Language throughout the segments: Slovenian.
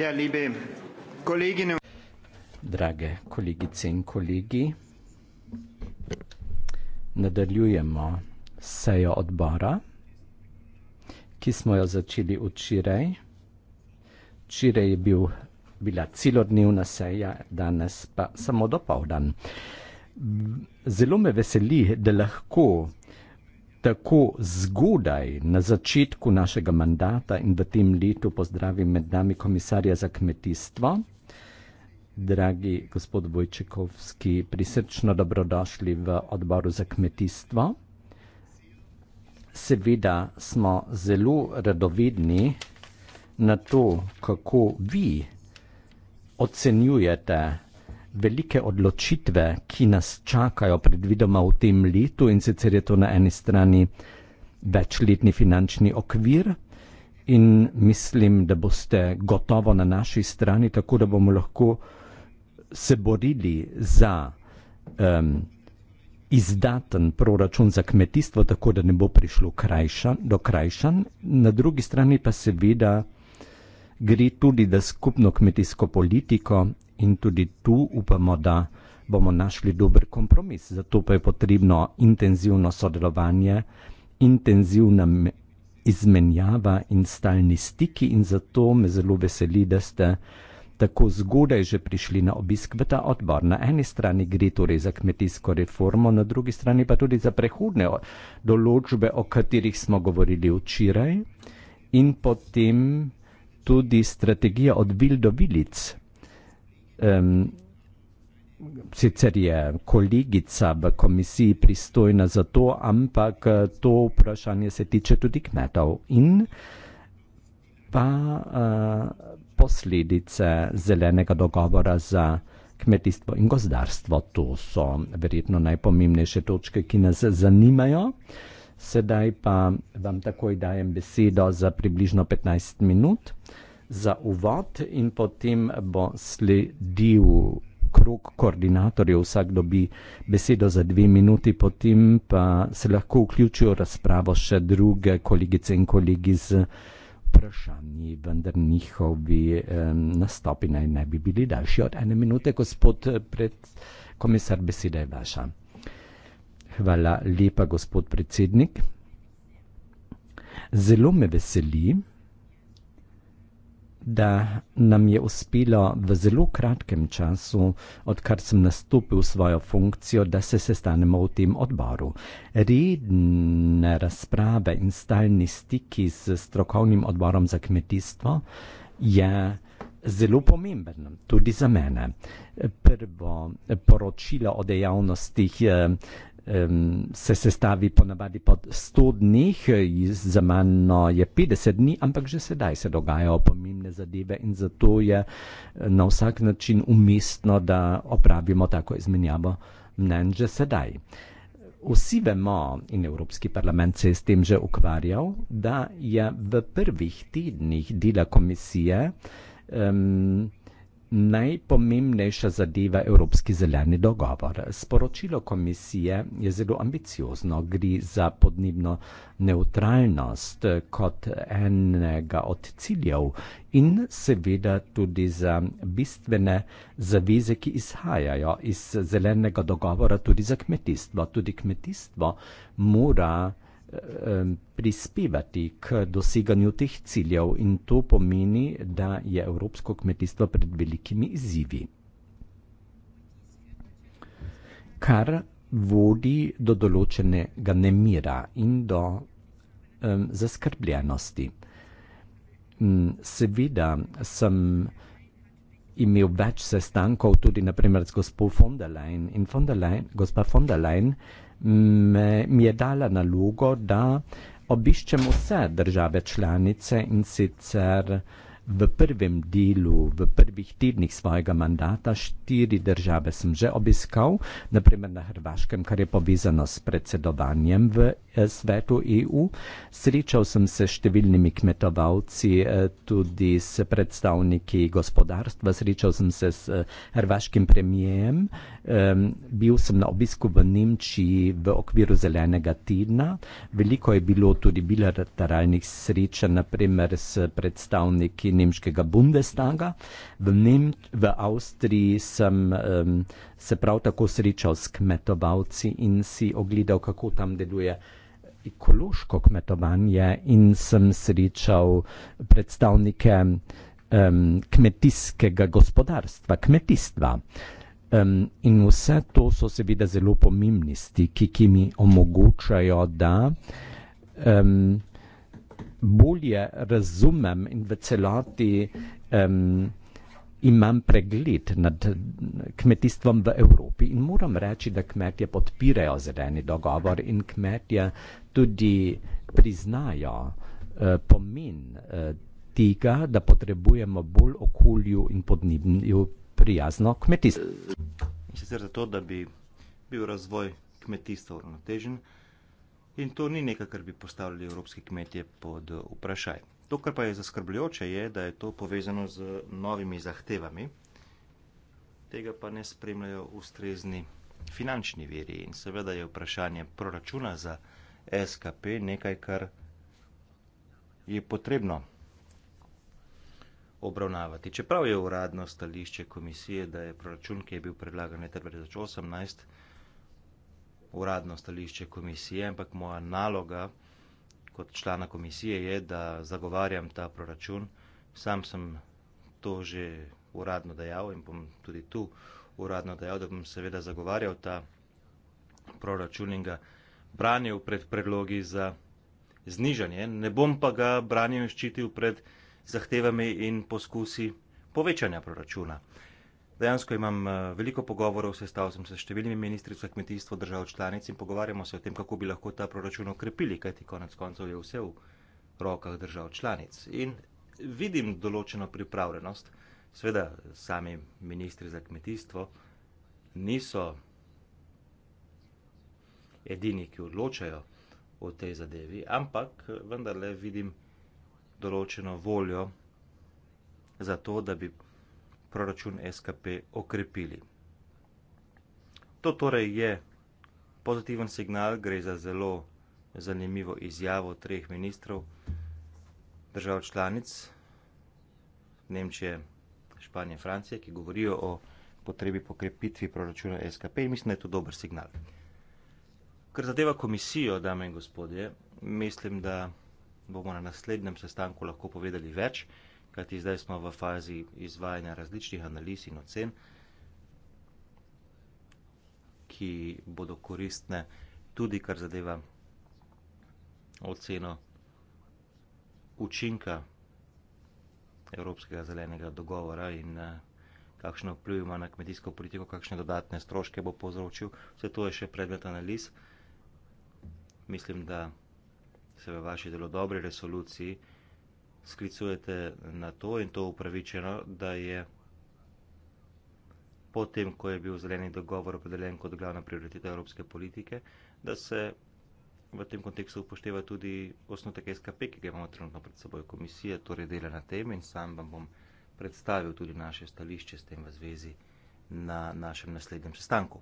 Ja, liebe Kolleginnen. Drage kolegice in kolegi, nadaljujemo sejo odbora, ki smo jo začeli včeraj. Včeraj je bil, bila celodnevna seja, danes pa samo dopoldan. Zelo me veseli, da lahko tako zgodaj na začetku našega mandata in v tem letu pozdravim med nami komisarja za kmetijstvo. Dragi gospod Vojčekovski, prisrčno dobrodošli v odboru za kmetijstvo. Seveda smo zelo radovedni na to, kako vi ocenjujete velike odločitve, ki nas čakajo predvidoma v tem letu in sicer je to na eni strani večletni finančni okvir in mislim, da boste gotovo na naši strani, tako da bomo lahko se borili za um, izdaten proračun za kmetijstvo, tako da ne bo prišlo krajšan, do krajšan. Na drugi strani pa seveda gre tudi za skupno kmetijsko politiko in tudi tu upamo, da bomo našli dober kompromis. Zato pa je potrebno intenzivno sodelovanje, intenzivna izmenjava in stalni stiki in zato me zelo veseli, da ste tako zgodaj že prišli na obisk v ta odbor. Na eni strani gre torej za kmetijsko reformo, na drugi strani pa tudi za prehodne določbe, o katerih smo govorili včeraj in potem tudi strategija od vil do vilic um, sicer je kolegica v komisiji pristojna za to, ampak eh, to vprašanje se tiče tudi kmetov in pa uh, posledice zelenega dogovora za kmetijstvo in gozdarstvo. To so verjetno najpomembnejše točke, ki nas zanimajo. Sedaj pa vam takoj dajem besedo za približno 15 minut. Uh, za uvod in potem bo sledil krok koordinatorjev, vsak dobi besedo za dve minuti, potem pa se lahko vključijo razpravo še druge kolegice in kolegi z vprašanji, vendar njihovi um, nastopi naj ne bi bili daljši od ene minute, gospod pred komisar, beseda je vaša. Hvala lepa, gospod predsednik. Zelo me veseli, da nam je uspelo v zelo kratkem času, odkar sem nastopil svojo funkcijo, da se sestanemo v tem odboru. Redne razprave in stalni stiki z strokovnim odborom za kmetijstvo je zelo pomemben, tudi za mene. Prvo poročilo o dejavnostih eh, se sestavi ponavadi po 100 dneh, za mano je 50 dni, ampak že sedaj se dogajajo pomembne zadeve in zato je eh, na vsak način umestno, da opravimo tako izmenjavo mnen že sedaj. Vsi vemo in Evropski parlament se je s tem že ukvarjal, da je v prvih tednih dela komisije um, najpomembnejša zadeva Evropski zeleni dogovor. Sporočilo komisije je zelo ambiciozno, gre za podnebno neutralnost kot enega od ciljev in seveda tudi za bistvene zaveze, ki izhajajo iz zelenega dogovora tudi za kmetijstvo. Tudi kmetijstvo mora Eh, prispevati k doseganju teh ciljev in to pomeni, da je evropsko kmetijstvo pred velikimi izzivi. Kar vodi do določenega nemira in do um, zaskrbljenosti. Seveda sem imel več sestankov tudi naprimer z gospod von der Leyen in von der Leyen, gospa von der Leyen me, mi je dala nalogo, da obiščem vse države članice in sicer v prvem delu, v prvih tednih svojega mandata štiri države sem že obiskal, naprimer na Hrvaškem, kar je povezano s predsedovanjem v eh, svetu EU. Srečal sem se s številnimi kmetovalci, eh, tudi s predstavniki gospodarstva, srečal sem se s eh, hrvaškim premijem, Um, bil sem na obisku v Nemčiji v okviru zelenega tedna. Veliko je bilo tudi bilateralnih srečanj, naprimer s predstavniki nemškega Bundestaga. V, Nem v Avstriji sem um, se prav tako srečal s kmetovalci in si ogledal, kako tam deluje ekološko kmetovanje in sem srečal predstavnike um, kmetijskega gospodarstva, kmetijstva. Um, in vse to so seveda zelo pomembni stiki, ki mi omogočajo, da um, bolje razumem in v celoti um, imam pregled nad kmetijstvom v Evropi. In moram reči, da kmetje podpirajo zeleni dogovor in kmetje tudi priznajo uh, pomen. Uh, Tega, da potrebujemo bolj okolju in podnebju prijazno kmetijstvo. In sicer zato, da bi bil razvoj kmetijstva uravnotežen, in to ni nekaj, kar bi postavili evropski kmetje pod vprašaj. To, kar pa je zaskrbljujoče, je, da je to povezano z novimi zahtevami, tega pa ne spremljajo ustrezni finančni veri. In seveda je vprašanje proračuna za SKP nekaj, kar je potrebno obravnavati. Čeprav je uradno stališče komisije, da je proračun, ki je bil predlagan leta 2018, uradno stališče komisije, ampak moja naloga kot člana komisije je, da zagovarjam ta proračun. Sam sem to že uradno dejal in bom tudi tu uradno dejal, da bom seveda zagovarjal ta proračun in ga branil pred predlogi za znižanje. Ne bom pa ga branil in ščitil pred predlogi zahtevami in poskusi povečanja proračuna. Dejansko imam eh, veliko pogovorov, sestavil sem se s številnimi ministri za kmetijstvo držav članic in pogovarjamo se o tem, kako bi lahko ta proračun okrepili, kajti konec koncev je vse v rokah držav članic. In vidim določeno pripravljenost, seveda sami ministri za kmetijstvo niso edini, ki odločajo o tej zadevi, ampak vendarle vidim, določeno voljo za to, da bi proračun SKP okrepili. To torej je pozitiven signal, gre za zelo zanimivo izjavo treh ministrov držav članic Nemčije, Španije, Francije, ki govorijo o potrebi pokrepitvi proračuna SKP in mislim, da je to dober signal. Ker zadeva komisijo, dame in gospodje, mislim, da bomo na naslednjem sestanku lahko povedali več, kajti zdaj smo v fazi izvajanja različnih analiz in ocen, ki bodo koristne tudi kar zadeva oceno učinka Evropskega zelenega dogovora in eh, kakšno vpliv ima na kmetijsko politiko, kakšne dodatne stroške bo povzročil. Vse to je še predmet analiz. Mislim, da se v vaši zelo dobri resoluciji sklicujete na to in to upravičeno, da je potem, ko je bil zeleni dogovor opredeljen kot glavna prioriteta evropske politike, da se v tem kontekstu upošteva tudi osnotek SKP, ki ga imamo trenutno pred seboj komisije, torej dela na tem in sam vam bom predstavil tudi naše stališče s tem v zvezi na našem naslednjem sestanku.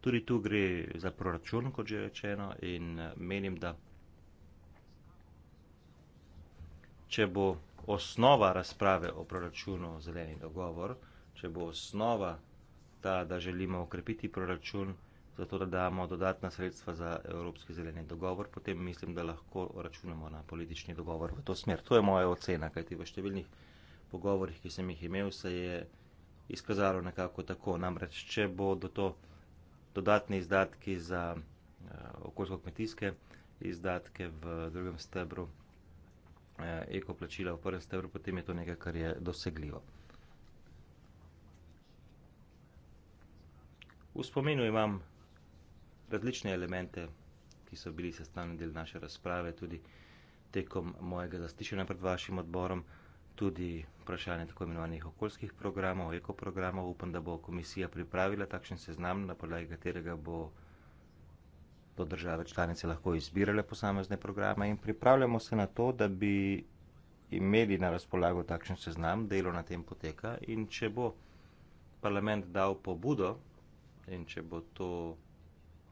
Tudi tu gre za proračun, kot že rečeno, in eh, menim, da če bo osnova razprave o proračunu zeleni dogovor, če bo osnova ta, da želimo ukrepiti proračun, zato da damo dodatna sredstva za evropski zeleni dogovor, potem mislim, da lahko računamo na politični dogovor v to smer. To je moja ocena, kajti v številnih pogovorih, ki sem jih imel, se je izkazalo nekako tako. Namreč, če bodo to dodatni izdatki za eh, okoljsko-kmetijske izdatke v drugem stebru, eh, eko plačila v prvem stebru, potem je to nekaj, kar je dosegljivo. V spomenu imam različne elemente, ki so bili sestavni del naše razprave, tudi tekom mojega zastišanja pred vašim odborom, tudi vprašanje tako imenovanih okoljskih programov, ekoprogramov. Upam, da bo komisija pripravila takšen seznam, na podlagi katerega bo to države članice lahko izbirale posamezne programe in pripravljamo se na to, da bi imeli na razpolago takšen seznam, delo na tem poteka in če bo parlament dal pobudo in če bo to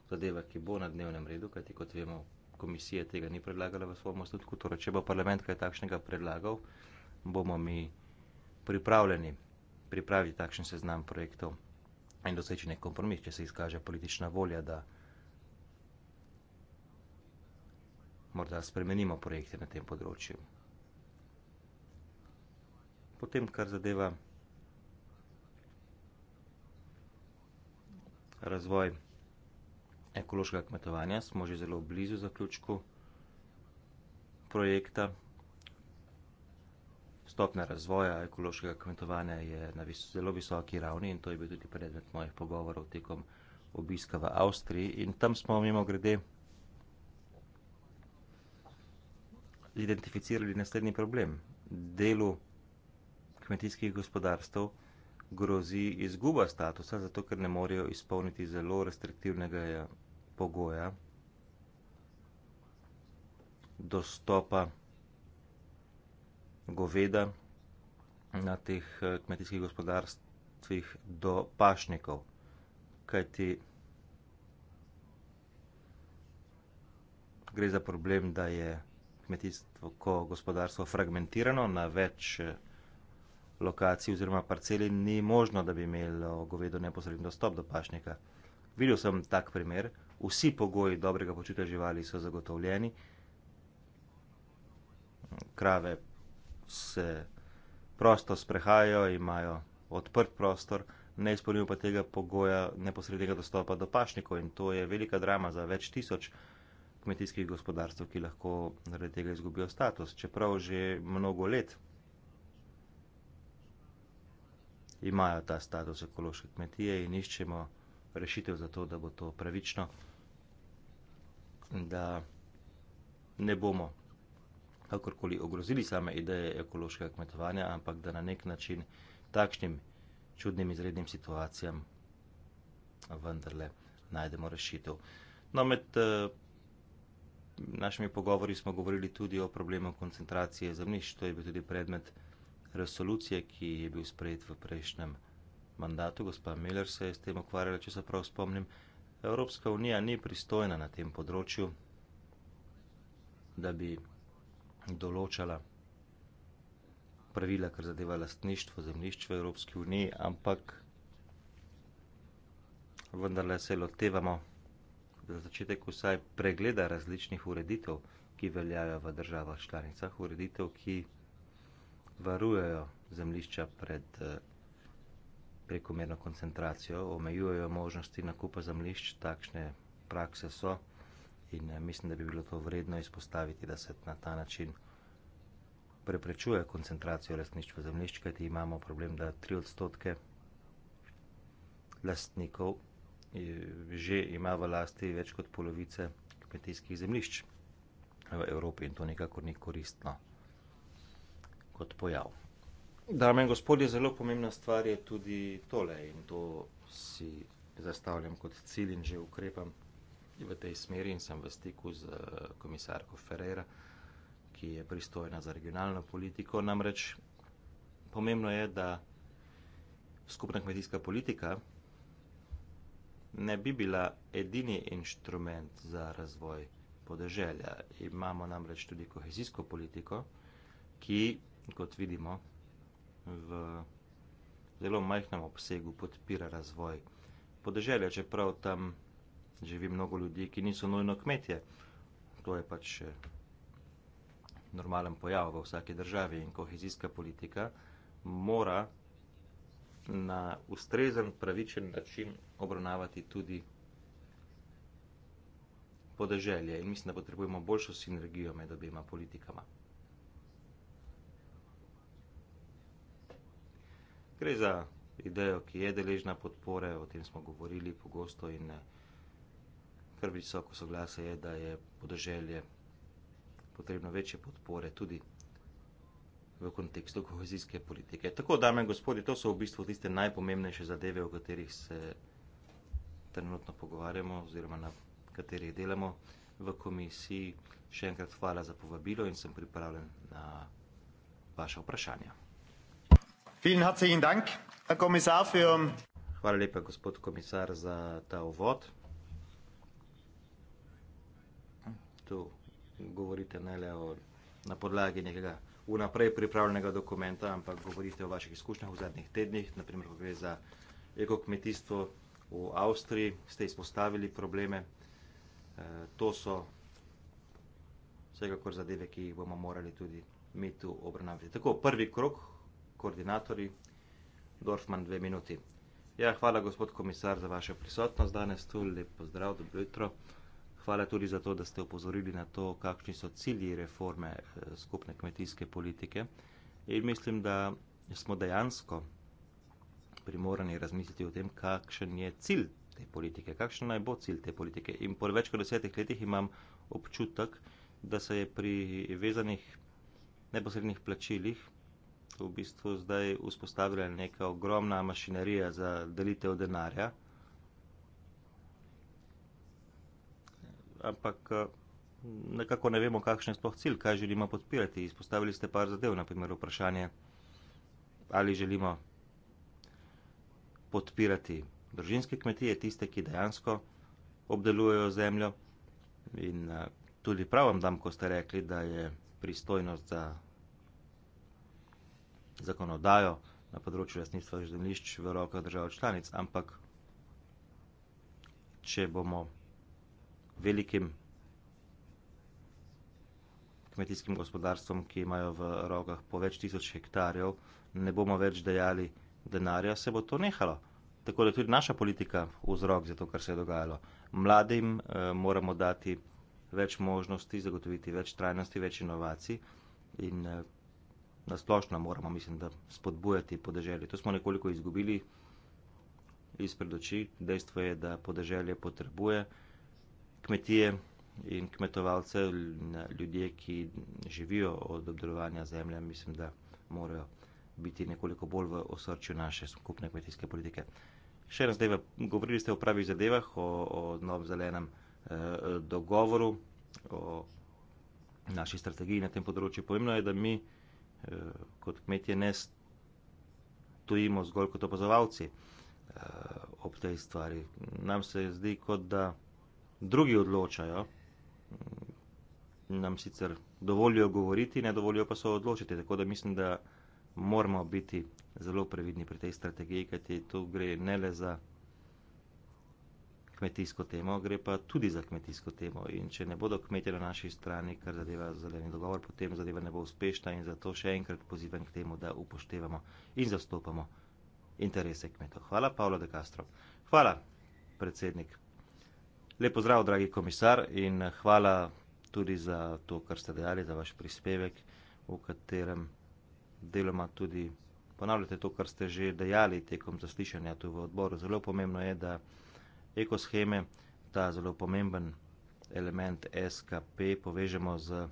zadeva, ki bo na dnevnem redu, kajti kot vemo, komisija tega ni predlagala v svojem osnutku, torej če bo parlament kaj takšnega predlagal, bomo mi pripravljeni pripraviti takšen seznam projektov in doseči nek kompromis, če se izkaže politična volja, da morda spremenimo projekte na tem področju. Potem, kar zadeva razvoj ekološkega kmetovanja, smo že zelo blizu zaključku projekta, stopnja razvoja ekološkega kmetovanja je na vis zelo visoki ravni in to je bil tudi predmet mojih pogovorov tekom obiska v Avstriji. In tam smo mimo grede identificirali naslednji problem. Delu kmetijskih gospodarstv grozi izguba statusa, zato ker ne morejo izpolniti zelo restriktivnega eh, pogoja dostopa goveda na teh eh, kmetijskih gospodarstvih do pašnikov. Kajti gre za problem, da je kmetijstvo, ko gospodarstvo fragmentirano na več eh, lokacij oziroma parceli, ni možno, da bi imelo govedo neposredni dostop do pašnika. Videl sem tak primer, vsi pogoji dobrega počutja živali so zagotovljeni, krave se prosto sprehajajo, imajo odprt prostor, ne izpolnijo pa tega pogoja neposrednega dostopa do pašnikov in to je velika drama za več tisoč kmetijskih gospodarstv, ki lahko zaradi tega izgubijo status, čeprav že mnogo let imajo ta status ekološke kmetije in iščemo rešitev za to, da bo to pravično, da ne bomo kakorkoli ogrozili same ideje ekološkega kmetovanja, ampak da na nek način takšnim čudnim izrednim situacijam vendarle najdemo rešitev. No, med eh, našimi pogovori smo govorili tudi o problemu koncentracije zemljišč, to je bil tudi predmet resolucije, ki je bil sprejet v prejšnjem mandatu. Gospa Miller se je s tem ukvarjala, če se prav spomnim. Evropska unija ni pristojna na tem področju, da bi določala pravila, kar zadeva lastništvo zemljišč v Evropski uniji, ampak vendarle se lotevamo za začetek vsaj pregleda različnih ureditev, ki veljajo v državah članicah, ureditev, ki varujejo zemljišča pred eh, prekomerno koncentracijo, omejujejo možnosti nakupa zemljišč, takšne prakse so. In eh, mislim, da bi bilo to vredno izpostaviti, da se na ta način preprečuje koncentracijo lastništva zemljišč, kajti imamo problem, da tri odstotke lastnikov eh, že ima v lasti več kot polovice kmetijskih zemljišč v Evropi in to nekako ni koristno kot pojav. Dame in gospodje, zelo pomembna stvar je tudi tole in to si zastavljam kot cilj in že ukrepam v tej smeri in sem v stiku z eh, komisarko Ferreira, ki je pristojna za regionalno politiko. Namreč pomembno je, da skupna kmetijska politika ne bi bila edini inštrument za razvoj podeželja. Imamo namreč tudi kohezijsko politiko, ki, kot vidimo, v zelo majhnem obsegu podpira razvoj podeželja, čeprav tam živi mnogo ljudi, ki niso nujno kmetje. To je pač eh, normalen pojav v vsaki državi in kohezijska politika mora na ustrezen, pravičen način obravnavati tudi podeželje. In mislim, da potrebujemo boljšo sinergijo med obema politikama. Gre za idejo, ki je deležna podpore, o tem smo govorili pogosto in ne. Eh, kar visoko soglasje je, da je podeželje potrebno večje podpore tudi v kontekstu kohezijske politike. Tako, dame in gospodje, to so v bistvu tiste najpomembnejše zadeve, o katerih se trenutno pogovarjamo oziroma na katerih delamo v komisiji. Še enkrat hvala za povabilo in sem pripravljen na vaše vprašanja. Vielen herzlichen Dank, Herr Kommissar, für... Hvala lepa, gospod komisar, za ta uvod. kontekstu govorite ne le o, na podlagi nekega unaprej pripravljenega dokumenta, ampak govorite o vaših izkušnjah v zadnjih tednih, naprimer, ko gre za ekokmetijstvo v Avstriji, ste izpostavili probleme. E, to so vsekakor zadeve, ki jih bomo morali tudi mi tu obravnavati. Tako, prvi krok, koordinatorji, Dorfman, dve minuti. Ja, hvala, gospod komisar, za vašo prisotnost danes tu. Lep pozdrav, dobro jutro hvala tudi za to, da ste upozorili na to, kakšni so cilji reforme eh, skupne kmetijske politike. In mislim, da smo dejansko primorani razmisliti o tem, kakšen je cilj te politike, kakšen naj bo cilj te politike. In po več kot desetih letih imam občutek, da se je pri vezanih neposrednih plačilih v bistvu zdaj vzpostavila neka ogromna mašinerija za delitev denarja. ampak eh, nekako ne vemo, kakšen je sploh cilj, kaj želimo podpirati. Izpostavili ste par zadev, naprimer vprašanje, ali želimo podpirati družinske kmetije, tiste, ki dejansko obdelujejo zemljo. In eh, tudi pravom dam, ko ste rekli, da je pristojnost za zakonodajo na področju lasnictva zemljišč v rokah držav članic, ampak če bomo velikim kmetijskim gospodarstvom, ki imajo v rogah po več tisoč hektarjev, ne bomo več dejali denarja, se bo to nehalo. Tako da tudi naša politika vzrok za to, kar se je dogajalo. Mladim eh, moramo dati več možnosti, zagotoviti več trajnosti, več inovacij in eh, nasplošno moramo, mislim, da spodbujati podeželje. To smo nekoliko izgubili izpred oči. Dejstvo je, da podeželje potrebuje eh, kmetije in kmetovalce, ljudje, ki živijo od obdelovanja zemlje, mislim, da morajo biti nekoliko bolj v osrčju naše skupne kmetijske politike. Še ena zadeva, govorili ste o pravih zadevah, o, o novem zelenem eh, dogovoru, o naši strategiji na tem področju. Pomembno je, da mi eh, kot kmetje ne stojimo zgolj kot opazovalci eh, ob tej stvari. Nam se zdi, kot da drugi odločajo, nam sicer dovolijo govoriti, ne dovolijo pa se odločiti. Tako da mislim, da moramo biti zelo previdni pri tej strategiji, kajti tu gre ne le za kmetijsko temo, gre pa tudi za kmetijsko temo. In če ne bodo kmetje na naši strani, kar zadeva zeleni dogovor, potem zadeva ne bo uspešna in zato še enkrat pozivam k temu, da upoštevamo in zastopamo interese kmetov. Hvala, Pavlo de Castro. Hvala, predsednik. Lepo zdrav, dragi komisar, in hvala tudi za to, kar ste dejali, za vaš prispevek, v katerem deloma tudi ponavljate to, kar ste že dejali tekom zaslišanja tu v odboru. Zelo pomembno je, da ekosheme, ta zelo pomemben element SKP, povežemo z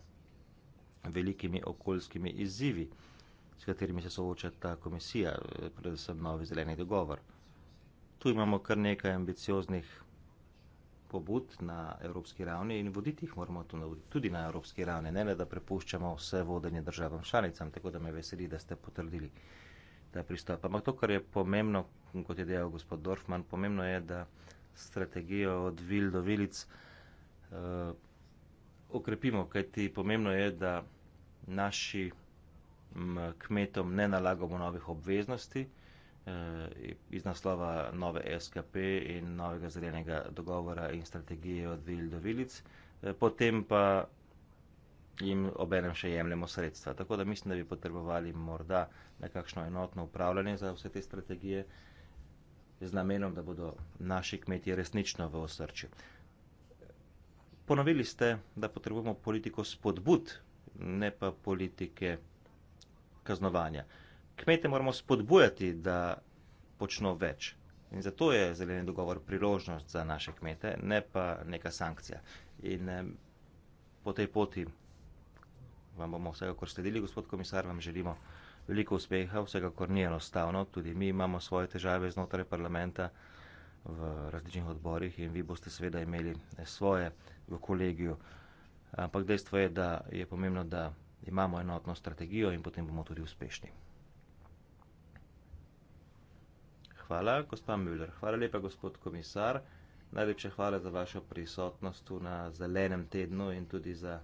velikimi okoljskimi izzivi, s katerimi se sooča ta komisija, predvsem novi zeleni dogovor. Tu imamo kar nekaj ambicioznih pobud na evropski ravni in voditi jih moramo tudi na evropski ravni, ne le da prepuščamo vse vodenje državam članicam, tako da me veseli, da ste potrdili ta pristop. Ampak to, kar je pomembno, kot je dejal gospod Dorfman, pomembno je, da strategijo od vil do vilic uh, okrepimo, kajti pomembno je, da naši eh, kmetom ne nalagamo novih obveznosti, uh, Eh, iz naslova nove SKP in novega zelenega dogovora in strategije od vil do vilic, eh, potem pa jim obenem še jemljemo sredstva. Tako da mislim, da bi potrebovali morda nekakšno enotno upravljanje za vse te strategije z namenom, da bodo naši kmetje resnično v osrči. Ponovili ste, da potrebujemo politiko spodbud, ne pa politike kaznovanja kmete moramo spodbujati, da počno več. In zato je zeleni dogovor priložnost za naše kmete, ne pa neka sankcija. In po tej poti vam bomo vsekakor sledili, gospod komisar, vam želimo veliko uspeha, vsekakor ni enostavno, tudi mi imamo svoje težave znotraj parlamenta v različnih odborih in vi boste seveda imeli eh, svoje v kolegiju. Ampak dejstvo je, da je pomembno, da imamo enotno strategijo in potem bomo tudi uspešni. Hvala, gospod Müller. Hvala lepa, gospod komisar. Najlepše hvala za vašo prisotnost tu na zelenem tednu in tudi za.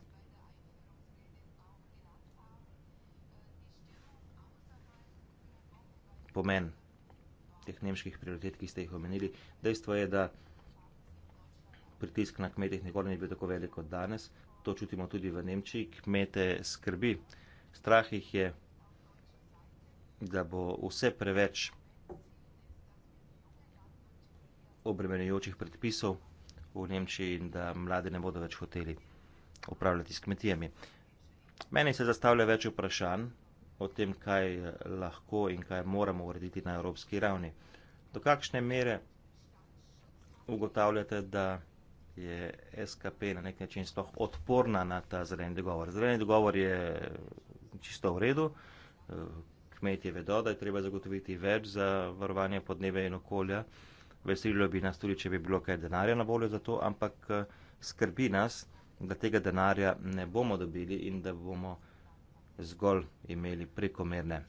Pomen teh nemških prioritet, ki ste jih omenili. Dejstvo je, da pritisk na kmetih nikoli ni bil tako velik kot danes. To čutimo tudi v Nemčiji. Kmete skrbi. Strah jih je, da bo vse preveč obremenjujočih predpisov v Nemčiji in da mladi ne bodo več hoteli upravljati s kmetijami. Meni se zastavlja več vprašanj o tem, kaj lahko in kaj moramo urediti na evropski ravni. Do kakšne mere ugotavljate, da je SKP na nek način sploh odporna na ta zeleni dogovor? Zeleni dogovor je čisto v redu, kmetje vedo, da je treba zagotoviti več za varovanje podnebja in okolja veselilo bi nas tudi, če bi bilo kaj denarja na voljo za to, ampak eh, skrbi nas, da tega denarja ne bomo dobili in da bomo zgolj imeli prekomerne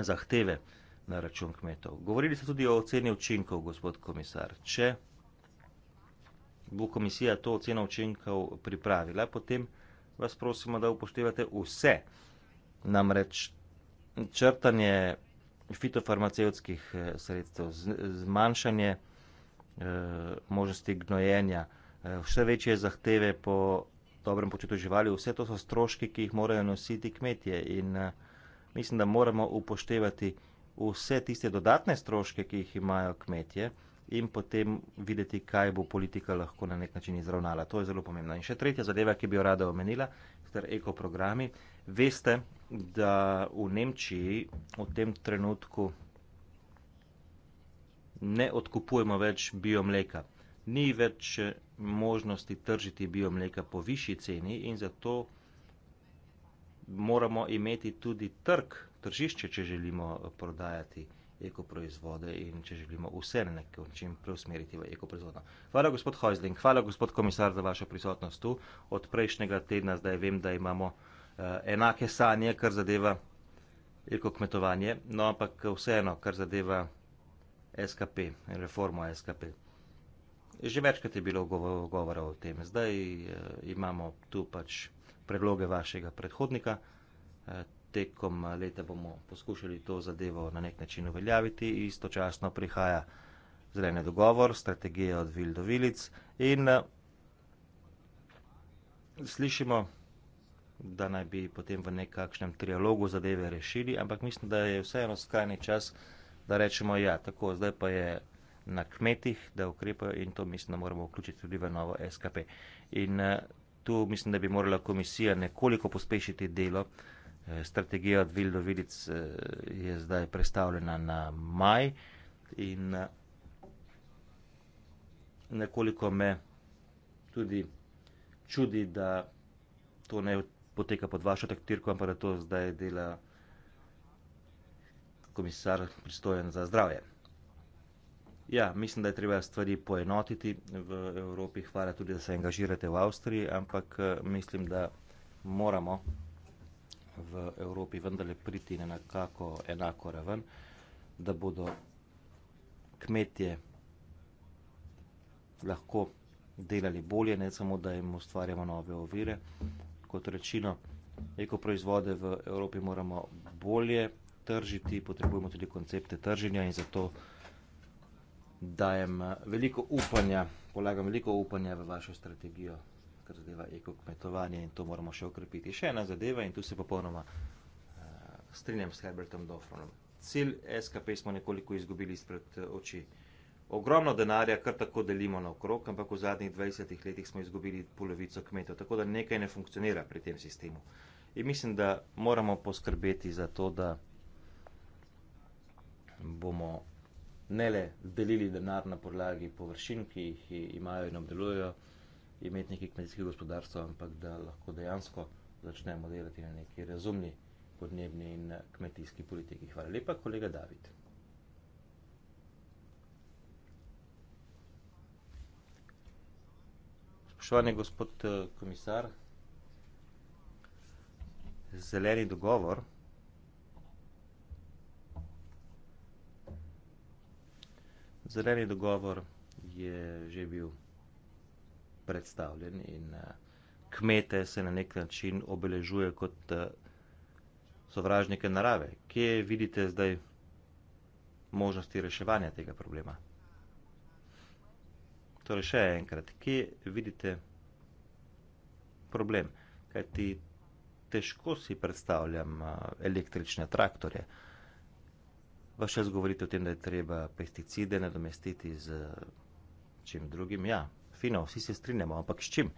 zahteve na račun kmetov. Govorili ste tudi o oceni učinkov, gospod komisar. Če bo komisija to oceno učinkov pripravila, potem vas prosimo, da upoštevate vse. Namreč črtanje fitofarmacevtskih eh, sredstev, zmanjšanje e, možnosti gnojenja, eh, vse večje zahteve po dobrem počutu živali, vse to so stroški, ki jih morajo nositi kmetje. In e, mislim, da moramo upoštevati vse tiste dodatne stroške, ki jih imajo kmetje, in potem videti, kaj bo politika lahko na nek način izravnala. To je zelo pomembno. In še tretja zadeva, ki bi jo rada omenila, ter ekoprogrami. Veste, da v Nemčiji v tem trenutku ne odkupujemo več bio mleka. Ni več možnosti tržiti bio mleka po višji ceni in zato moramo imeti tudi trg, tržišče, če želimo prodajati ekoproizvode in če želimo vse na nek način preusmeriti v ekoproizvodno. Hvala gospod Hojzling, hvala gospod komisar za vašo prisotnost tu. Od prejšnjega tedna zdaj vem, da imamo Eh, enake sanje, kar zadeva ilko kmetovanje, no ampak vseeno, kar zadeva SKP, reformo SKP. Že večkrat je bilo govora o tem. Zdaj eh, imamo tu pač predloge vašega predhodnika. Eh, tekom leta bomo poskušali to zadevo na nek način uveljaviti. Istočasno prihaja zeleni dogovor, strategija od vil do vilic in slišimo, da naj bi potem v nekakšnem trialogu zadeve rešili, ampak mislim, da je vseeno skrajni čas, da rečemo, ja, tako, zdaj pa je na kmetih, da ukrepajo in to mislim, da moramo vključiti tudi v novo SKP. In eh, tu mislim, da bi morala komisija nekoliko pospešiti delo. Eh, strategija od Vil do Vilic eh, je zdaj predstavljena na maj in nekoliko me tudi čudi, da to ne poteka pod vašo taktirko, ampak da to zdaj dela komisar pristojen za zdravje. Ja, mislim, da je treba stvari poenotiti v Evropi. Hvala tudi, da se angažirate v Avstriji, ampak eh, mislim, da moramo v Evropi vendarle priti na nekako enako raven, da bodo kmetje lahko delali bolje, ne samo, da jim ustvarjamo nove ovire, kot rečeno, ekoproizvode v Evropi moramo bolje tržiti, potrebujemo tudi koncepte trženja in zato dajem eh, veliko upanja, polagam veliko upanja v vašo strategijo, kar zadeva ekokmetovanje in to moramo še okrepiti. Še ena zadeva in tu se popolnoma uh, strinjam s Herbertom Dofronom. Cilj SKP smo nekoliko izgubili izpred eh, oči ogromno denarja, kar tako delimo na okrog, ampak v zadnjih 20 letih smo izgubili polovico kmetov, tako da nekaj ne funkcionira pri tem sistemu. In mislim, da moramo poskrbeti za to, da bomo ne le delili denar na podlagi površin, ki jih imajo in obdelujejo imetniki kmetijskih gospodarstva, ampak da lahko dejansko začnemo delati na neki razumni podnebni in kmetijski politiki. Hvala lepa, kolega David. Spoštovani gospod eh, komisar, zeleni dogovor zeleni dogovor je že bil predstavljen in eh, kmete se na neki način obeležuje kot eh, sovražnike narave. Kje vidite zdaj možnosti reševanja tega problema? Torej, še enkrat, kje vidite problem? Kaj ti težko si predstavljam električne traktorje? Vas še zgovorite o tem, da je treba pesticide nadomestiti z čim drugim? Ja, fino, vsi se strinjamo, ampak s čim?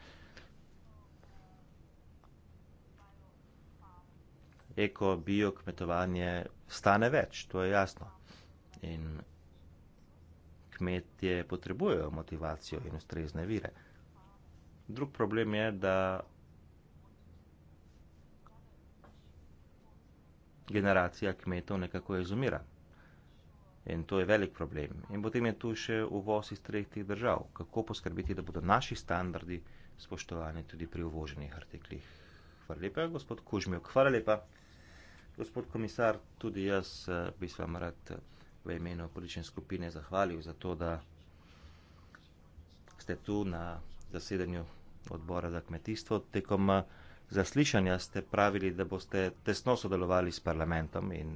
Eko, bio, kmetovanje stane več, to je jasno. In kmetje potrebujejo motivacijo in ustrezne vire. Drug problem je, da generacija kmetov nekako izumira. In to je velik problem. In potem je tu še uvoz iz tretjih držav. Kako poskrbeti, da bodo naši standardi spoštovani tudi pri uvoženih artiklih? Hvala lepa, gospod Kužmjok. Hvala lepa, gospod komisar. Tudi jaz eh, bi se vam rad v imenu politične skupine zahvalil za to, da ste tu na zasedanju odbora za kmetijstvo. Tekom eh, zaslišanja ste pravili, da boste tesno sodelovali s parlamentom in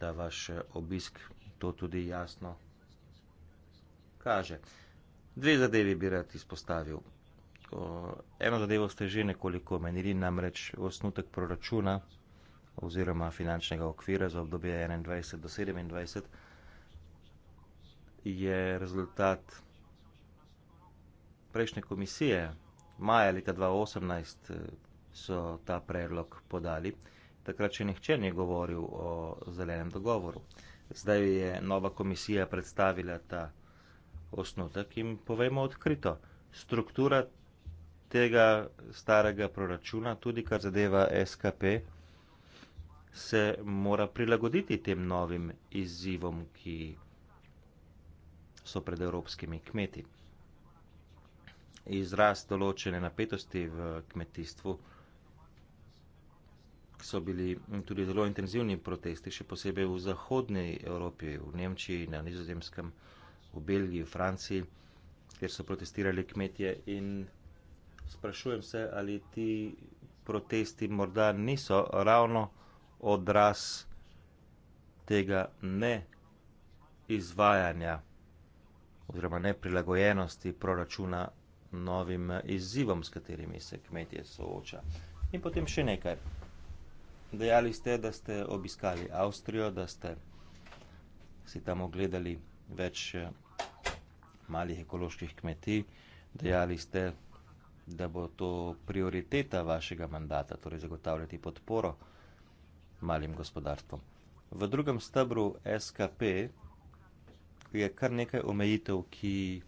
da vaš eh, obisk to tudi jasno kaže. Dve zadevi bi rad izpostavil. Eno zadevo ste že nekoliko omenili, namreč osnutek proračuna oziroma finančnega okvira za obdobje 21 do 27, je rezultat prejšnje komisije. Maja leta 2018 eh, so ta predlog podali. Takrat še nihče ni govoril o zelenem dogovoru. Zdaj je nova komisija predstavila ta osnutek in povemo odkrito, struktura tega starega proračuna, tudi kar zadeva SKP, se mora prilagoditi tem novim izzivom, ki so pred evropskimi kmeti. Izraz določene napetosti v kmetijstvu so bili tudi zelo intenzivni protesti, še posebej v zahodni Evropi, v Nemčiji, na nizozemskem, v Belgiji, v Franciji, kjer so protestirali kmetje in sprašujem se, ali ti protesti morda niso ravno odraz tega neizvajanja oziroma neprilagojenosti proračuna novim izzivom, s katerimi se kmetje sooča. In potem še nekaj. Dejali ste, da ste obiskali Avstrijo, da ste si tam ogledali več eh, malih ekoloških kmetij, dejali ste, da bo to prioriteta vašega mandata, torej zagotavljati podporo malim gospodarstvom. V drugem stebru SKP je kar nekaj omejitev, ki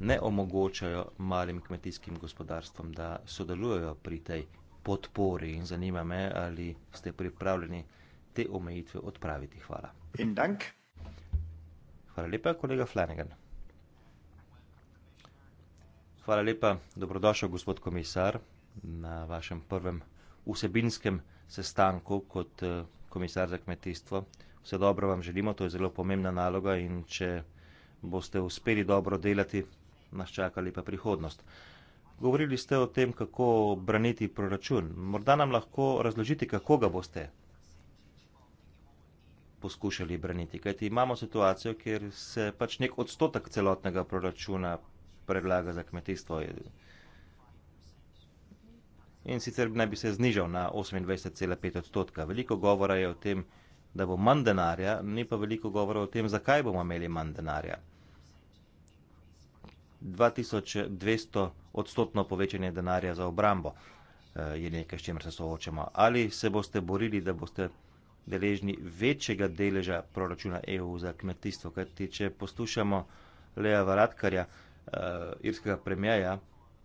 ne omogočajo malim kmetijskim gospodarstvom, da sodelujo pri tej podpori in zanima me, ali ste pripravljeni te omejitve odpraviti. Hvala. Hvala lepa, kolega Flanagan. Hvala lepa, dobrodošel gospod komisar na vašem prvem vsebinskem sestanku kot eh, komisar za kmetijstvo. Vse dobro vam želimo, to je zelo pomembna naloga in če boste uspeli dobro delati, nas čaka lepa prihodnost. Govorili ste o tem, kako braniti proračun. Morda nam lahko razložite, kako ga boste poskušali braniti. Kajti imamo situacijo, kjer se pač nek odstotek celotnega proračuna predlaga za kmetijstvo in sicer naj bi se znižal na 28,5 odstotka. Veliko govora je o tem, da bo manj denarja, ni pa veliko govora o tem, zakaj bomo imeli manj denarja. 2200 odstotno povečanje denarja za obrambo eh, je nekaj, s čimer se soočamo. Ali se boste borili, da boste deležni večjega deleža proračuna EU za kmetijstvo? Kajti, če poslušamo Lea Varadkarja, eh, irskega premijeja,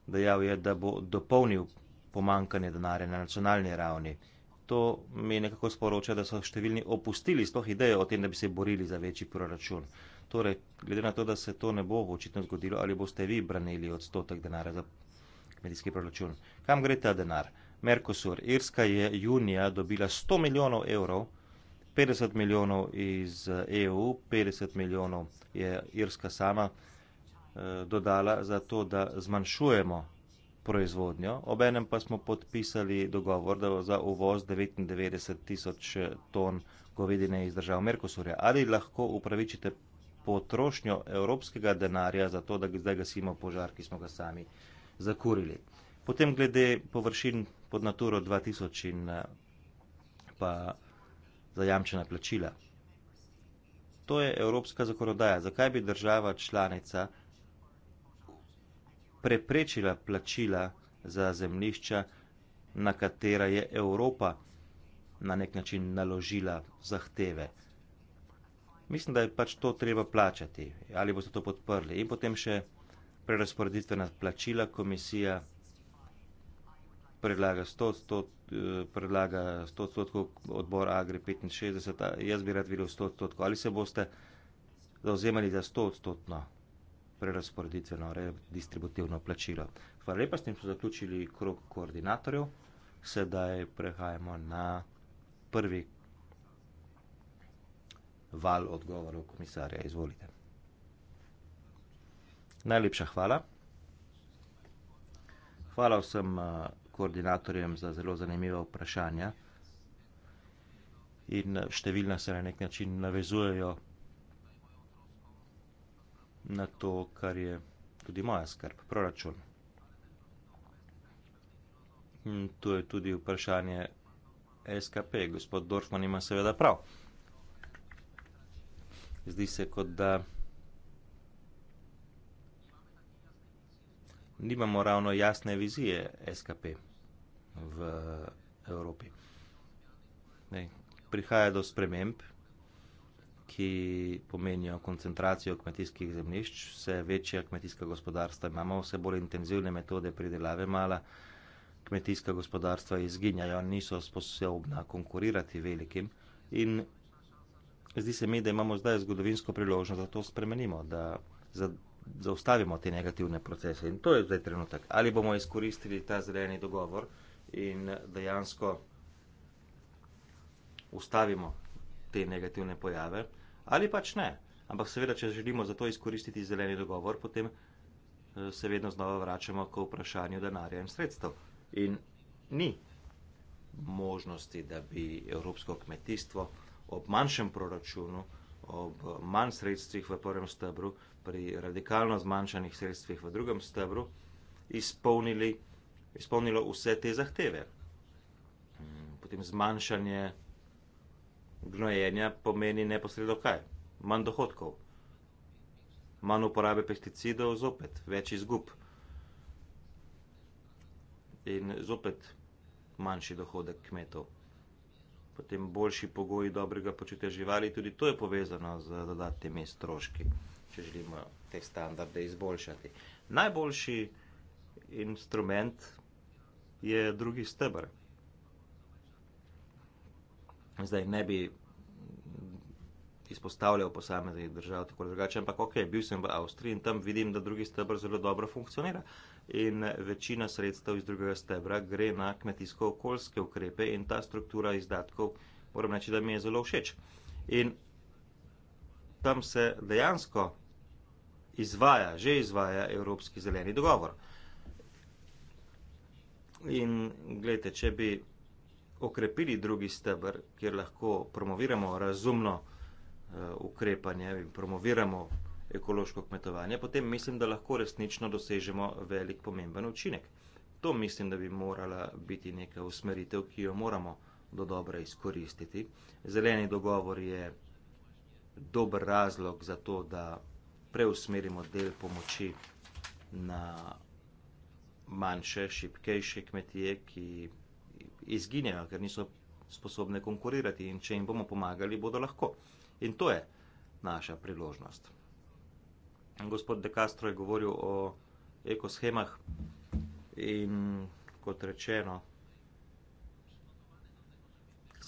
dejal je, da bo dopolnil pomankanje denarja na nacionalni ravni. To mi nekako sporoča, da so številni opustili sploh idejo o tem, da bi se borili za večji proračun. Torej, glede na to, da se to ne bo očitno zgodilo, ali boste vi branili odstotek denarja za medijski proračun? Kam gre ta denar? Merkosur. Irska je junija dobila 100 milijonov evrov, 50 milijonov iz EU, 50 milijonov je Irska sama eh, dodala za to, da zmanjšujemo proizvodnjo. Obenem pa smo podpisali dogovor za uvoz 99 tisoč ton govedine iz držav Merkosurja. Ali lahko upravičite potrošnjo evropskega denarja za to, da zdaj gasimo požar, ki smo ga sami zakurili? Potem glede površin pod naturo 2000 in pa zajamčena plačila. To je evropska zakonodaja. Zakaj bi država članica preprečila plačila za zemljišča, na katera je Evropa na nek način naložila zahteve. Mislim, da je pač to treba plačati, ali boste to podprli. In potem še prerasporeditvena plačila komisija predlaga 100 eh, odstotkov, odbor Agri 65, jaz bi rad videl 100 odstotkov. Ali se boste zauzemali za 100 odstotno prerasporeditveno, redistributivno plačilo. Hvala lepa, s tem smo zaključili krok koordinatorjev. Sedaj prehajamo na prvi val odgovorov komisarja. Izvolite. Najlepša hvala. Hvala vsem eh, koordinatorjem za zelo zanimiva vprašanja. In eh, številna se na nek način navezujejo na to, kar je tudi moja skrb, proračun. In tu je tudi vprašanje SKP. Gospod Dorfman ima seveda prav. Zdi se, kot da nimamo ravno jasne vizije SKP v Evropi. Ne, prihaja do sprememb, ki pomenijo koncentracijo kmetijskih zemljišč. Vse večja kmetijska gospodarstva imamo, vse bolj intenzivne metode pridelave mala. Kmetijska gospodarstva izginjajo, niso sposobna konkurirati velikim. In zdi se mi, da imamo zdaj zgodovinsko priložnost, da to spremenimo, da zaustavimo te negativne procese. In to je zdaj trenutek. Ali bomo izkoristili ta zeleni dogovor in dejansko ustavimo te negativne pojave ali pač ne. Ampak seveda, če želimo za to izkoristiti zeleni dogovor, potem eh, se vedno znova vračamo k vprašanju denarja in sredstev. In ni možnosti, da bi evropsko kmetijstvo ob manjšem proračunu, ob manj sredstvih v prvem stebru, pri radikalno zmanjšanih sredstvih v drugem stebru, izpolnilo vse te zahteve. Mm, potem zmanjšanje gnojenja pomeni neposredno kaj? Manj dohodkov, manj uporabe pesticidov, zopet več izgub in zopet manjši dohodek kmetov. Potem boljši pogoji dobrega počutja živali, tudi to je povezano z dodatnimi stroški, če želimo te standarde izboljšati. Najboljši instrument je drugi stebr zdaj ne bi izpostavljal posameznih držav, tako ali drugače, ampak ok, bil sem v Avstriji in tam vidim, da drugi stebr zelo dobro funkcionira. In večina sredstev iz drugega stebra gre na kmetijsko-okoljske ukrepe in ta struktura izdatkov, moram reči, da mi je zelo všeč. In tam se dejansko izvaja, že izvaja Evropski zeleni dogovor. In gledajte, če bi okrepili drugi stebr, kjer lahko promoviramo razumno uh, ukrepanje in promoviramo ekološko kmetovanje, potem mislim, da lahko resnično dosežemo velik pomemben učinek. To mislim, da bi morala biti neka usmeritev, ki jo moramo do dobre izkoristiti. Zeleni dogovor je dober razlog za to, da preusmerimo del pomoči na manjše, šipkejše kmetije, ki izginejo, ker niso sposobne konkurirati in če jim bomo pomagali, bodo lahko. In to je naša priložnost. Gospod De Castro je govoril o ekoshemah in kot rečeno,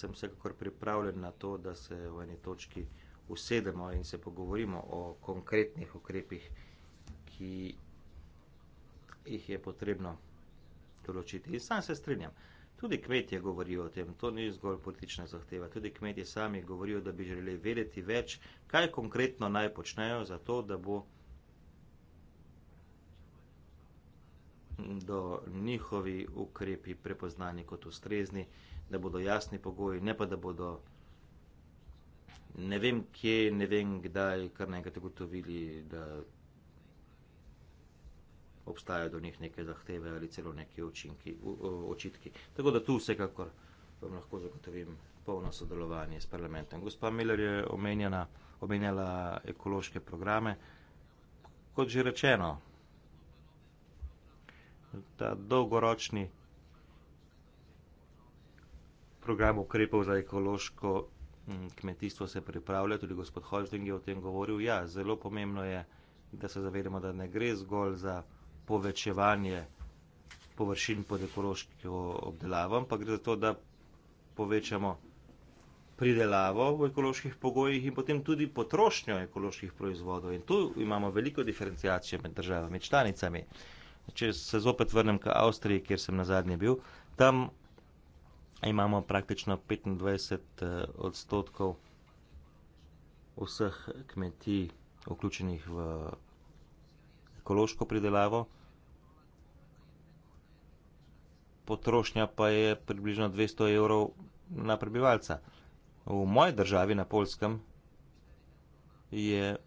sem vsekakor pripravljen na to, da se v eni točki usedemo in se pogovorimo o konkretnih okrepih, ki jih je potrebno določiti. In sam se strinjam. Tudi kmetje govorijo o tem, to ni zgolj politična zahteva. Tudi kmetje sami govorijo, da bi želeli vedeti več, kaj konkretno naj počnejo za to, da bo do njihovi ukrepi prepoznani kot ustrezni, da bodo jasni pogoji, ne pa da bodo ne vem kje, ne vem kdaj, kar nekaj tako to vidi, da obstajajo do njih neke zahteve ali celo neki očinki, očitki. Tako da tu vsekakor vam lahko zagotovim polno sodelovanje s parlamentom. Gospa Miller je omenjena, omenjala ekološke programe. Kot že rečeno, ta dolgoročni program ukrepov za ekološko kmetijstvo se pripravlja, tudi gospod Holsting je o tem govoril. Ja, zelo pomembno je, da se zavedamo, da ne gre zgolj za povečevanje površin pod ekološko obdelavo, ampak gre za to, da povečamo pridelavo v ekoloških pogojih in potem tudi potrošnjo ekoloških proizvodov. In tu imamo veliko diferencijacije med državami članicami. Če se zopet vrnem k Avstriji, kjer sem na zadnji bil, tam imamo praktično 25 eh, odstotkov vseh kmetij vključenih v ekološko pridelavo. Potrošnja pa je približno 200 evrov na prebivalca. V moji državi na Polskem je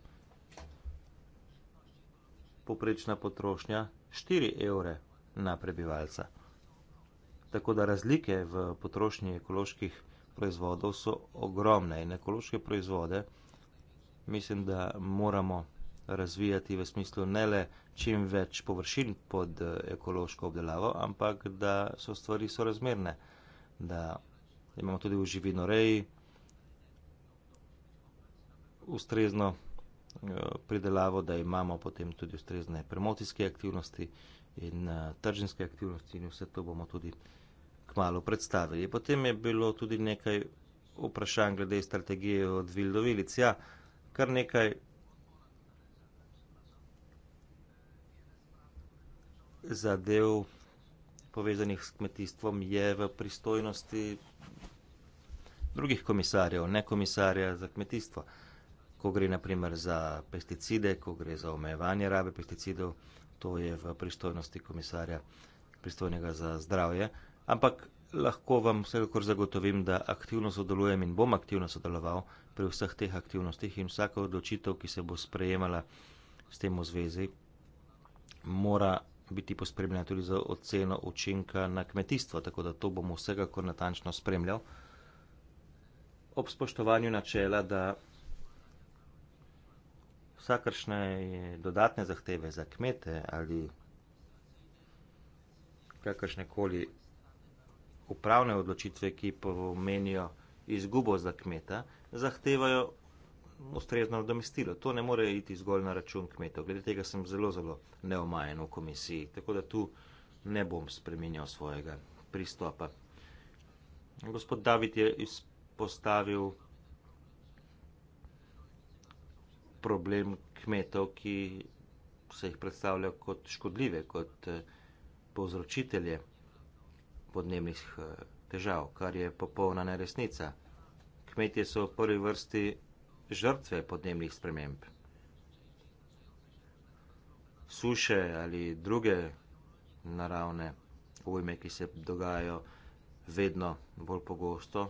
poprečna potrošnja 4 evre na prebivalca. Tako da razlike v potrošnji ekoloških proizvodov so ogromne in ekološke proizvode mislim, da moramo razvijati v smislu ne le čim več površin pod eh, ekološko obdelavo, ampak da so stvari sorazmerne, da imamo tudi v živino reji ustrezno eh, pridelavo, da imamo potem tudi ustrezne promocijske aktivnosti in eh, tržinske aktivnosti in vse to bomo tudi kmalo predstavili. Potem je bilo tudi nekaj vprašanj glede strategije od Vildovilic. Ja, kar nekaj zadev povezanih s kmetijstvom je v pristojnosti drugih komisarjev, ne komisarja za kmetijstvo. Ko gre naprimer za pesticide, ko gre za omejevanje rabe pesticidov, to je v pristojnosti komisarja pristojnega za zdravje. Ampak lahko vam vsekakor zagotovim, da aktivno sodelujem in bom aktivno sodeloval pri vseh teh aktivnostih in vsaka odločitev, ki se bo sprejemala s tem v zvezi, mora biti pospremljena tudi za oceno učinka na kmetijstvo, tako da to bomo vsekakor natančno spremljali. Ob spoštovanju načela, da vsakršne dodatne zahteve za kmete ali kakršne koli upravne odločitve, ki pomenijo izgubo za kmeta, zahtevajo ustrezno nadomestilo. To ne more iti zgolj na račun kmetov. Glede tega sem zelo, zelo neomajen v komisiji, tako da tu ne bom spremenjal svojega pristopa. Gospod David je izpostavil problem kmetov, ki se jih predstavlja kot škodljive, kot eh, povzročitelje podnebnih eh, težav, kar je popolna neresnica. Kmetje so v prvi vrsti žrtve podnebnih sprememb. Suše ali druge naravne ujme, ki se dogajajo vedno bolj pogosto,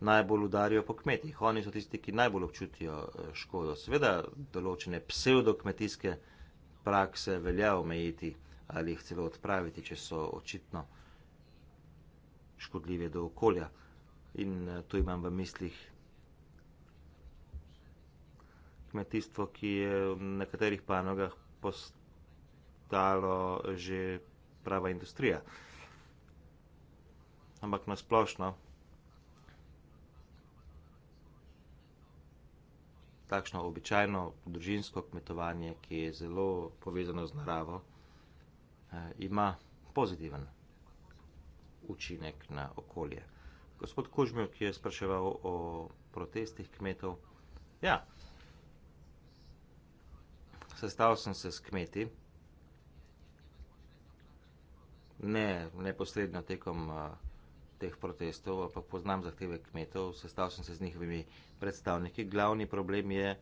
najbolj udarijo po kmetih. Oni so tisti, ki najbolj občutijo eh, škodo. Seveda, določene pseudo-kmetijske prakse velja omejiti ali jih celo odpraviti, če so očitno škodljive do okolja. In eh, tu imam v mislih kmetijstvo, ki je v nekaterih panogah postalo že prava industrija. Ampak na splošno, takšno običajno družinsko kmetovanje, ki je zelo povezano z naravo, eh, ima pozitiven učinek na okolje. Gospod Kožmjok je spraševal o protestih kmetov. Ja, sestal sem se s kmeti, ne neposredno tekom uh, teh protestov, ampak poznam zahteve kmetov, sestal sem se z njihovimi predstavniki. Glavni problem je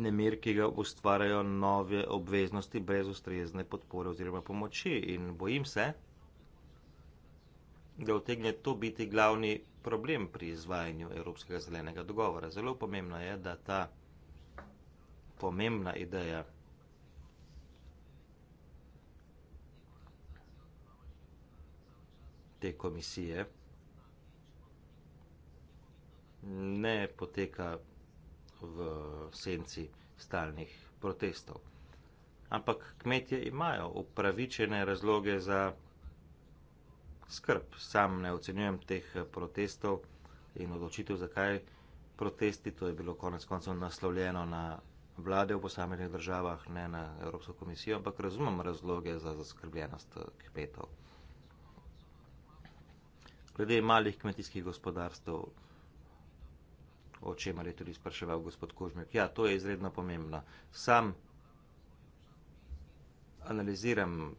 nemir, ki ga ustvarjajo nove obveznosti brez ustrezne podpore oziroma pomoči in bojim se, da vtegne to biti glavni problem pri izvajanju Evropskega zelenega dogovora. Zelo pomembno je, da ta pomembna ideja. Te komisije ne poteka v senci stalnih protestov. Ampak kmetje imajo upravičene razloge za skrb. Sam ne ocenjujem teh protestov in odločitev, zakaj protesti. To je bilo konec koncev naslovljeno na vlade v posameznih državah, ne na Evropsko komisijo, ampak razumem razloge za zaskrbljenost eh, kmetov. Glede malih kmetijskih gospodarstv, o čemer je tudi spraševal gospod Kožmjuk, ja, to je izredno pomembno. Sam analiziram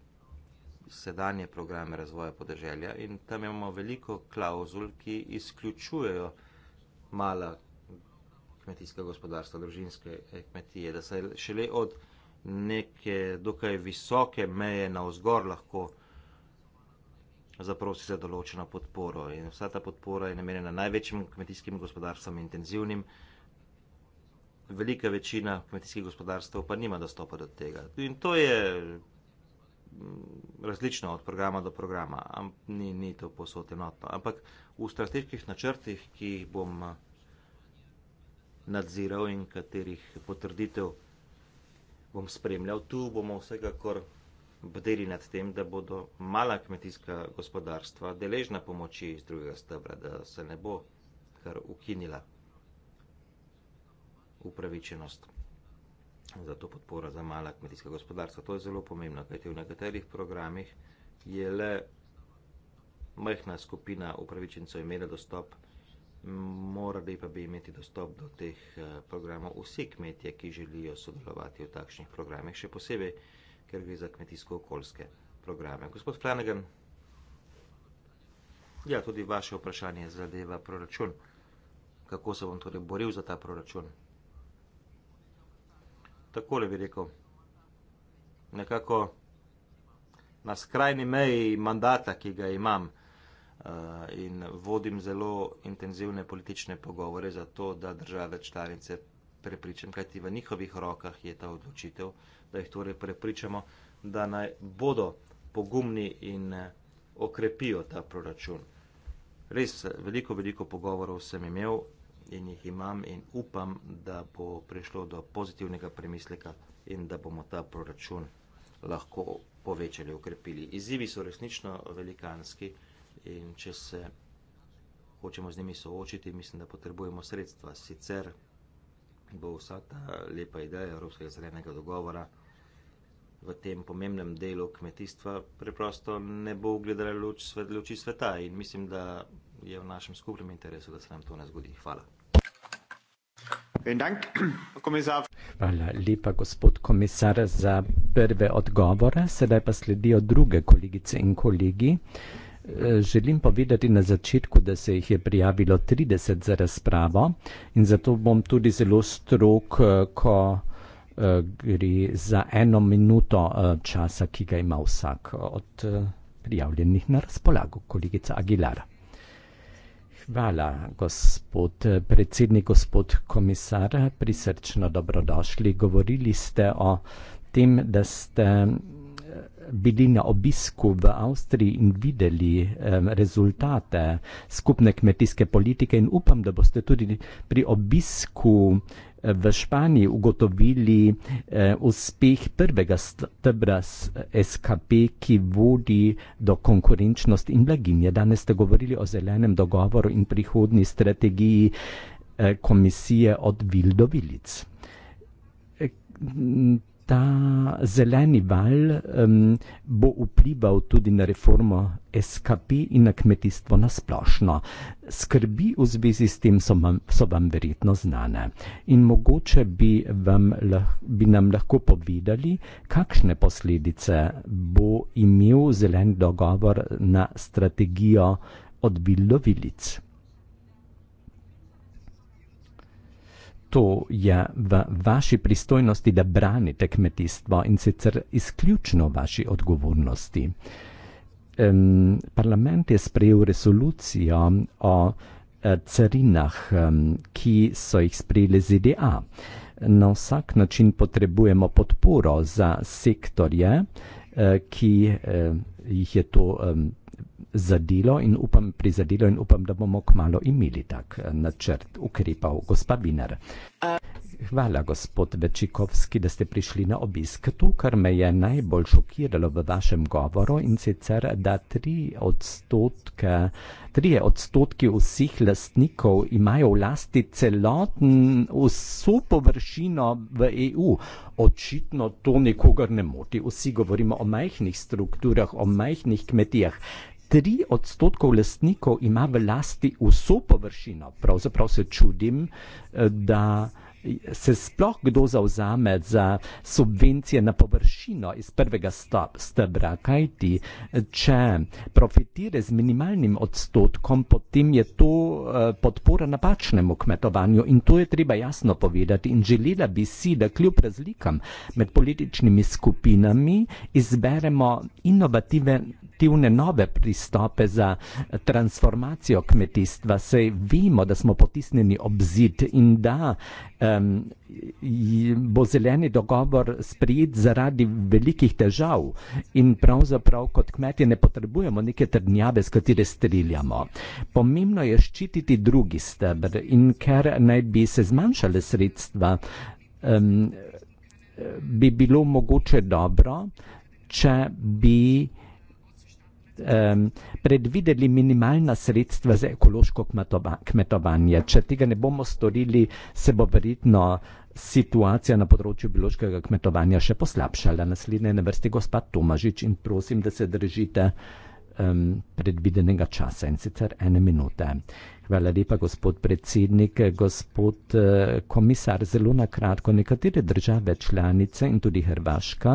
sedanje programe razvoja podeželja in tam imamo veliko klauzul, ki izključujejo mala kmetijska gospodarstva, družinske eh, kmetije, da se šele od neke dokaj visoke meje na vzgor lahko zaprosi za določeno podporo. In vsa ta podpora je namenjena največjim kmetijskim gospodarstvom, intenzivnim. Velika večina kmetijskih gospodarstv pa nima dostopa do tega. In to je mm, različno od programa do programa, Am, ni, ni to posod enotno. Ampak v strateških načrtih, ki jih bom nadziral in katerih potrditev bom spremljal. Tu bomo vsekakor bdeli nad tem, da bodo mala kmetijska gospodarstva deležna pomoči iz drugega stebra, da se ne bo kar ukinila upravičenost za to podporo za mala kmetijska gospodarstva. To je zelo pomembno, kajti v nekaterih programih je le majhna skupina upravičencev imela dostop do morali pa bi imeti dostop do teh eh, programov vsi kmetje, ki želijo sodelovati v takšnih programih, še posebej, ker gre za kmetijsko-okoljske programe. Gospod Flanagan, ja, tudi vaše vprašanje zadeva proračun. Kako se bom torej boril za ta proračun? Takole bi rekel, nekako na skrajni meji mandata, ki ga imam, Eh, in vodim zelo intenzivne politične pogovore za to, da države članice prepričam, kajti v njihovih rokah je ta odločitev, da jih torej prepričamo, da naj bodo pogumni in eh, okrepijo ta proračun. Res eh, veliko, veliko pogovorov sem imel in jih imam in upam, da bo prišlo do pozitivnega premisleka in da bomo ta proračun lahko povečali, okrepili. Izzivi so resnično velikanski in če se hočemo z njimi soočiti, mislim, da potrebujemo sredstva. Sicer bo vsa ta lepa ideja Evropskega zelenega dogovora v tem pomembnem delu kmetijstva preprosto ne bo ugledala luč, svet, luči sveta in mislim, da je v našem skupnem interesu, da se nam to ne zgodi. Hvala. Hvala lepa, gospod komisar, za prve odgovore. Sedaj pa sledijo druge kolegice in kolegi. Želim povedati na začetku, da se jih je prijavilo 30 za razpravo in zato bom tudi zelo strok, eh, ko eh, gre za eno minuto eh, časa, ki ga ima vsak od prijavljenih na razpolago, kolegica Aguilar. Hvala, gospod predsednik, gospod komisar, prisrčno dobrodošli. Govorili ste o tem, da ste bili na obisku v Avstriji in videli um, rezultate skupne kmetijske politike in upam, da boste tudi pri obisku eh, v Španiji ugotovili eh, uspeh prvega stebra SKP, eh, ki vodi do konkurenčnosti in blaginje. Danes ste govorili o zelenem dogovoru in prihodni strategiji eh, komisije od Vildovilic. Eh, ta zeleni val um, bo vplival tudi na reformo SKP in na kmetijstvo nasplošno. Skrbi v zvezi s tem so vam, so vam verjetno znane. In mogoče bi, lah, bi nam lahko povedali, kakšne posledice bo imel zeleni dogovor na strategijo odbilo vilic. to je v vaši pristojnosti, da branite kmetijstvo in sicer izključno vaši odgovornosti. Um, parlament je sprejel resolucijo o uh, carinah, um, ki so jih sprejeli ZDA. Na vsak način potrebujemo podporo za sektorje, uh, ki uh, jih je to. Um, zadelo in upam, prizadelo in upam, da bomo kmalo imeli tak eh, načrt, ukrepal gospa Binar. Hvala, gospod Večikovski, da ste prišli na obisk. To, kar me je najbolj šokiralo v vašem govoru in sicer, da tri odstotke, tri odstotki vseh lastnikov imajo v lasti celoten, vso površino v EU. Očitno to nikogar ne moti. Vsi govorimo o majhnih strukturah, o majhnih kmetijah tri odstotkov lastnikov ima v lasti vso površino. Pravzaprav se čudim, eh, da se sploh kdo zauzame za subvencije na površino iz prvega stop, stebra, kajti če profitire z minimalnim odstotkom, potem je to eh, podpora napačnemu kmetovanju in to je treba jasno povedati in želela bi si, da kljub razlikam med političnimi skupinami izberemo inovative nove pristope za transformacijo kmetijstva. Sej vemo, da smo potisnjeni ob zid in da um, bo zeleni dogovor sprijet zaradi velikih težav in pravzaprav kot kmetje ne potrebujemo neke trdnjave, s katere striljamo. Pomembno je ščititi drugi stebr in ker naj bi se zmanjšale sredstva, um, bi bilo mogoče dobro, če bi um, predvideli minimalna sredstva za ekološko kmetovanje. Če tega ne bomo storili, se bo verjetno situacija na področju biološkega kmetovanja še poslabšala. Naslednje na vrsti gospa Tomažič in prosim, da se držite um, predvidenega časa in sicer ene minute. Hvala lepa, gospod predsednik. Gospod eh, komisar, zelo na kratko, nekatere države članice in tudi Hrvaška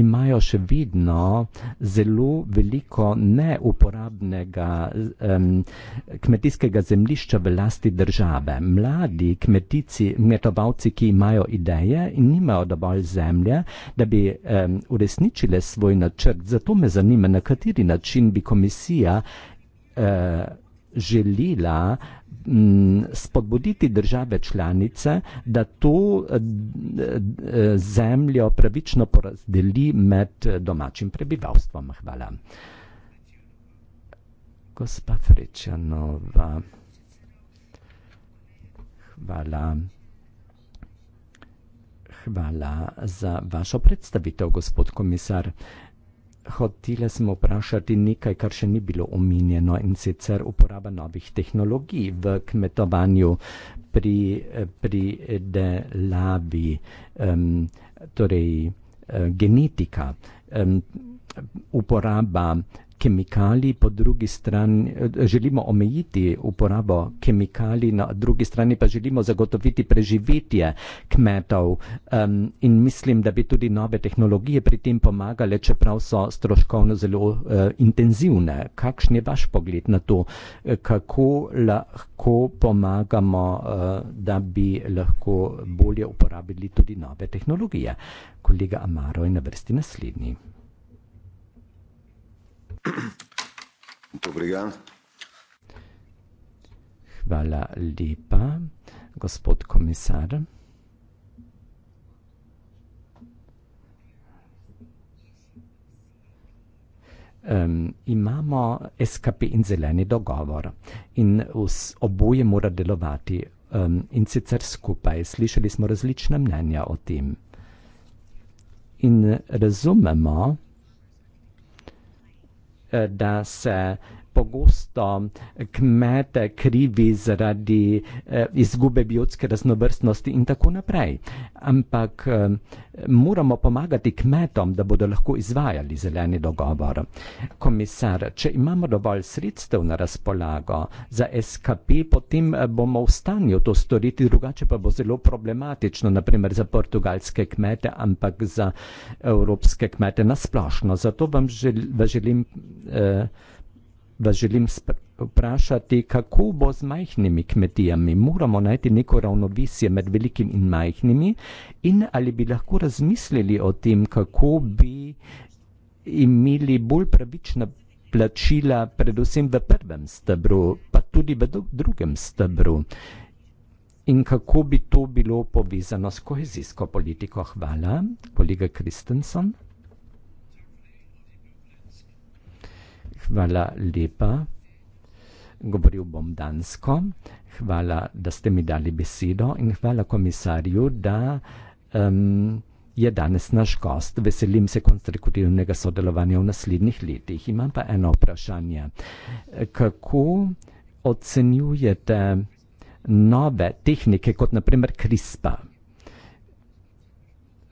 imajo še vedno zelo veliko neuporabnega um, kmetijskega zemlišča v lasti države. Mladi kmetici, kmetovalci, ki imajo ideje in nimajo dovolj zemlje, da bi um, uresničile svoj načrt. Zato me zanima, na kateri način bi komisija uh, želela mm, spodbuditi države članice, da to eh, eh, zemljo pravično porazdeli med eh, domačim prebivalstvom. Hvala. Gospa Frečanova. Hvala. Hvala za vašo predstavitev, gospod komisar hotela sem vprašati nekaj, kar še ni bilo omenjeno in sicer uporaba novih tehnologij v kmetovanju pri, eh, pri delavi, um, torej uh, genetika, um, uporaba kemikalij, po drugi strani eh, želimo omejiti uporabo kemikalij, na drugi strani pa želimo zagotoviti preživetje kmetov um, in mislim, da bi tudi nove tehnologije pri tem pomagale, čeprav so stroškovno zelo uh, intenzivne. Kakšen je vaš pogled na to, eh, kako lahko pomagamo, uh, da bi lahko bolje uporabili tudi nove tehnologije? Kolega Amaro je na vrsti naslednji. Dobri dan. Hvala lepa, gospod komisar. Um, imamo SKP in zeleni dogovor in vs, oboje mora delovati um, in sicer skupaj. Slišali smo različne mnenja o tem in razumemo, Eh, da se pogosto eh, kmete krivi zaradi eh, izgube biotske raznovrstnosti in tako naprej. Ampak eh, moramo pomagati kmetom, da bodo lahko izvajali zeleni dogovor. Komisar, če imamo dovolj sredstev na razpolago za SKP, potem bomo v stanju to storiti, drugače pa bo zelo problematično, naprimer za portugalske kmete, ampak za evropske kmete nasplošno. Zato vam želim. Eh, vas želim vprašati, kako bo z majhnimi kmetijami? Moramo najti neko ravnovesje med velikim in majhnimi in ali bi lahko razmislili o tem, kako bi imeli bolj pravična plačila, predvsem v prvem stebru, pa tudi v drugem stebru. In kako bi to bilo povezano s kohezijsko politiko? Hvala, kolega Kristenson. Hvala lepa. Govoril bom dansko. Hvala, da ste mi dali besedo in hvala komisarju, da um, je danes naš gost. Veselim se konstruktivnega sodelovanja v naslednjih letih. Imam pa eno vprašanje. Kako ocenjujete nove tehnike, kot naprimer CRISPR?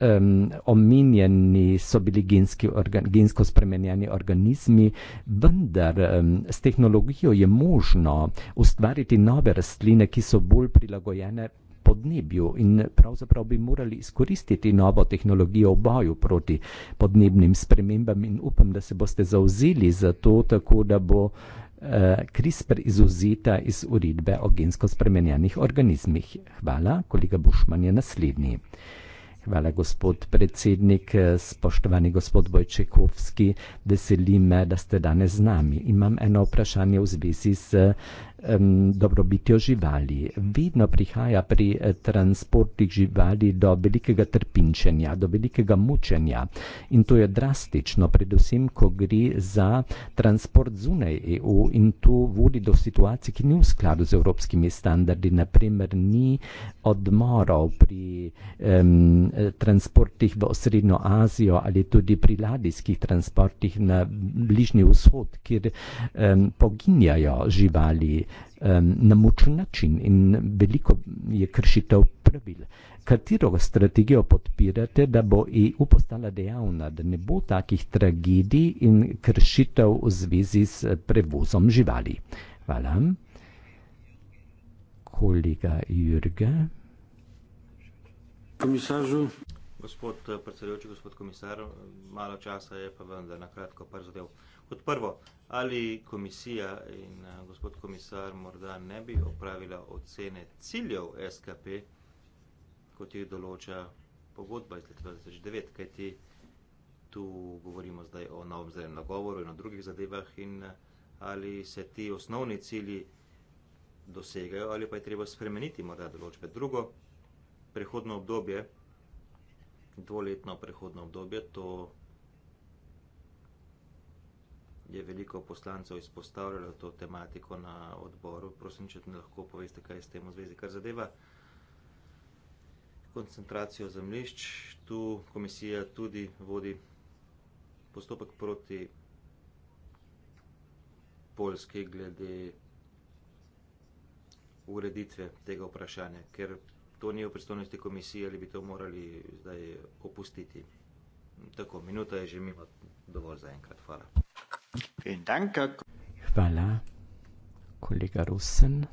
um, omenjeni so bili organ, gensko spremenjeni organizmi, vendar um, s tehnologijo je možno ustvariti nove rastline, ki so bolj prilagojene podnebju in pravzaprav bi morali izkoristiti novo tehnologijo v boju proti podnebnim spremembam in upam, da se boste zauzeli za to, tako da bo uh, CRISPR izuzeta iz uredbe o gensko spremenjenih organizmih. Hvala, kolega Bušman je naslednji. Uh, Hvala, gospod predsednik, spoštovani gospod Bojčekovski. Veseli me, da ste danes z nami. Imam eno vprašanje v zvezi s dobrobiti živali. Vedno prihaja pri eh, transportih živali do velikega trpinčenja, do velikega mučenja in to je drastično, predvsem, ko gre za transport zunaj EU in to vodi do situacij, ki ni v skladu z evropskimi standardi, naprimer ni odmorov pri um, transportih v Srednjo Azijo ali tudi pri ladijskih transportih na Bližnji vzhod, kjer um, poginjajo živali um, na močen način in veliko je kršitev pravil. Katero strategijo podpirate, da bo EU postala dejavna, da ne bo takih tragedij in kršitev v zvezi s prevozom živali? Hvala. Kolega Jurge. Komisaržu. Gospod eh, predsedujoči, gospod komisar, malo časa je pa vendar na kratko par zadev. Kot prvo, ali komisija in eh, gospod komisar morda ne bi opravila ocene ciljev SKP, kot jih določa pogodba iz leta 2009, kajti tu govorimo zdaj o novem zelenem nagovoru in o drugih zadevah in eh, ali se ti osnovni cilji dosegajo ali pa je treba spremeniti morda določbe. Drugo, prehodno obdobje, dvoletno prehodno obdobje, to je veliko poslancev izpostavljalo to tematiko na odboru. Prosim, če ne lahko poveste, kaj je s tem v zvezi. Kar zadeva koncentracijo zemlišč, tu komisija tudi vodi postopek proti Polski glede ureditve tega vprašanja, ker to ni v pristojnosti komisije ali bi to morali zdaj opustiti. Tako, minuta je že mimo, dovolj za enkrat. Hvala. Vielen Dank. Hvala, kolega Rusen.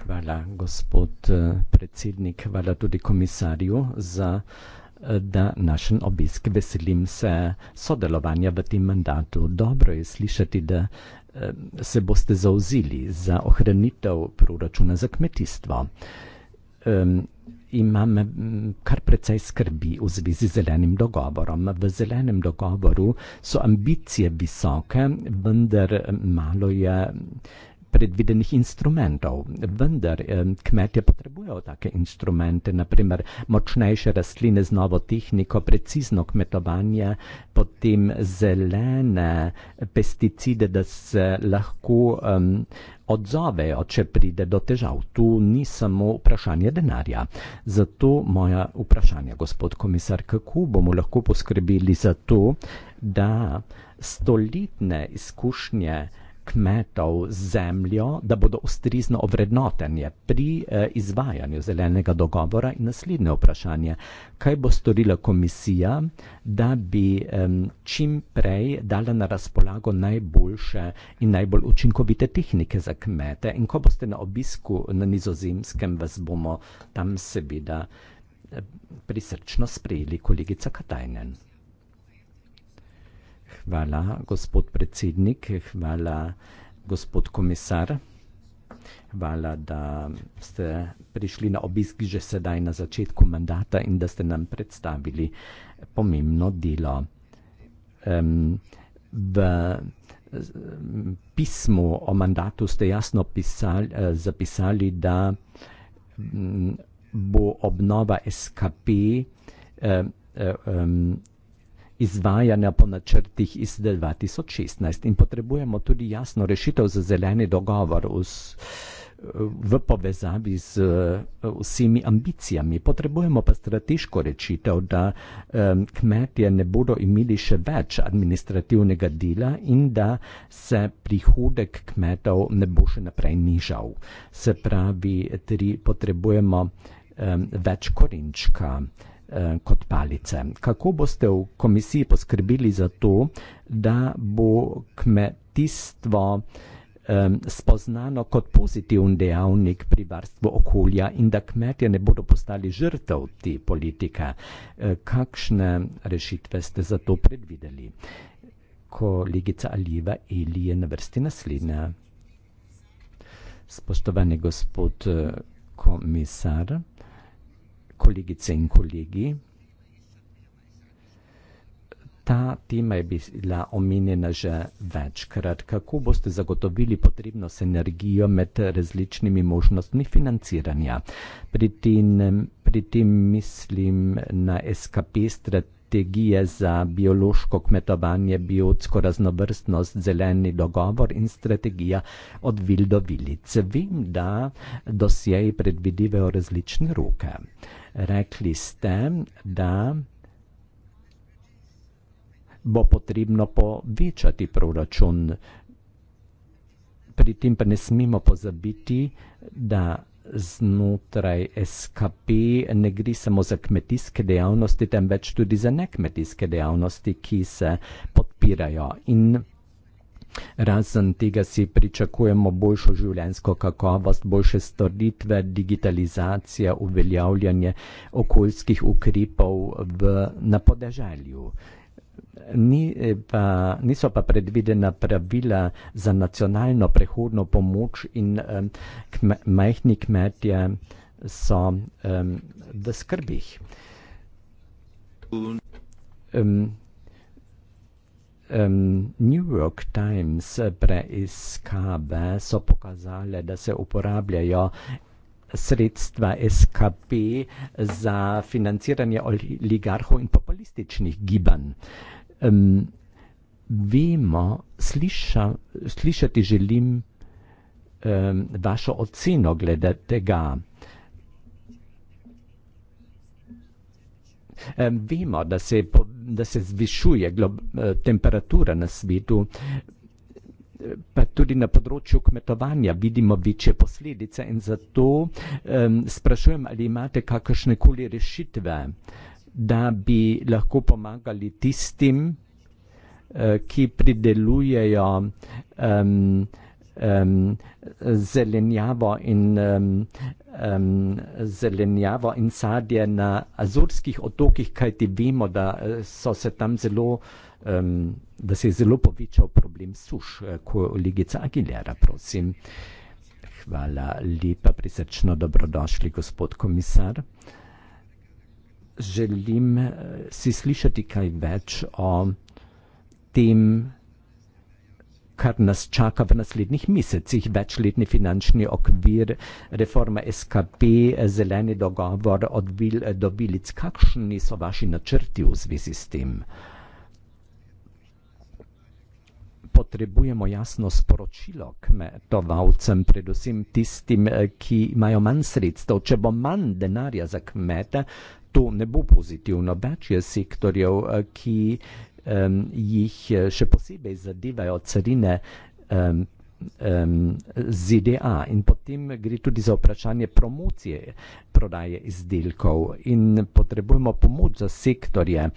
Hvala, gospod eh, predsednik. Hvala tudi komisarju za eh, da našen obisk. Veselim se sodelovanja v tem mandatu. Dobro je slišati, da eh, se boste zauzili za ohranitev proračuna za kmetijstvo imam mm, kar precej skrbi v zvezi z zelenim dogovorom. V zelenem dogovoru so ambicije visoke, vendar malo je predvidenih instrumentov, vendar kmetje potrebujejo take instrumente, naprimer močnejše rastline z novo tehniko, precizno kmetovanje, potem zelene pesticide, da se lahko um, odzovejo, če pride do težav. Tu ni samo vprašanje denarja. Zato moja vprašanja, gospod komisar, kako bomo lahko poskrbeli za to, da stoletne izkušnje kmetov z zemljo, da bodo ustrizno ovrednotenje pri eh, izvajanju zelenega dogovora in naslednje vprašanje, kaj bo storila komisija, da bi čim prej dala na razpolago najboljše in najbolj učinkovite tehnike za kmete in ko boste na obisku na nizozemskem, vas bomo tam seveda eh, prisrčno sprejeli, kolegica Katajnen. Hvala, gospod predsednik, hvala, gospod komisar. Hvala, da ste prišli na obisk že sedaj na začetku mandata in da ste nam predstavili pomembno delo. Um, v pismu o mandatu ste jasno pisali, zapisali, da bo obnova SKP um, um, izvajanja po načrtih iz 2016 in potrebujemo tudi jasno rešitev za zeleni dogovor vs, v povezavi z vsemi ambicijami. Potrebujemo pa strateško rešitev, da um, kmetje ne bodo imeli še več administrativnega dela in da se prihodek kmetov ne bo še naprej nižal. Se pravi, tri, potrebujemo um, več korenčka. Eh, kot palice. Kako boste v komisiji poskrbili za to, da bo kmetijstvo spoznano kot pozitiven dejavnik pri varstvu okolja in da kmetje ne bodo postali žrtev te politike. Eh, kakšne rešitve ste za to predvideli? Kolegica Aljiva Eli je na vrsti naslednja. Spoštovani gospod eh, komisar kolegice in kolegi. Ta tema je bila omenjena že večkrat. Kako boste zagotovili potrebno sinergijo med različnimi možnostmi financiranja? Pri tem, pri tem mislim na SKP strategijo strategije za biološko kmetovanje, biotsko raznovrstnost, zeleni dogovor in strategija od vil do vilice. Vem, da dosjeji predvidivajo različne ruke. Rekli ste, da bo potrebno povečati proračun. Pri tem pa ne smemo pozabiti, da znotraj SKP ne gre samo za kmetijske dejavnosti, temveč tudi za nekmetijske dejavnosti, ki se podpirajo. In razen tega si pričakujemo boljšo življensko kakovost, boljše storitve, digitalizacija, uveljavljanje okoljskih ukrepov na podeželju. Ni eh, pa, niso pa predvidena pravila za nacionalno prehodno pomoč in um, kme, majhni kmetje so um, v skrbih. Um, Um, New York Times preiskave so pokazale, da se uporabljajo sredstva SKP za financiranje oligarhov in populističnih gibanj. Um, vemo, sliša, slišati želim um, vašo oceno glede tega. Um, vemo, da se, da se zvišuje glob, eh, temperatura na svetu pa tudi na področju kmetovanja vidimo večje posledice in zato um, sprašujem, ali imate kakršne koli rešitve, da bi lahko pomagali tistim, uh, ki pridelujejo um, um, zelenjavo, in, um, um, zelenjavo in sadje na azurskih otokih, kajti vemo, da eh, so se tam zelo uh, um, da se je zelo povečal problem suš, eh, kolegica Aguilera, prosim. Hvala lepa, prisrčno dobrodošli, gospod komisar. Želim eh, si slišati kaj več o tem, kar nas čaka v naslednjih mesecih, večletni finančni okvir, reforma SKP, zeleni dogovor od Bil do Bilic. Kakšni so vaši načrti v zvezi s tem? Uh, potrebujemo jasno sporočilo kmetovalcem, predvsem tistim, eh, ki imajo manj sredstev. Če bo manj denarja za kmete, to ne bo pozitivno. Več je sektorjev, eh, ki um, jih eh, še posebej zadevajo carine um, ZDA in potem gre tudi za vprašanje promocije prodaje izdelkov in potrebujemo pomoč za sektorje,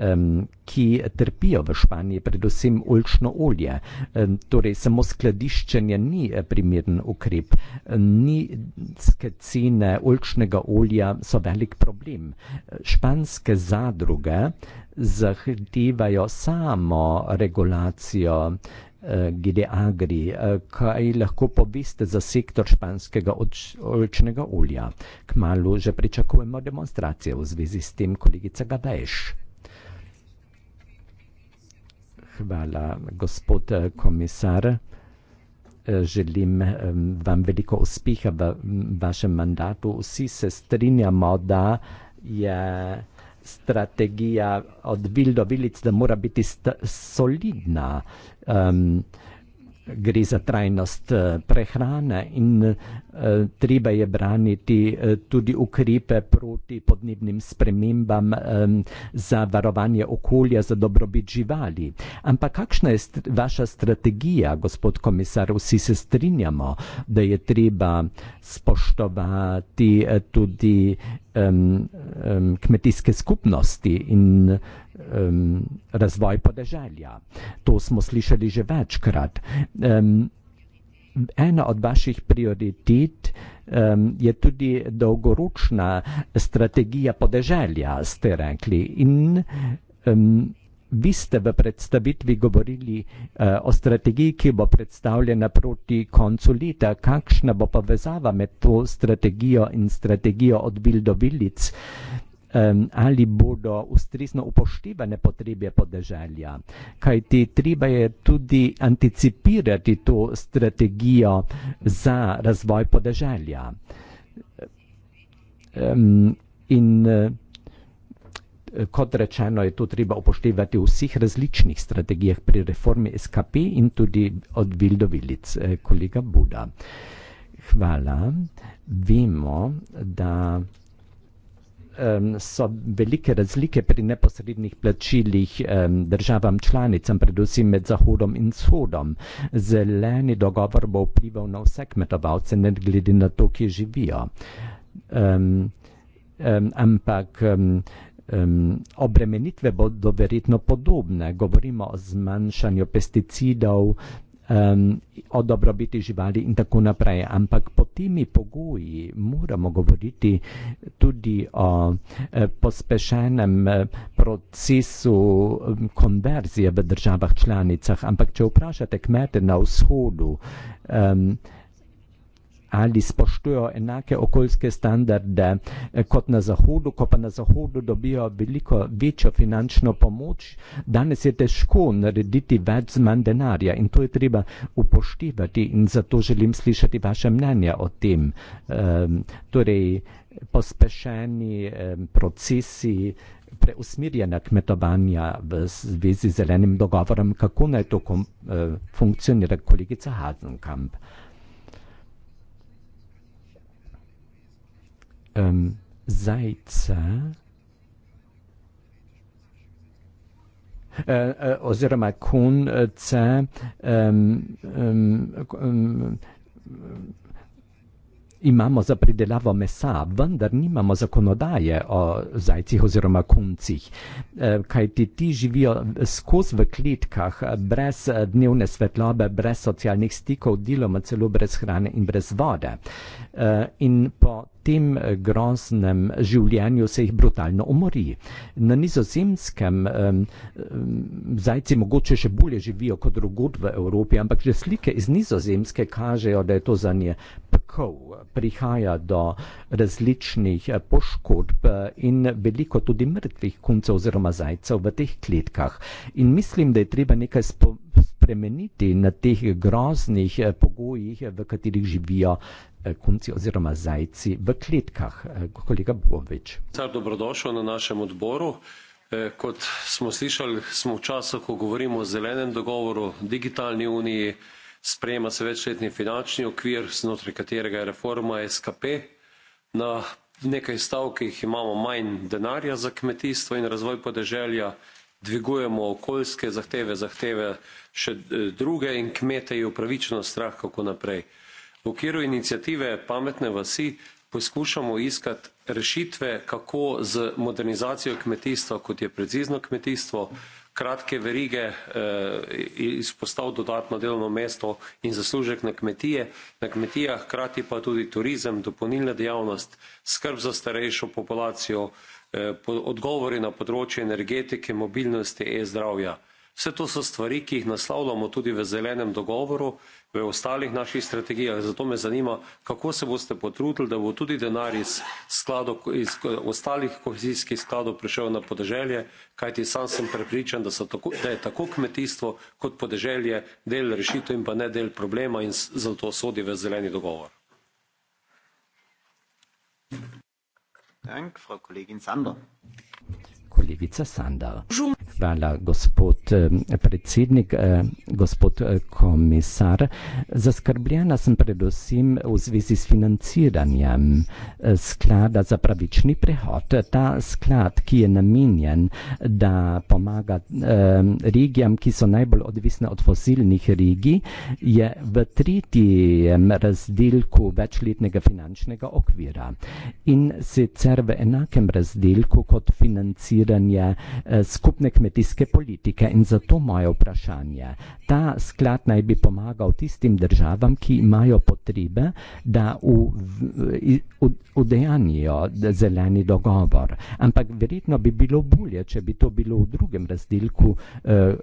um, ki trpijo v Španiji, predvsem olčno olje. Um, torej samo skladiščenje ni eh, primeren ukrep, nizke cene olčnega olja so velik problem. Španske zadruge zahtevajo samo regulacijo GDA uh, gre, uh, kaj lahko poveste za sektor španskega olčnega olja. Kmalo že pričakujemo demonstracije v zvezi s tem, kolegica Gadeš. Hvala, gospod eh, komisar. Eh, želim vam veliko uspeha v vašem mandatu. Vsi se strinjamo, da je strategija od vil do vilic, da mora biti solidna um, gre za trajnost eh, prehrane in uh, treba je braniti uh, tudi ukrepe proti podnebnim spremembam um, za varovanje okolja, za dobrobit živali. Ampak kakšna je st vaša strategija, gospod komisar, vsi se strinjamo, da je treba spoštovati uh, tudi um, um, kmetijske skupnosti in um, razvoj podeželja. To smo slišali že večkrat. Um, ena od vaših prioritet um, je tudi dolgoročna strategija podeželja, ste rekli. In, um, vi ste v predstavitvi govorili eh, o strategiji, ki bo predstavljena proti koncu leta. Kakšna bo povezava med to strategijo in strategijo od vil do vilic? Eh, ali bodo ustrezno upoštevane potrebe podeželja? Kaj ti treba je tudi anticipirati to strategijo za razvoj podeželja? Eh, eh, in, eh, kot rečeno, je to treba upoštevati v vseh različnih strategijah pri reformi SKP in tudi od Vildovilic, eh, kolega Buda. Hvala. Vemo, da so velike razlike pri neposrednih plačilih državam članicam, predvsem med Zahodom in Shodom. Zeleni dogovor bo vplival na vse kmetovalce, ne glede na to, kje živijo. Ampak um, obremenitve bodo verjetno podobne. Govorimo o zmanjšanju pesticidov, um, o dobrobiti živali in tako naprej. Ampak pod temi pogoji moramo govoriti tudi o eh, pospešenem eh, procesu konverzije v državah članicah. Ampak če vprašate kmete na vzhodu, um, ali spoštujejo enake okoljske standarde eh, kot na Zahodu, ko pa na Zahodu dobijo veliko večjo finančno pomoč, danes je težko narediti več z manj denarja in to je treba upoštevati in zato želim slišati vaše mnenje o tem. Ehm, torej, pospešeni ehm, procesi preusmirjena kmetovanja v zvezi z zelenim dogovorom, kako naj to eh, funkcionira kolegica Hazenkamp? ähm, zajca, Äh, oziroma konca ähm, ähm, ähm, imamo za pridelavo mesa, vendar nimamo zakonodaje o zajcih oziroma koncih. Äh, e, kaj ti ti živijo skozi v klitkah, brez dnevne svetlobe, brez socialnih stikov, deloma celo brez hrane in brez vode. Äh, Eh, in po tem eh, groznem življenju se jih brutalno umori. Na nizozemskem eh, zajci mogoče še bolje živijo kot drugod v Evropi, ampak že slike iz nizozemske kažejo, da je to za nje pekov. Prihaja do različnih poškodb in veliko tudi mrtvih kuncev oziroma zajcev v teh kletkah. In mislim, da je treba nekaj spremeniti na teh groznih pogojih, v katerih živijo Eh, kunci oziroma zajci v kletkah. Eh, kolega Bogovič. Car dobrodošel na našem odboru. Eh, kot smo slišali, smo v času, ko govorimo o zelenem dogovoru, digitalni uniji, sprejema se večletni finančni okvir, znotraj katerega je reforma SKP. Na nekaj stavkih imamo manj denarja za kmetijstvo in razvoj podeželja, dvigujemo okoljske zahteve, zahteve še druge in kmete je upravičeno strah, kako naprej. V okviru inicijative Pametne vasi poskušamo iskati rešitve, kako z modernizacijo kmetijstva, kot je predzizno kmetijstvo, kratke verige eh, izpostav dodatno delovno mesto in zaslužek na kmetije, na kmetijah, krati pa tudi turizem, dopolnilna dejavnost, skrb za starejšo populacijo, eh, odgovori na področje energetike, mobilnosti e-zdravja. Vse to so stvari, ki jih naslavljamo tudi v zelenem dogovoru, v ostalih naših strategijah. Zato me zanima, kako se boste potrudili, da bo tudi denar iz, skladov, iz ostalih kohezijskih skladov prišel na podeželje, kajti sam sem prepričan, da, tako, da je tako kmetijstvo kot podeželje del rešitev in pa ne del problema in zato sodi v zeleni dogovor. Dank, Frau Kollegin Sander kolegica Sandal. Hvala, gospod eh, predsednik, eh, gospod eh, komisar. Zaskrbljena sem predvsem v zvezi s financiranjem sklada za pravični prehod. Ta sklad, ki je namenjen, da pomaga regijam, ki so najbolj odvisne od fosilnih regij, je v tretjem razdelku večletnega finančnega okvira in sicer v enakem razdelku kot financiranje financiranje eh, skupne kmetijske politike in zato moje vprašanje. Ta sklad naj bi pomagal tistim državam, ki imajo potrebe, da udejanijo zeleni dogovor. Ampak verjetno bi bilo bolje, če bi to bilo v drugem razdelku, eh,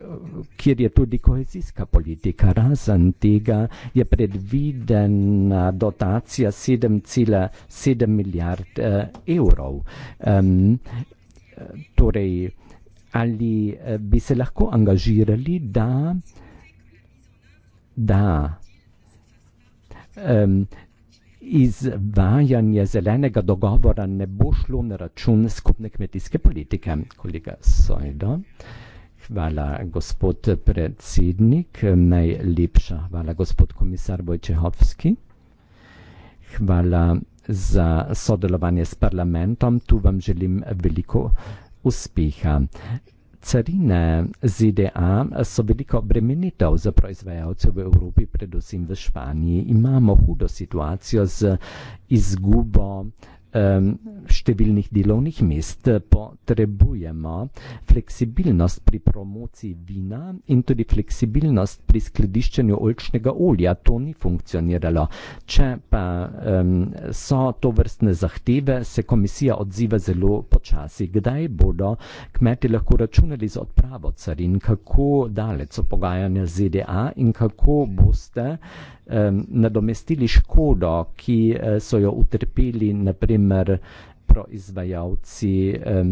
kjer je tudi kohezijska politika. Razen tega je predvidena dotacija 7,7 milijard eh, evrov torej, ali eh, bi se lahko angažirali, da, da um, izvajanje zelenega dogovora ne bo šlo na račun skupne kmetijske politike, kolega Sojdo. Hvala, gospod predsednik. Najlepša hvala, gospod komisar Bojčehovski. Hvala za sodelovanje s parlamentom. Tu vam želim veliko uspeha. Carine ZDA so veliko bremenitev za proizvajalce v Evropi, predvsem v Španiji. Imamo hudo situacijo z izgubo uh, številnih delovnih mest eh, potrebujemo fleksibilnost pri promociji vina in tudi fleksibilnost pri skladiščenju oljčnega olja. To ni funkcioniralo. Če pa um, so to vrstne zahteve, se komisija odziva zelo počasi. Kdaj bodo kmeti lahko računali z odpravo carin, kako daleč so pogajanja ZDA in kako boste eh, nadomestili škodo, ki eh, so jo utrpeli naprimer proizvajalci eh,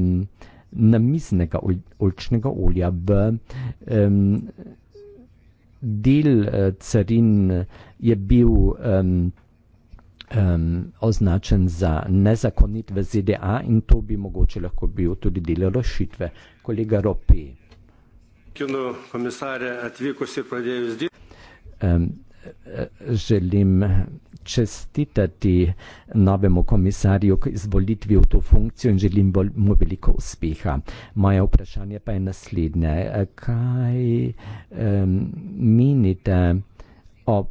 namiznega ol olčnega olja v eh, del eh, carin je bil eh, Um, označen za nezakonit v ZDA in to bi mogoče lahko bil tudi del rešitve. Kolega Ropi. Um, želim čestitati novemu komisarju k izvolitvi v to funkcijo in želim mu veliko uspeha. Moje vprašanje pa je naslednje. Kaj um, menite o,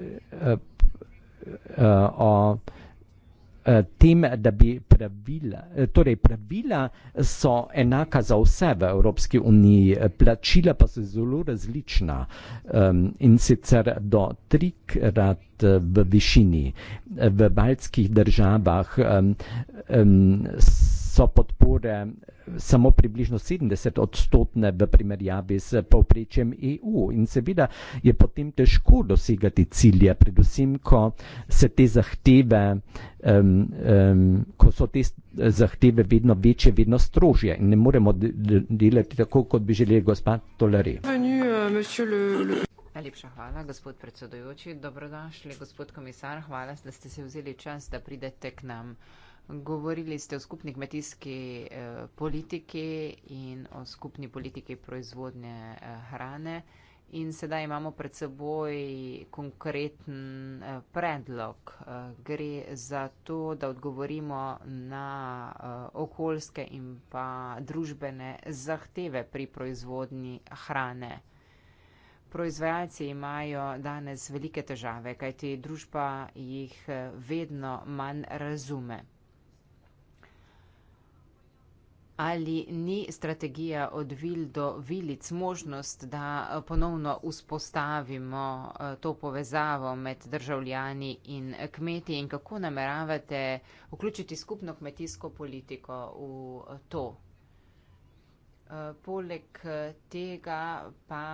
eh, eh, o, o Eh, tem, da bi pravila, eh, torej pravila so enaka za vse v Evropski uniji, eh, plačila pa so zelo različna um, in sicer do trikrat v višini. V baljskih državah um, um, so podpore eh, samo približno 70 odstotne v primerjavi s povprečjem EU. In seveda je potem težko dosegati cilje, predvsem, ko se te zahteve, um, um, ko so te eh, zahteve vedno večje, vedno strožje in ne moremo delati tako, kot bi želeli gospod Tolare. Eh, Najlepša hvala, gospod predsedujoči. Dobrodošli, gospod komisar. Hvala, da ste se vzeli čas, da pridete k nam. Govorili ste o skupni kmetijski eh, politiki in o skupni politiki proizvodnje eh, hrane. In sedaj imamo pred seboj konkreten eh, predlog. Eh, gre za to, da odgovorimo na eh, okoljske in pa družbene zahteve pri proizvodnji hrane. Proizvajalci imajo danes velike težave, kajti družba jih eh, vedno manj razume. Ali ni strategija od vil do vilic možnost, da ponovno vzpostavimo eh, to povezavo med državljani in kmeti in kako nameravate vključiti skupno kmetijsko politiko v to? Eh, poleg eh, tega pa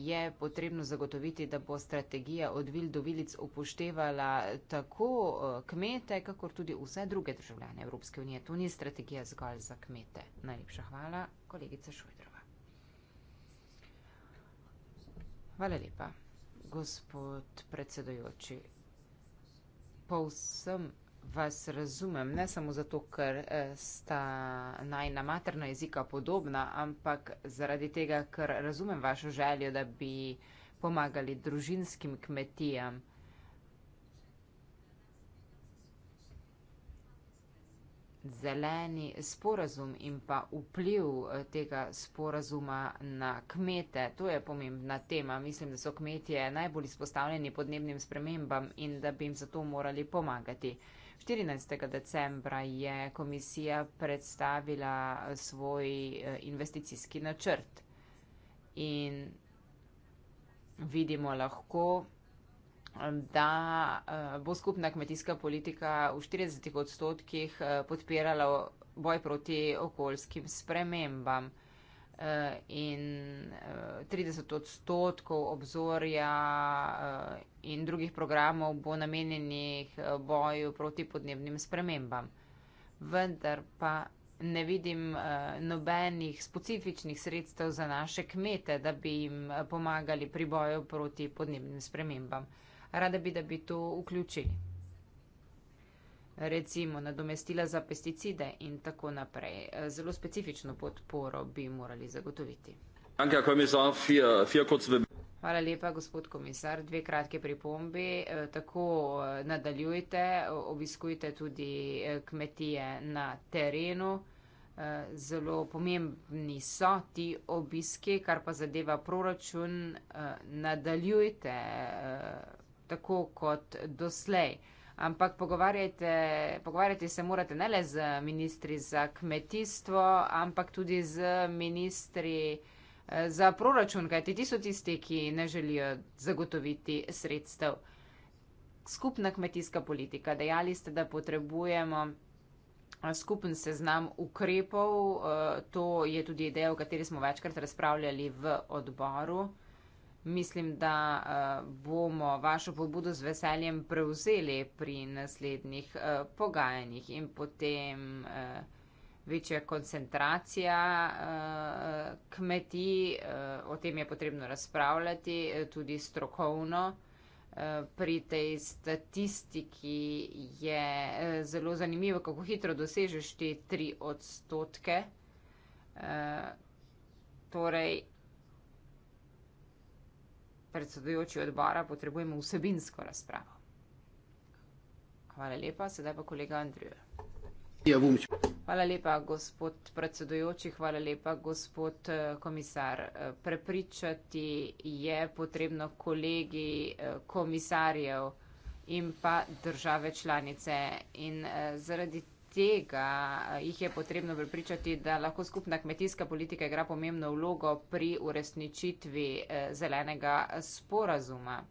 je potrebno zagotoviti, da bo strategija od vil do vilic upoštevala tako eh, kmete, kakor tudi vse druge državljane Evropske unije. To ni strategija zgolj za kmete. Najlepša hvala, kolegica Šujdrova. Hvala lepa, gospod predsedojoči. Povsem vas razumem, ne samo zato, ker eh, sta najna materna jezika podobna, ampak zaradi tega, ker razumem vašo željo, da bi pomagali družinskim kmetijam. Zeleni sporazum in pa vpliv eh, tega sporazuma na kmete, to je pomembna tema. Mislim, da so kmetije najbolj izpostavljeni podnebnim spremembam in da bi jim zato morali pomagati. 14. decembra je komisija predstavila svoj eh, investicijski načrt in vidimo lahko, da eh, bo skupna kmetijska politika v 40 odstotkih eh, podpirala boj proti okoljskim spremembam. Eh, in 30 eh, odstotkov obzorja eh, in drugih programov bo namenjenih boju proti podnebnim spremembam. Vendar pa ne vidim nobenih specifičnih sredstev za naše kmete, da bi jim pomagali pri boju proti podnebnim spremembam. Rada bi, da bi to vključili recimo nadomestila za pesticide in tako naprej. Zelo specifično podporo bi morali zagotoviti. Hvala lepa, gospod komisar. Dve kratke pripombi. Eh, tako eh, nadaljujte, obiskujte tudi eh, kmetije na terenu. Zelo pomembni so ti obiski, kar pa zadeva proračun. Nadaljujte tako kot doslej. Ampak pogovarjajte, pogovarjati se morate ne le z ministri za kmetijstvo, ampak tudi z ministri eh, za proračun, kajti ti so tisti, ki ne želijo zagotoviti sredstev. Skupna kmetijska politika. Dejali ste, da potrebujemo eh, skupen seznam ukrepov. Eh, to je tudi ideja, o kateri smo večkrat razpravljali v odboru mislim, da eh, bomo vašo pobudo z veseljem prevzeli pri naslednjih eh, pogajanjih in potem eh, večja koncentracija kmetij, o tem je potrebno razpravljati tudi strokovno. Pri tej statistiki je zelo zanimivo, kako hitro dosežeš te tri odstotke. Torej, predsedujoči odbora potrebujemo vsebinsko razpravo. Hvala lepa, sedaj pa kolega Andrija. Ja, hvala lepa, gospod predsedujoči, hvala lepa, gospod eh, komisar. Eh, prepričati je potrebno kolegi eh, komisarjev in pa države članice. In zaradi tega eh, jih je potrebno pripričati, da lahko skupna kmetijska politika igra pomembno vlogo pri uresničitvi eh, zelenega eh, sporazuma.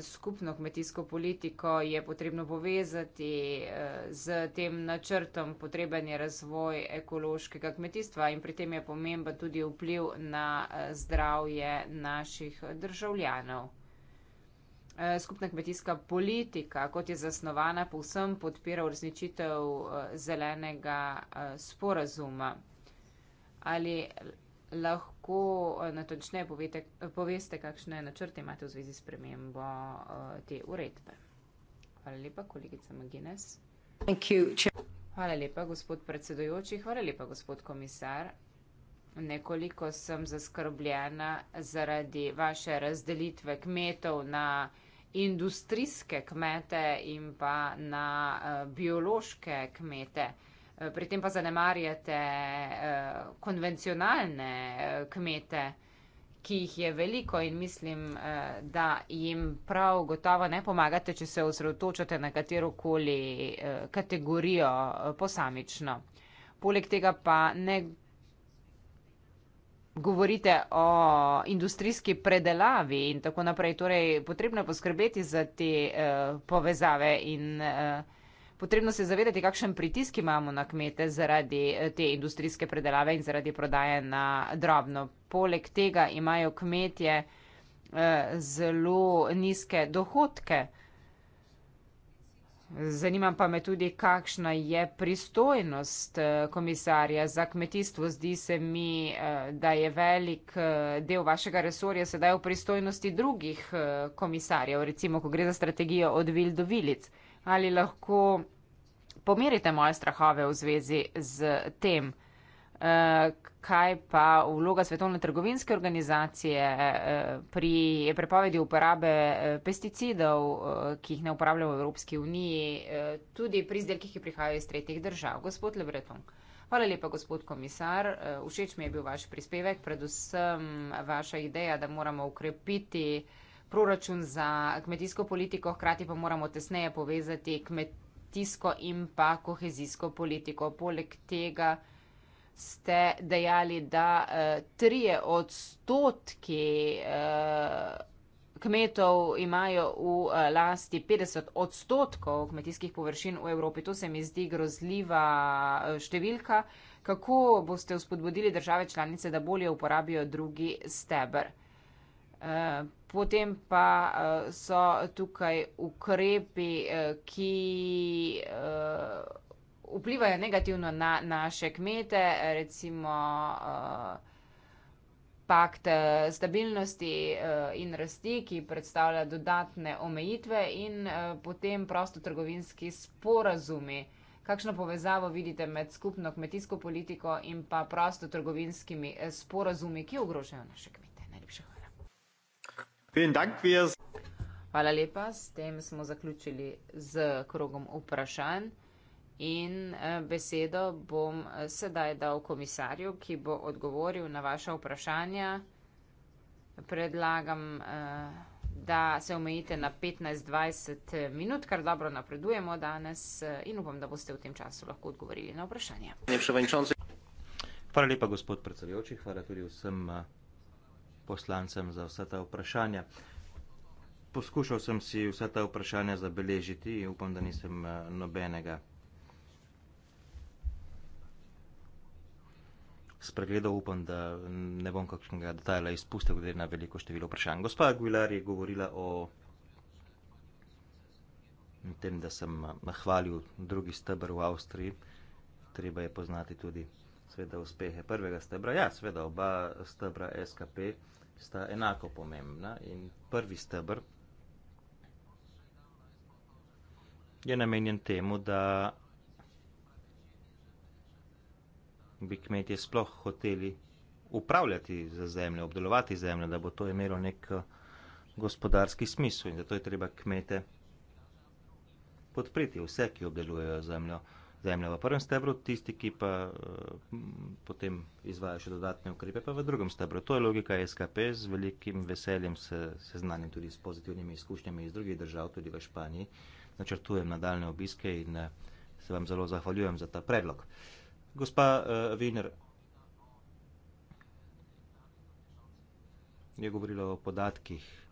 Skupno kmetijsko politiko je potrebno povezati z tem načrtom potreben je razvoj ekološkega kmetijstva in pri tem je pomemben tudi vpliv na zdravje naših državljanov. Eh, skupna kmetijska politika, kot je zasnovana, povsem podpira uresničitev eh, zelenega eh, sporazuma. Ali lahko natočneje poveste, kakšne načrte imate v zvezi s premembo te uredbe? Hvala lepa, kolegica Magines. Hvala lepa, gospod predsedojoči. Hvala lepa, gospod komisar. Nekoliko sem zaskrbljena zaradi vaše razdelitve kmetov na industrijske kmete in pa na uh, biološke kmete. Eh, pri tem pa zanemarjate uh, konvencionalne uh, kmete, ki jih je veliko in mislim, uh, da jim prav gotovo ne pomagate, če se osredotočate na katero koli uh, kategorijo uh, posamično. Poleg tega pa ne govorite o industrijski predelavi in tako naprej. Torej, potrebno je poskrbeti za te eh, povezave in eh, potrebno se zavedati, kakšen pritisk imamo na kmete zaradi eh, te industrijske predelave in zaradi prodaje na drobno. Poleg tega imajo kmetje eh, zelo nizke dohodke. Eh, Zanima pa me tudi, kakšna je pristojnost eh, komisarja za kmetijstvo. Zdi se mi, eh, da je velik eh, del vašega resorja sedaj v pristojnosti drugih komisarjev, recimo, ko gre za strategijo od vil do vilic. Ali lahko pomerite moje strahove v zvezi z tem? Eh, kaj pa vloga Svetovne trgovinske organizacije eh, pri prepovedi uporabe eh, pesticidov, ki jih ne uporabljamo v Evropski uniji, tudi pri izdelkih, ki prihajajo iz tretjih držav. Gospod Lebreton. Hvala lepa, gospod komisar. Všeč mi je bil vaš prispevek, predvsem vaša ideja, da moramo ukrepiti proračun za kmetijsko politiko, hkrati pa moramo tesneje povezati kmetijsko in pa kohezijsko politiko. Poleg tega, ste dejali, da uh, trije odstotki uh, kmetov imajo v uh, lasti 50 odstotkov kmetijskih površin v Evropi. To se mi zdi grozljiva številka. Kako boste vzpodbudili države članice, da bolje uporabijo drugi stebr? Potem pa so tukaj ukrepi, ki vplivajo negativno na naše kmete, recimo eh, pakt eh, stabilnosti eh, in rasti, ki predstavlja dodatne omejitve in potem prostotrgovinski sporazumi. Kakšno povezavo vidite med skupno kmetijsko politiko in pa prostotrgovinskimi sporazumi, ki ogrožajo naše kmete? Najlepša hvala. Hvala lepa, s tem smo zaključili z krogom vprašanj. In eh, besedo bom eh, sedaj dal komisarju, ki bo odgovoril na vaše vprašanja. Predlagam, eh, da se omejite na 15-20 minut, kar dobro napredujemo danes in upam, da boste v tem času lahko odgovorili na vprašanje. Hvala lepa, gospod predsedujoči. Hvala tudi vsem poslancem za vsa ta vprašanja. Poskušal sem si vsa ta vprašanja zabeležiti in upam, da nisem nobenega spregledal, upam, da ne bom kakšnega detajla izpustil, glede na veliko število vprašanj. Gospa Aguilar je govorila o tem, da sem nahvalil drugi stebr v Avstriji. Treba je poznati tudi sveda uspehe prvega stebra. Ja, sveda oba stebra SKP sta enako pomembna in prvi stebr je namenjen temu, da bi kmetje sploh hoteli upravljati za zemljo, obdelovati zemljo, da bo to imelo nek eh, gospodarski smisel in zato je treba kmete podpriti, vse, ki obdelujejo zemljo. Zemlja v prvem stebru, tisti, ki pa eh, potem izvaja še dodatne ukrepe, pa v drugem stebru. To je logika SKP, z velikim veseljem se seznanim tudi s pozitivnimi izkušnjami iz drugih držav, tudi v Španiji. Načrtujem nadaljne obiske in eh, se vam zelo zahvaljujem za ta predlog. Gospa uh, eh, Viner. Je govorila o podatkih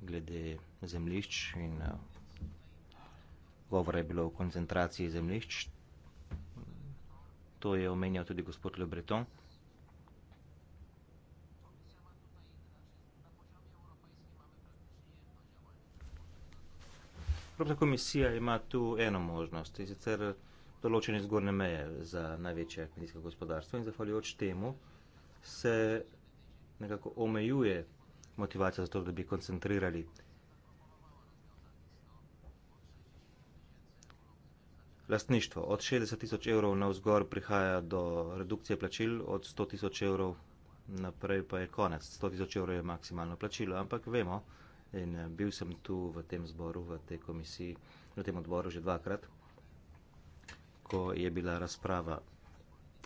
glede zemljišč in uh, govora je bilo o koncentraciji zemljišč. To je omenjal tudi gospod Le Breton. Evropska komisija ima tu eno možnost. Sicer določene zgornje meje za največje kmetijsko gospodarstvo in zahvaljujoč temu se nekako omejuje motivacija za to, da bi koncentrirali lastništvo. Od 60 tisoč evrov na vzgor prihaja do redukcije plačil, od 100 tisoč evrov naprej pa je konec. 100 tisoč evrov je maksimalno plačilo, ampak vemo, in bil sem tu v tem zboru, v tej komisiji, v tem odboru že dvakrat, ko je bila razprava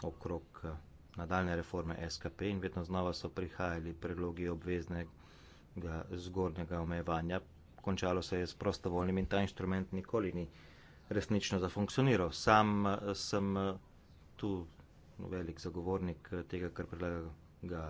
okrog eh, nadaljne reforme SKP in vedno znova so prihajali predlogi obveznega zgornjega omejevanja. Končalo se je s prostovoljnim in ta inštrument nikoli ni resnično zafunkcioniral. Sam eh, sem eh, tu velik zagovornik tega, kar predlaga ga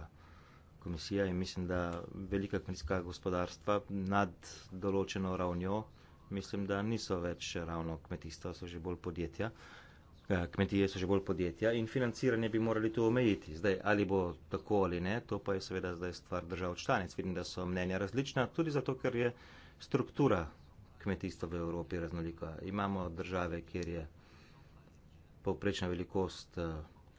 komisija in mislim, da velika kmetijska gospodarstva nad določeno ravnjo, mislim, da niso več ravno kmetijstva, so že bolj podjetja. Uh, Eh, kmetije so že bolj podjetja in financiranje bi morali to omejiti. Zdaj, ali bo tako ali ne, to pa je seveda zdaj stvar držav članic. Vidim, da so mnenja različna, tudi zato, ker je struktura kmetijstva v Evropi raznolika. Imamo države, kjer je povprečna velikost eh,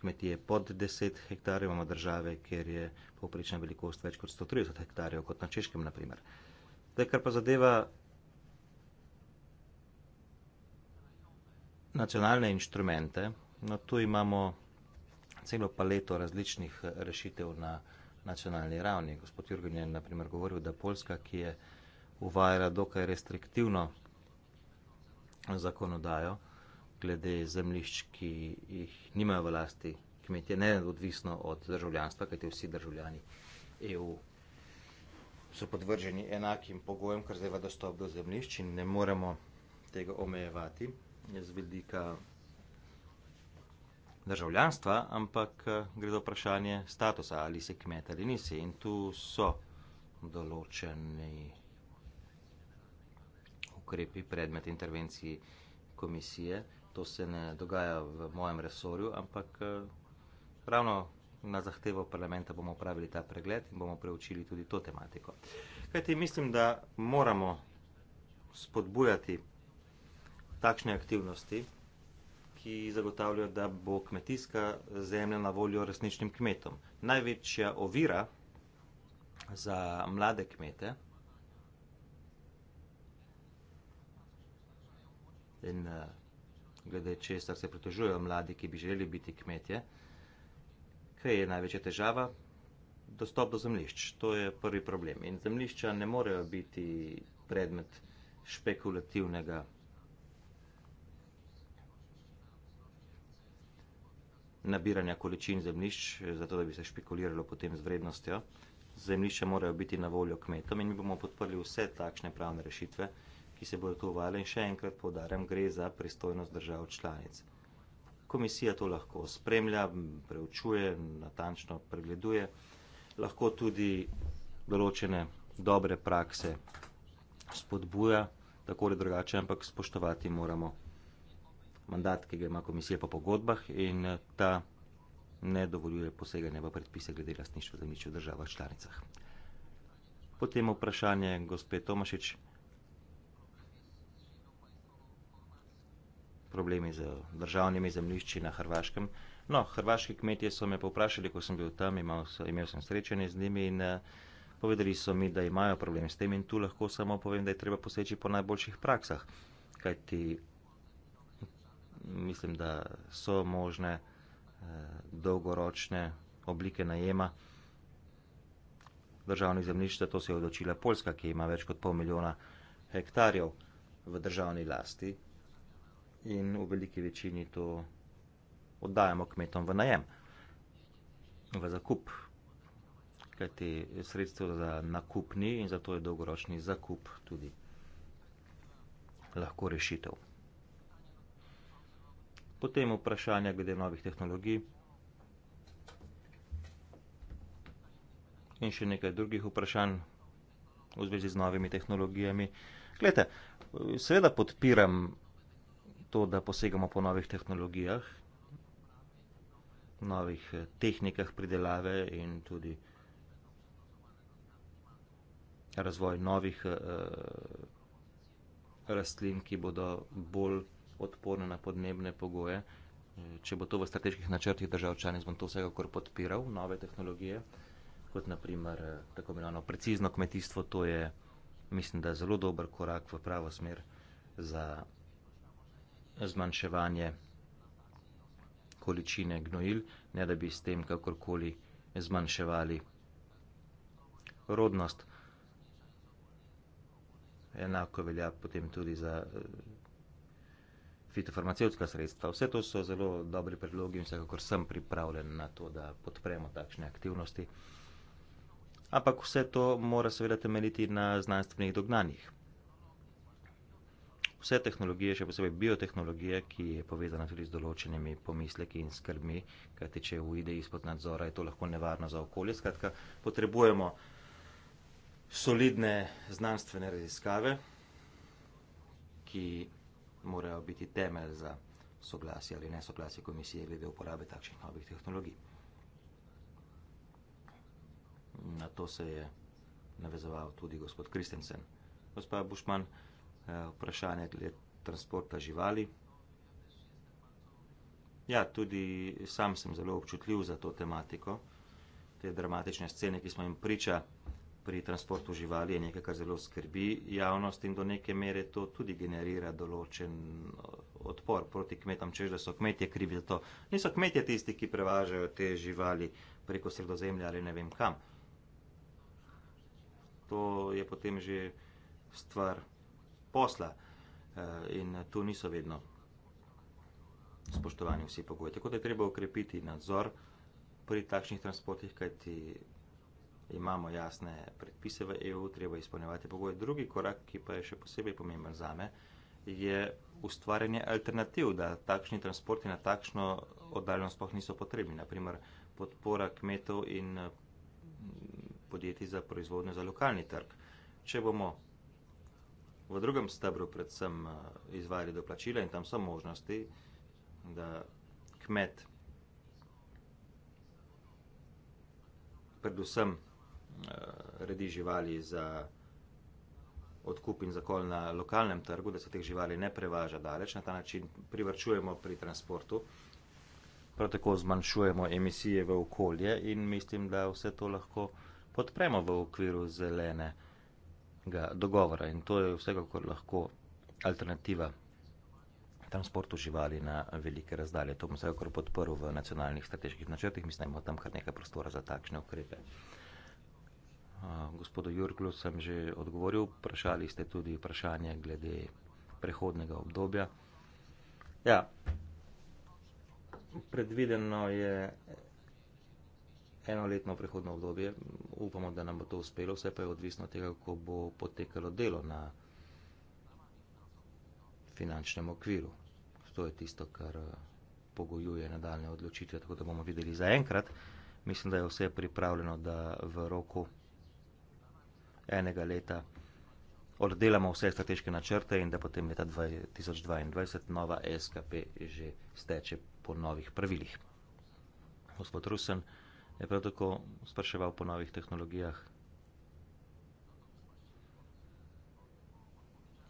kmetije pod 10 hektarjev, imamo države, kjer je povprečna velikost več kot 130 hektarjev, kot na Češkem naprimer. Zdaj, kar pa zadeva nacionalne inštrumente. No, tu imamo celo paleto različnih rešitev na nacionalni ravni. Gospod Jurgen je naprimer govoril, da Poljska, ki je uvajala dokaj restriktivno zakonodajo glede zemljišč, ki jih nimajo v lasti kmetje, ne odvisno od državljanstva, kajti vsi državljani EU so podvrženi enakim pogojem, kar zdaj dostop do zemljišč in ne moremo tega omejevati z vidika državljanstva, ampak eh, gre za vprašanje statusa, ali si kmet ali nisi. In tu so določeni ukrepi, predmet intervencij komisije. To se ne dogaja v mojem resorju, ampak eh, ravno na zahtevo parlamenta bomo upravili ta pregled in bomo preučili tudi to tematiko. Kajti mislim, da moramo spodbujati takšne aktivnosti, ki zagotavljajo, da bo kmetijska zemlja na voljo resničnim kmetom. Največja ovira za mlade kmete in eh, glede česar se pritožujejo mladi, ki bi želeli biti kmetje, kaj je največja težava? Dostop do zemljišč. To je prvi problem. In zemljišča ne morejo biti predmet špekulativnega nabiranja količin zemljišč, eh, zato da bi se špekuliralo potem z vrednostjo. Zemljišča morajo biti na voljo kmetom in mi bomo podprli vse takšne pravne rešitve, ki se bodo tu uvale in še enkrat povdarjam, gre za pristojnost držav članic. Komisija to lahko spremlja, preučuje, natančno pregleduje, lahko tudi določene dobre prakse spodbuja, tako ali drugače, ampak spoštovati moramo mandat, ki ga ima komisija po pogodbah in eh, ta ne dovoljuje poseganja v predpise glede lastništva zemljišč v državah članicah. Potem vprašanje gospe Tomašič. Problemi z državnimi zemljišči na Hrvaškem. No, hrvaški kmetje so me povprašali, ko sem bil tam, imel, imel sem srečanje z njimi in eh, povedali so mi, da imajo problem s tem in tu lahko samo povem, da je treba poseči po najboljših praksah. Kajti mislim, da so možne eh, dolgoročne oblike najema državnih zemljišč, to se je odločila Poljska, ki ima več kot pol milijona hektarjev v državni lasti in v veliki večini to oddajamo kmetom v najem, v zakup, kajti sredstvo za nakupni in zato je dolgoročni zakup tudi lahko rešitev potem vprašanja glede novih tehnologij in še nekaj drugih vprašanj v zvezi z novimi tehnologijami. Glede, seveda podpiram to, da posegamo po novih tehnologijah, novih eh, tehnikah pridelave in tudi razvoj novih uh, rastlin, ki bodo bolj odporne na podnebne pogoje. Eh, če bo to v strateških načrtih držav članic, bom to vsekakor podpiral, nove tehnologije, kot naprimer eh, tako imenovano precizno kmetijstvo, to je, mislim, da je zelo dober korak v pravo smer za zmanjševanje količine gnojil, ne da bi s tem kakorkoli zmanjševali rodnost. Enako velja potem tudi za eh, fitofarmacevtska sredstva. Vse to so zelo dobri predlogi in vsekakor sem pripravljen na to, da podpremo takšne aktivnosti. Ampak vse to mora seveda temeljiti na znanstvenih dognanjih. Vse tehnologije, še posebej biotehnologije, ki je povezana tudi z določenimi pomisleki in skrbmi, kajti če uide izpod nadzora, je to lahko nevarno za okolje. Skratka, potrebujemo solidne znanstvene raziskave, ki morajo biti temelj za soglasje ali nesoglasje komisije glede uporabe takšnih novih tehnologij. Na to se je navezoval tudi gospod Kristensen. Gospa Bušman, eh, vprašanje glede transporta živali. Ja, tudi sam sem zelo občutljiv za to tematiko. Te dramatične scene, ki smo jim priča, pri transportu živali je nekaj, kar zelo skrbi javnost in do neke mere to tudi generira določen odpor proti kmetom, čež da so kmetje krivi za to. Niso kmetje tisti, ki prevažajo te živali preko sredozemlja ali ne vem kam. To je potem že stvar posla e, in tu niso vedno spoštovani vsi pogoji. Tako da je treba ukrepiti nadzor pri takšnih transportih, kajti imamo jasne predpise v EU, treba izpolnjevati pogoje. Drugi korak, ki pa je še posebej pomemben za me, je ustvarjanje alternativ, da takšni transporti na takšno oddaljenost sploh niso potrebni. Naprimer, podpora kmetov in mm, podjetij za proizvodnjo za lokalni trg. Če bomo v drugem stebru predvsem eh, izvajali doplačila in tam so možnosti, da kmet predvsem Eh, redi živali za odkup in zakol na lokalnem trgu, da se teh živali ne prevaža daleč, na ta način privrčujemo pri transportu, prav tako zmanjšujemo emisije v okolje in mislim, da vse to lahko podpremo v okviru zelenega dogovora in to je vsekakor lahko alternativa transportu živali na velike razdalje. To bom vsekakor podprl v nacionalnih strateških načrtih, mislim, da imamo tam kar nekaj prostora za takšne ukrepe gospodu Jurglu sem že odgovoril, vprašali ste tudi vprašanje glede prehodnega obdobja. Ja, predvideno je enoletno prehodno obdobje, upamo, da nam bo to uspelo, vse pa je odvisno od tega, kako bo potekalo delo na finančnem okviru. To je tisto, kar eh, pogojuje nadaljne odločitve, tako da bomo videli zaenkrat. Mislim, da je vse pripravljeno, da v roku enega leta oddelamo vse strateške načrte in da potem leta 2022 nova SKP že steče po novih pravilih. Gospod Rusen je prav tako spraševal po novih tehnologijah.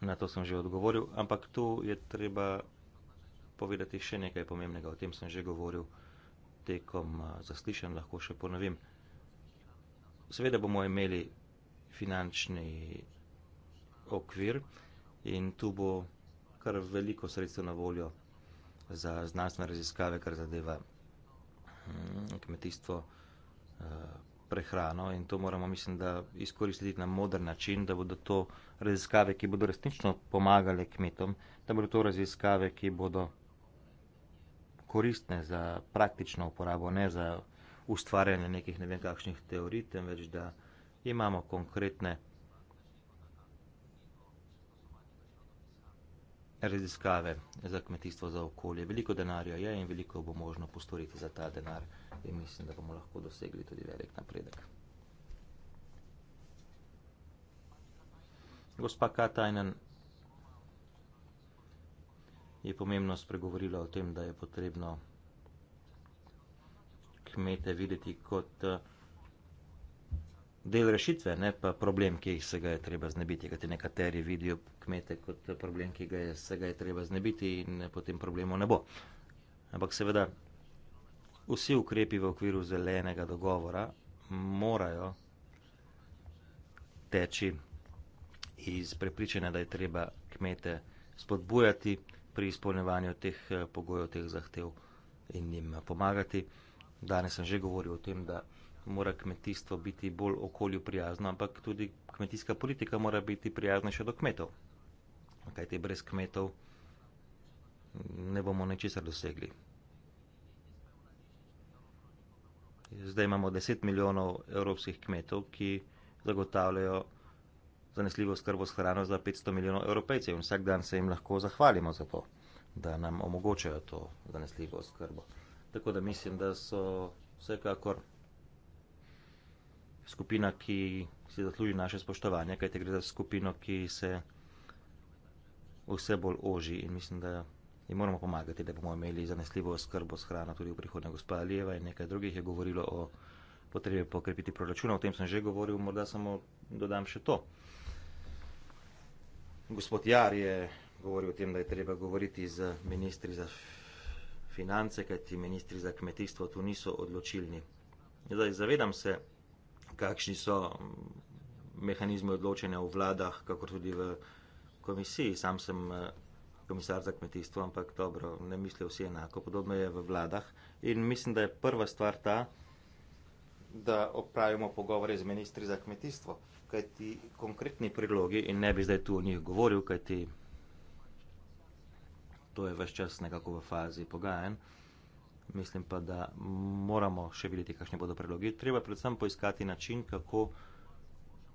Na to sem že odgovoril, ampak tu je treba povedati še nekaj pomembnega. O tem sem že govoril tekom eh, zaslišanj, lahko še ponovim. Seveda bomo imeli finančni okvir in tu bo kar veliko sredstev na voljo za znanstvene raziskave, kar zadeva hm, kmetijstvo, eh, prehrano in to moramo, mislim, da izkoristiti na modr način, da bodo to raziskave, ki bodo resnično pomagale kmetom, da bodo to raziskave, ki bodo koristne za praktično uporabo, ne za ustvarjanje nekih ne vem kakšnih teorij, temveč da imamo konkretne raziskave za kmetijstvo, za okolje. Veliko denarja je in veliko bo možno postoriti za ta denar in mislim, da bomo lahko dosegli tudi velik napredek. Gospa Katajnen je pomembno spregovorila o tem, da je potrebno kmete videti kot uh, del rešitve, ne pa problem, ki se ga je treba znebiti. Kajti nekateri vidijo kmete kot problem, ki ga je, se ga je treba znebiti in potem problemov ne bo. Ampak seveda vsi ukrepi v okviru zelenega dogovora morajo teči iz prepričanja, da je treba kmete spodbujati pri izpolnevanju teh eh, pogojev, teh zahtev in jim pomagati. Danes sem že govoril o tem, da mora kmetijstvo biti bolj okolju prijazno, ampak tudi kmetijska politika mora biti prijaznejša do kmetov. Kaj te brez kmetov ne bomo nečesar dosegli. Zdaj imamo 10 milijonov evropskih kmetov, ki zagotavljajo zanesljivo skrbo s hrano za 500 milijonov evropejcev in vsak dan se jim lahko zahvalimo za to, da nam omogočajo to zanesljivo skrbo. Tako da mislim, da so vsekakor skupina, ki si zasluži naše spoštovanje, kajte gre za skupino, ki se vse bolj oži in mislim, da jim moramo pomagati, da bomo imeli zanesljivo skrbo s hrano tudi v prihodnje. Gospa Alijeva in nekaj drugih je govorilo o potrebi pokrepiti proračuna, o tem sem že govoril, morda samo dodam še to. Gospod Jar je govoril o tem, da je treba govoriti z ministri za finance, kajti ministri za kmetijstvo tu niso odločilni. Zdaj, zavedam se, kakšni so mm, mehanizmi odločanja v vladah, kako tudi v komisiji. Sam sem eh, komisar za kmetijstvo, ampak dobro, ne mislijo vsi enako, podobno je v vladah. In mislim, da je prva stvar ta, da opravimo pogovore z ministri za kmetijstvo, kajti konkretni predlogi, in ne bi zdaj tu o njih govoril, kajti to je vse čas nekako v fazi pogajanj mislim pa, da moramo še videti, kakšne bodo predloge. Treba predvsem poiskati način, kako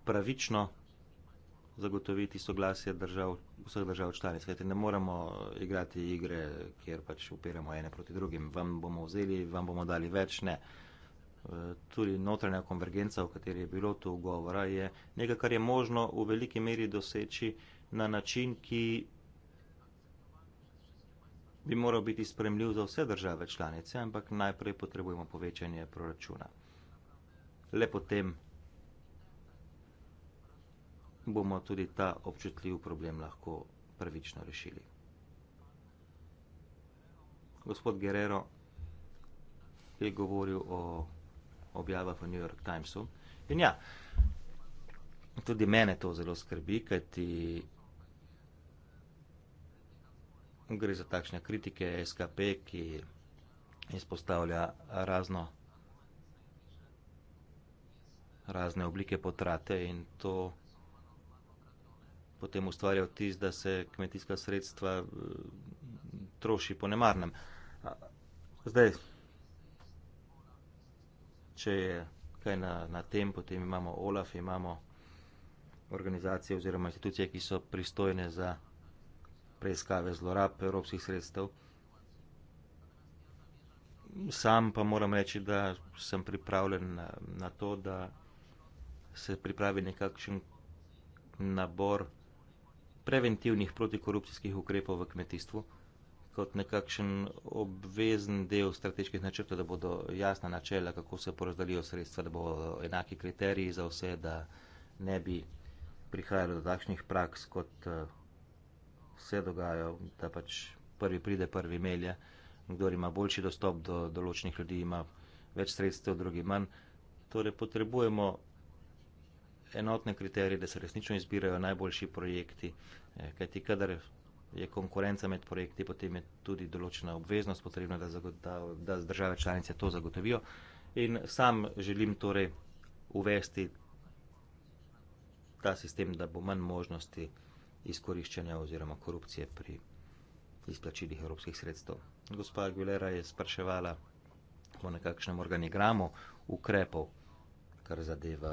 pravično zagotoviti soglasje držav, vseh držav članic. Kajte, ne moramo igrati igre, kjer pač upiramo ene proti drugim. Vam bomo vzeli, vam bomo dali več, ne. E, tudi notranja konvergenca, o kateri je bilo tu govora, je nekaj, kar je možno v veliki meri doseči na način, ki bi moral biti spremljiv za vse države članice, ampak najprej potrebujemo povečanje proračuna. Le potem bomo tudi ta občutljiv problem lahko pravično rešili. Gospod Guerrero je govoril o objavah v New York Timesu. In ja, tudi mene to zelo skrbi, kajti gre za takšne kritike SKP, ki izpostavlja razno, razne oblike potrate in to potem ustvarja vtis, da se kmetijska sredstva eh, troši po nemarnem. Zdaj, če je kaj na, na tem, potem imamo OLAF, imamo organizacije oziroma institucije, ki so pristojne za preiskave zlorab evropskih sredstev. Sam pa moram reči, da sem pripravljen na, eh, na to, da se pripravi nekakšen nabor preventivnih protikorupcijskih ukrepov v kmetijstvu kot nekakšen obvezen del strateških načrtov, da bodo jasna načela, kako se porazdalijo sredstva, da bodo enaki kriteriji za vse, da ne bi prihajalo do takšnih praks kot uh, vse dogaja, da pač prvi pride, prvi melje. Kdo ima boljši dostop do določenih ljudi, ima več sredstev, drugi manj. Torej potrebujemo enotne kriterije, da se resnično izbirajo najboljši projekti, eh, kajti kadar je konkurenca med projekti, potem je tudi določena obveznost potrebna, da, da države članice to zagotovijo. In sam želim torej uvesti ta sistem, da bo manj možnosti izkoriščanja oziroma korupcije pri izplačilih evropskih sredstev. Gospa Aguilera je spraševala po nekakšnem organigramu ukrepov, kar zadeva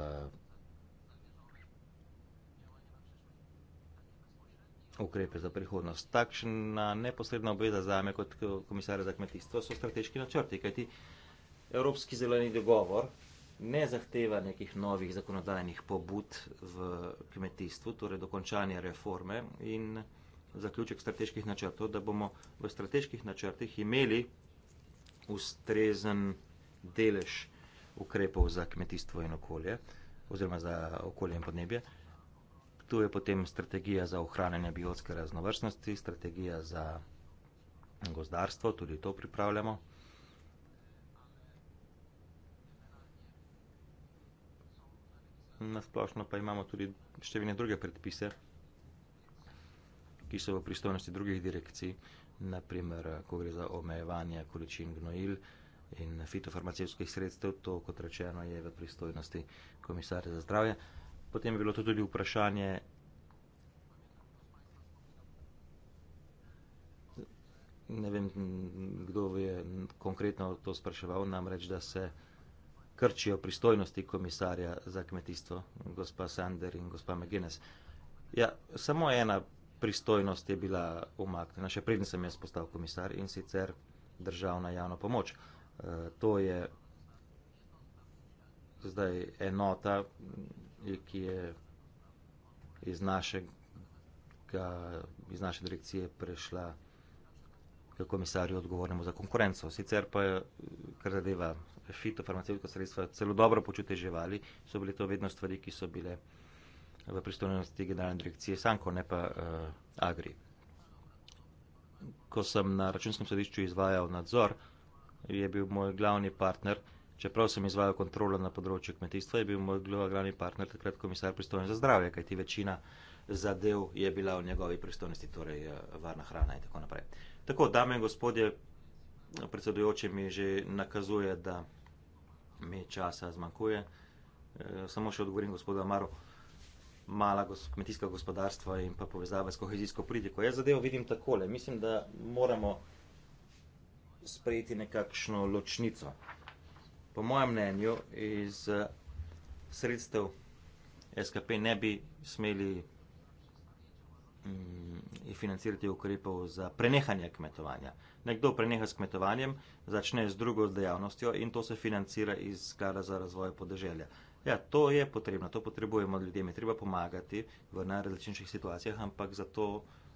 ukrepe za prihodnost. Takšna neposredna obveza za me kot komisarja za kmetijstvo so strateški načrti, kajti Evropski zeleni dogovor ne zahteva nekih novih zakonodajnih pobud v kmetijstvu, torej dokončanja reforme in zaključek strateških načrtov, da bomo v strateških načrtih imeli ustrezen delež ukrepov za kmetijstvo in okolje, oziroma za okolje in podnebje. Tu je potem strategija za ohranjanje biotske raznovrstnosti, strategija za gozdarstvo, tudi to pripravljamo. nasplošno pa imamo tudi številne druge predpise, ki so v pristojnosti drugih direkcij, naprimer, ko gre za omejevanje količin gnojil in fitofarmacevskih sredstev, to, kot rečeno, je v pristojnosti komisarja za zdravje. Potem je bilo to tudi vprašanje. Ne vem, kdo je konkretno to spraševal, namreč, da se krčijo pristojnosti komisarja za kmetijstvo, gospa Sander in gospa McGuinness. Ja, samo ena pristojnost je bila umaknjena, še preden sem jaz postal komisar in sicer državna javna pomoč. E, to je zdaj enota, ki je iz naše, ga, iz naše direkcije prešla komisarju odgovornemu za konkurenco. Sicer pa, eh, kar zadeva fitofarmacevtska sredstva, celo dobro počute živali, so bile to vedno stvari, ki so bile v pristojnosti generalne direkcije Sanko, ne pa uh, Agri. Ko sem na računskem sodišču izvajal nadzor, je bil moj glavni partner, čeprav sem izvajal kontrolo na področju kmetijstva, je bil moj glavni partner takrat komisar pristojen za zdravje, kajti večina zadev je bila v njegovi pristojnosti, torej eh, varna hrana in tako naprej. Uh, Tako, dame in gospodje, predsedujoči mi že nakazuje, da mi časa zmanjkuje. Eh, samo še odgovorim gospodu Amaru, mala kmetijska gospodarstva in pa povezave s kohezijsko politiko. Jaz zadevo vidim takole. Mislim, da moramo sprejeti nekakšno ločnico. Po mojem mnenju iz eh, sredstev SKP ne bi smeli Mm, in financirati ukrepov za prenehanje kmetovanja. Nekdo preneha s kmetovanjem, začne z drugo dejavnostjo in to se financira iz sklada za razvoj podeželja. Ja, to je potrebno, to potrebujemo ljudem, je treba pomagati v najrazličnejših situacijah, ampak zato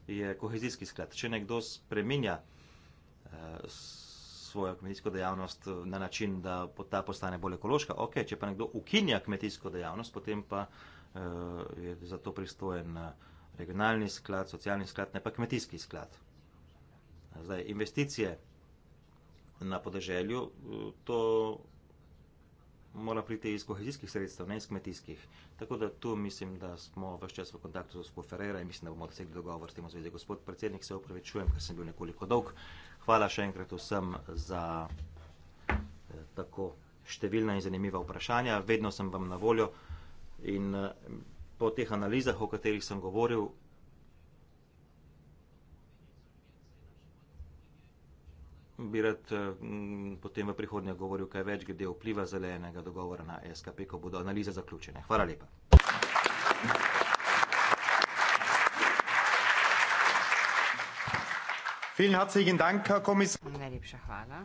je kohezijski sklad. Če nekdo spreminja eh, svojo kmetijsko dejavnost eh, na način, da ta postane bolj ekološka, ok, če pa nekdo ukinja kmetijsko dejavnost, potem pa eh, je za to pristojen regionalni sklad, socialni sklad, ne pa kmetijski sklad. Zdaj, investicije na podeželju, to mora priti iz kohezijskih sredstev, ne iz kmetijskih. Tako da tu mislim, da smo vse čas v kontaktu z Boferera in mislim, da bomo dosegli dogovor s tem v zvezi. Gospod predsednik, se upravičujem, ker sem bil nekoliko dolg. Hvala še enkrat vsem za eh, tako številna in zanimiva vprašanja. Vedno sem vam na voljo in eh, po teh analizah, o katerih sem govoril, bi rad mm, potem v prihodnje govoril kaj več, glede vpliva zelenega dogovora na SKP, ko bodo analize zaključene. Hvala lepa. Najlepša hvala.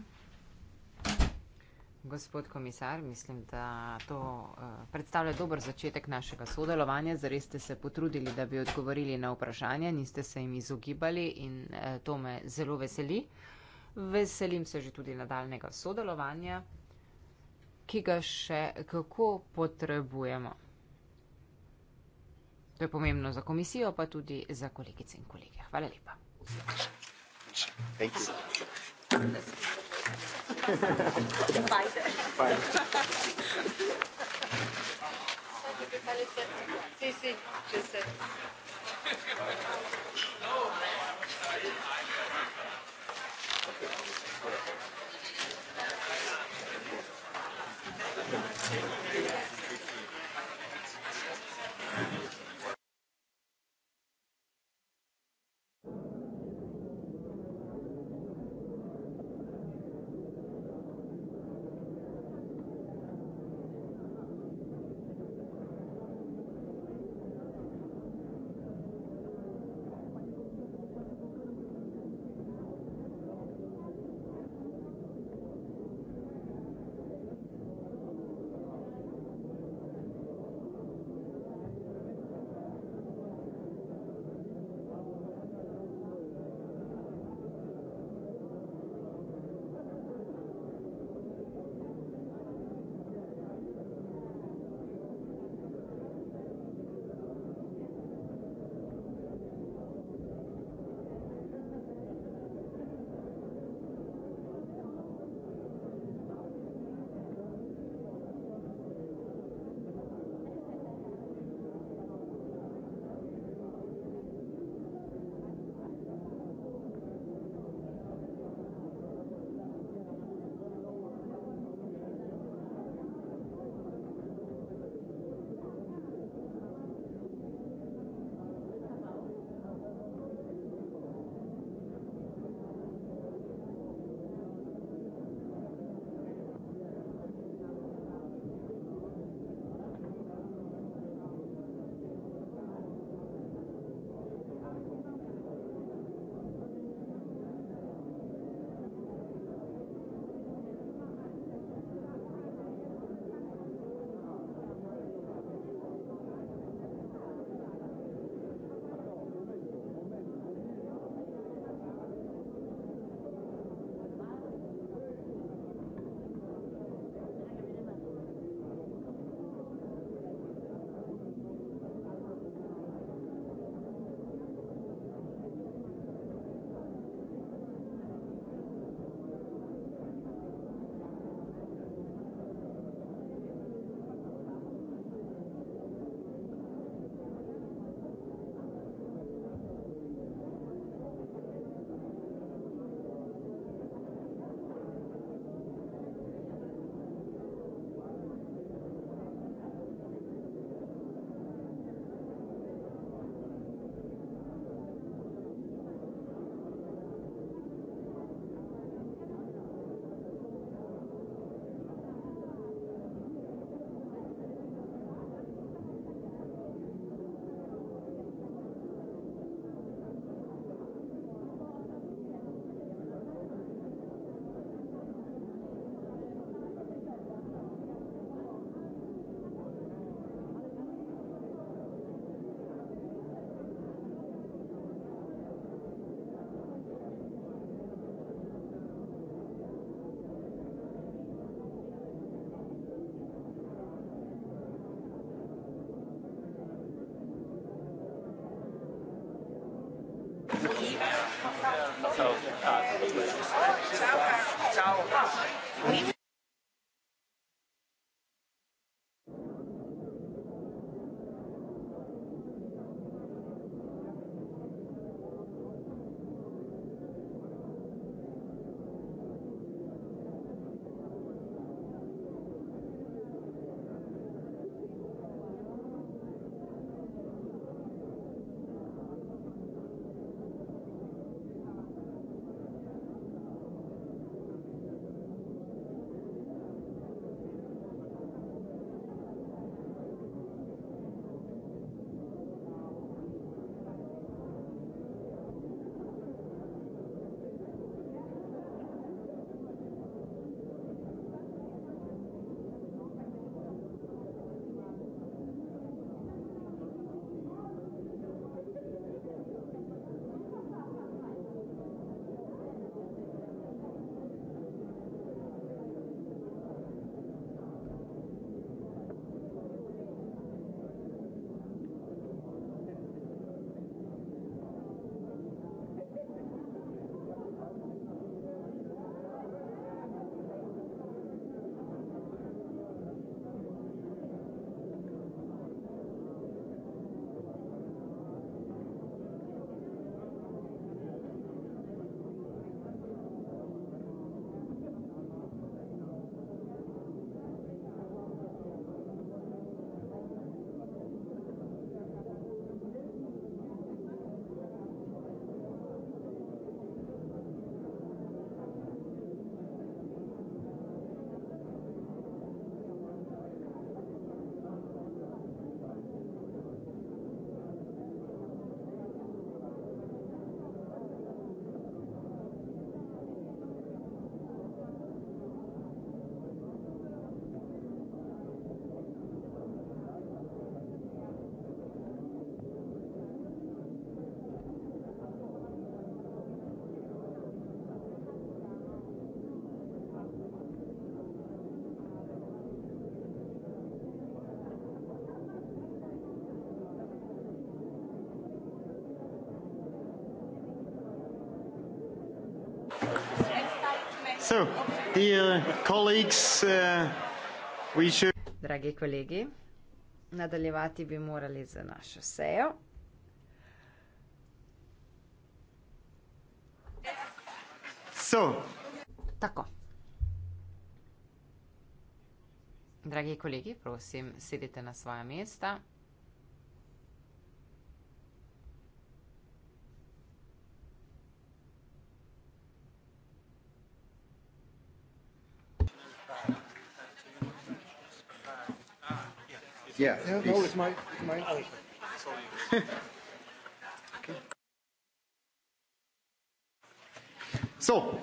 Gospod komisar, mislim, da to eh, predstavlja dober začetek našega sodelovanja. Zares ste se potrudili, da bi odgovorili na vprašanja, niste se jim izogibali in eh, to me zelo veseli. Veselim se že tudi nadaljnega sodelovanja, ki ga še kako potrebujemo. To je pomembno za komisijo, pa tudi za kolegice in kolege. Hvala lepa. Hvala. Beide. Beide. Sí, sí, yo sé. So, dear colleagues, uh, we should... Dragi kolegi, nadaljevati bi morali za našo sejo. So. Tako. Dragi kolegi, prosim, sedite na svoje mesta. Yeah, Peace. no, it's my, my other oh, thing. Sorry. So.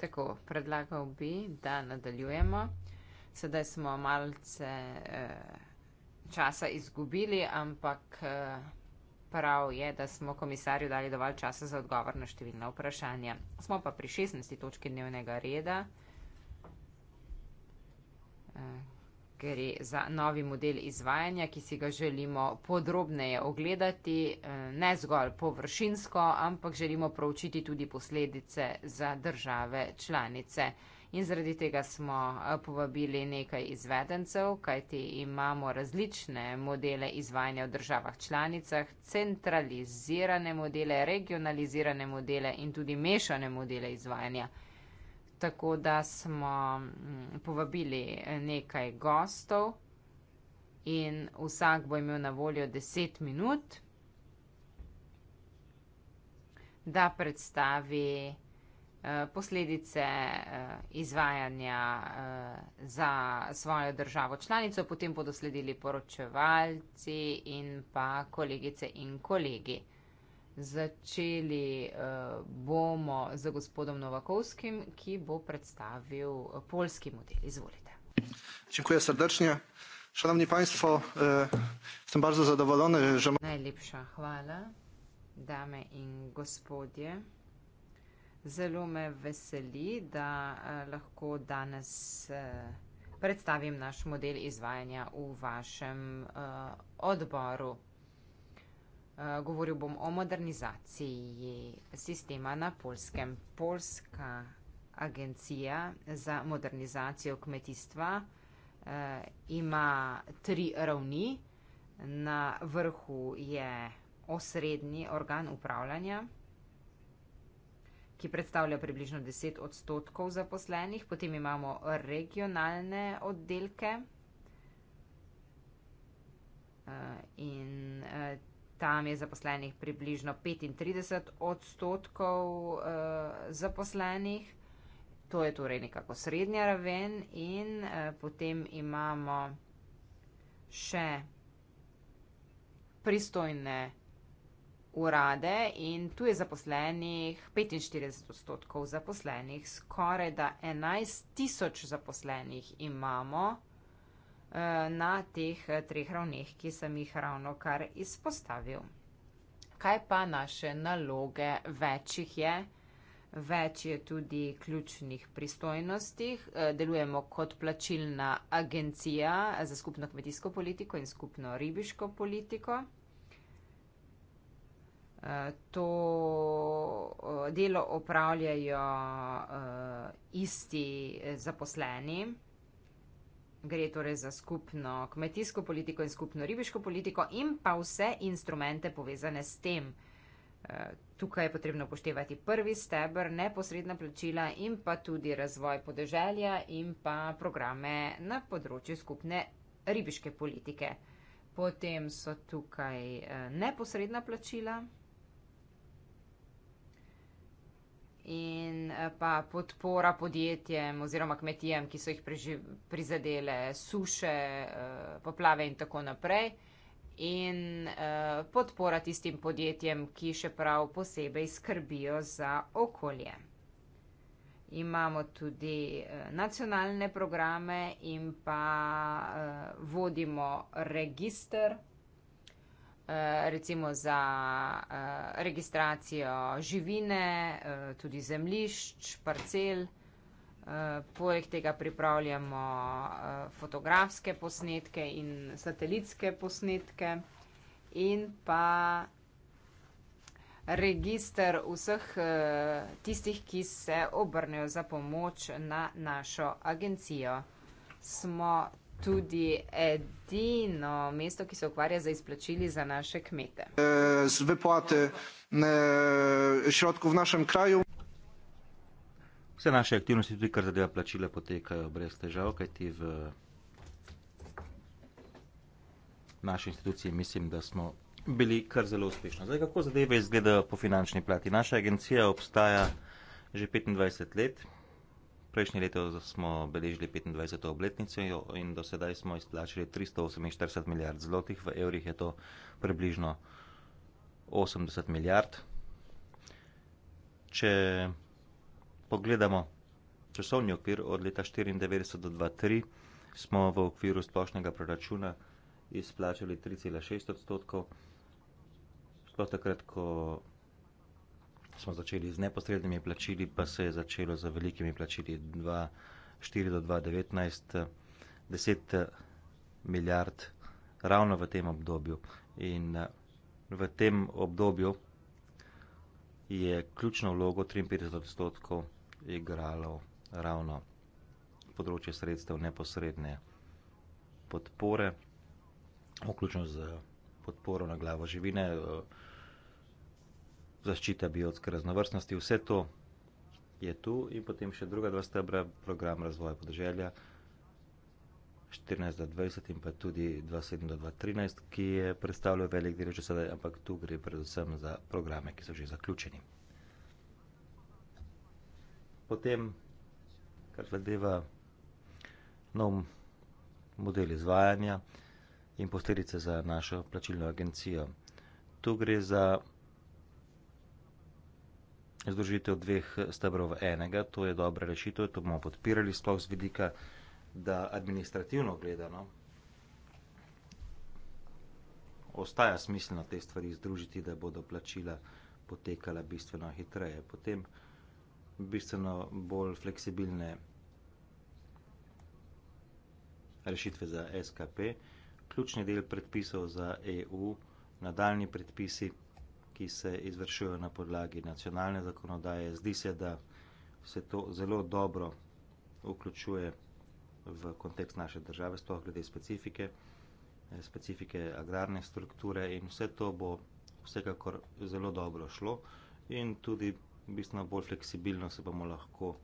Tako, predlagal bi, da nadaljujemo. Sedaj smo malce eh, časa izgubili, ampak eh, prav je, da smo komisarju dali dovolj časa za odgovor na številna vprašanja. Smo pa pri 16. točki dnevnega reda. gre za novi model izvajanja, ki si ga želimo podrobneje ogledati, eh, ne zgolj površinsko, ampak želimo proučiti tudi posledice za države članice. In zaradi tega smo eh, povabili nekaj izvedencev, kajti imamo različne modele izvajanja v državah članicah, centralizirane modele, regionalizirane modele in tudi mešane modele izvajanja tako da smo mm, povabili eh, nekaj gostov in vsak bo imel na voljo 10 minut, da predstavi eh, posledice eh, izvajanja za svojo državo članico, potem bodo sledili poročevalci in pa kolegice in kolegi. Začeli eh, bomo z gospodom Novakovskim, ki bo predstavil eh, polski model. Izvolite. Dziękuję srdecznie. Szanowni Państwo, e, jestem bardzo zadowolony, że. Najlepsza chwała, damy i gospodzie. Zelumę weseli, da lahko danes e, przedstawim nasz model izwajania u waszym e, odboru. Eh, govoril bom o modernizaciji sistema na polskem. Polska agencija za modernizacijo kmetijstva uh, ima tri ravni. Na vrhu je osrednji organ upravljanja, ki predstavlja približno 10 odstotkov zaposlenih, potem imamo regionalne oddelke uh, in uh, Tam je zaposlenih približno 35 odstotkov uh, zaposlenih, to je torej nekako srednja raven in uh, potem imamo še pristojne urade in tu je zaposlenih 45 odstotkov zaposlenih, skoraj da 11 tisoč zaposlenih imamo. Eh, na teh eh, treh ravneh, ki sem jih ravno kar izpostavil. Kaj pa naše naloge večjih je? Več je tudi ključnih pristojnosti. Eh, delujemo kot plačilna agencija za skupno kmetijsko politiko in skupno ribiško politiko. To delo opravljajo isti zaposleni. Gre torej za skupno kmetijsko politiko in skupno ribiško politiko in pa vse instrumente povezane s tem. Eh, tukaj je potrebno poštevati prvi stebr, neposredna plačila in pa tudi razvoj podeželja in pa programe na področju skupne ribiške politike. Potem so tukaj eh, neposredna plačila, in eh, pa podpora podjetjem oziroma kmetijam, ki so jih prizadele suše, eh, poplave in tako naprej, in eh, podpora tistim podjetjem, ki še prav posebej skrbijo za okolje. Imamo tudi nacionalne programe in pa vodimo registr. Eh, recimo za eh, registracijo živine, eh, tudi zemlišč, parcel. Poleg tega pripravljamo fotografske posnetke in satelitske posnetke in pa registr vseh tistih, ki se obrnejo za pomoč na našo agencijo. Smo tudi edino mesto, ki se ukvarja za izplačili za naše kmete. E, z vyplate środkov v našem kraju. Vse naše aktivnosti, tudi kar zadeva plačila, potekajo brez težav, kajti v naši instituciji mislim, da smo bili kar zelo uspešni. Zdaj, kako zadeve izgledajo po finančni plati? Naša agencija obstaja že 25 let. Prejšnje leto smo beležili 25. obletnico in do sedaj smo izplačili 348 milijard zlotih, v evrih je to približno 80 milijard. Če pogledamo časovni okvir od leta 1994 do 2003, smo v okviru splošnega proračuna izplačali 3,6 odstotkov. Sploh takrat, ko smo začeli z neposrednimi plačili, pa se je začelo z velikimi plačili 2004 do 2019, 10 milijard ravno v tem obdobju. In v tem obdobju je ključno vlogo 53 odstotkov igralo ravno področje sredstev neposredne podpore, vključno z podporo na glavo živine zaščita biotske raznovrstnosti, vse to je tu in potem še druga dva stebra, program razvoja podeželja 14-20 in pa tudi 27-2013, ki je predstavljal velik del že sedaj, ampak tu gre predvsem za programe, ki so že zaključeni. Potem, kar zadeva nov model izvajanja in posledice za našo plačilno agencijo. Tu gre za združitev dveh stebrov v enega, to je dobra rešitev, to bomo podpirali, sploh z vidika, da administrativno gledano ostaja smiselno te stvari združiti, da bodo plačila potekala bistveno hitreje. Potem bistveno bolj fleksibilne rešitve za SKP, ključni del predpisov za EU, nadaljni predpisi ki se izvršujejo na podlagi nacionalne zakonodaje. Zdi se, da se to zelo dobro vključuje v kontekst naše države, sploh glede specifike, eh, specifike agrarne strukture in vse to bo vsekakor zelo dobro šlo in tudi bistveno bolj fleksibilno se bomo lahko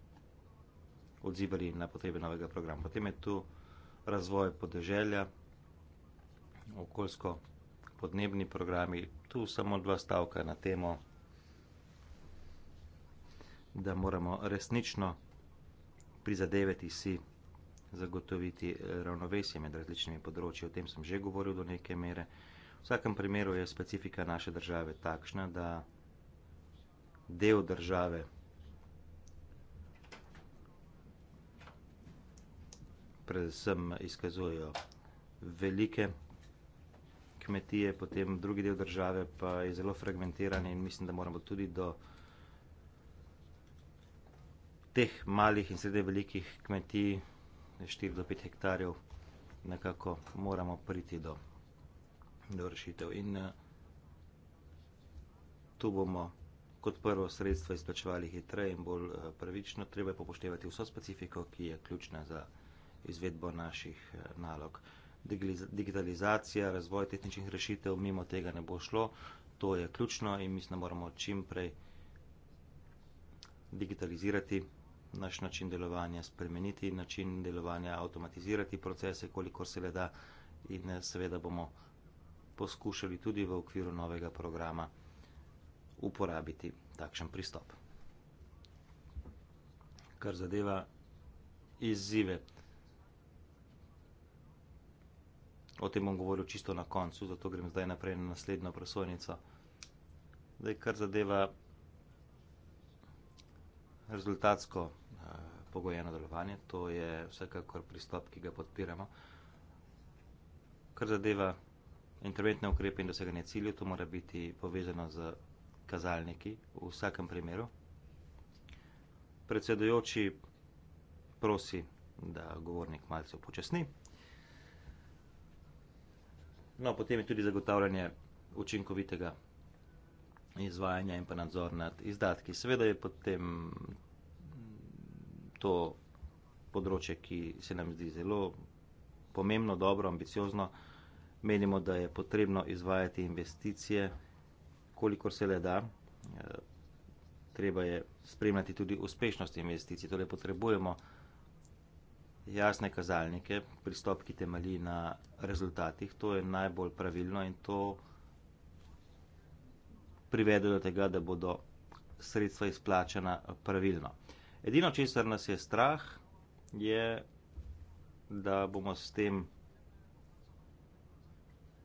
odzivali na potrebe novega programa. Potem je tu razvoj podeželja, okoljsko podnebni programi, tu samo dva stavka na temo, da moramo resnično prizadevati si zagotoviti eh, ravnovesje med različnimi področji. O tem sem že govoril do neke mere. V vsakem primeru je specifika naše države takšna, da del države predvsem izkazujejo velike kmetije, potem drugi del države pa je zelo fragmentiran in mislim, da moramo tudi do teh malih in sredi velikih kmetij, 4 do 5 hektarjev, nekako moramo priti do, do rešitev. In eh, tu bomo kot prvo sredstvo izplačevali hitreje in bolj eh, pravično, treba je popoštevati vso specifiko, ki je ključna za izvedbo naših eh, nalog digitalizacija, razvoj tehničnih rešitev, mimo tega ne bo šlo. To je ključno in mislim, da moramo čim prej digitalizirati naš način delovanja, spremeniti način delovanja, avtomatizirati procese, kolikor se le da in eh, seveda bomo poskušali tudi v okviru novega programa uporabiti takšen pristop. Kar zadeva izzive. O tem bom govoril čisto na koncu, zato grem zdaj naprej na naslednjo presojnico. Zdaj, kar zadeva rezultatsko eh, pogojeno delovanje, to je vsekakor pristop, ki ga podpiramo. Kar zadeva interventne ukrepe in doseganje ciljev, to mora biti povezano z kazalniki v vsakem primeru. Predsedujoči prosi, da govornik malce upočasni. No, potem je tudi zagotavljanje učinkovitega izvajanja in pa nadzor nad izdatki. Seveda je potem to področje, ki se nam zdi zelo pomembno, dobro, ambiciozno. Menimo, da je potrebno izvajati investicije, kolikor se le da. Eh, treba je spremljati tudi uspešnost investicij, torej potrebujemo jasne kazalnike, pristop, ki temelji na rezultatih, to je najbolj pravilno in to privede do tega, da bodo sredstva izplačena pravilno. Edino, česar nas je strah, je, da bomo s tem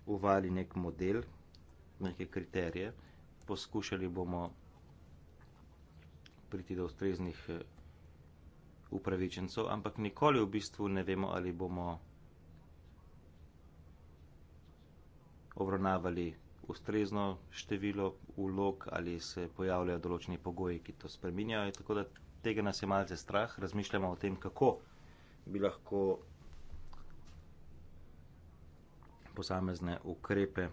uvali nek model, neke kriterije, poskušali bomo priti do ustreznih eh, upravičencev, ampak nikoli v bistvu ne vemo, ali bomo obravnavali ustrezno število ulog, ali se pojavljajo določeni pogoji, ki to spreminjajo. Tako da tega nas je malce strah, razmišljamo o tem, kako bi lahko posamezne ukrepe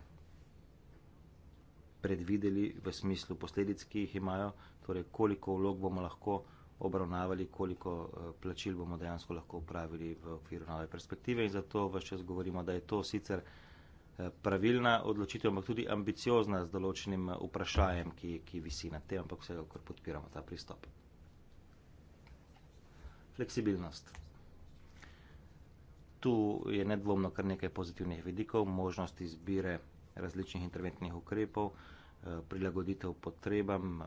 predvideli v smislu posledic, ki jih imajo, torej koliko vlog bomo lahko obravnavali, koliko eh, plačil bomo dejansko lahko upravili v okviru nove perspektive. In zato vse čas govorimo, da je to sicer eh, pravilna odločitev, ampak tudi ambiciozna z določenim eh, vprašanjem, ki, ki visi na tem, ampak vsekakor podpiramo ta pristop. Fleksibilnost. Tu je nedvomno kar nekaj pozitivnih vidikov, možnost izbire različnih interventnih ukrepov, prilagoditev potrebam,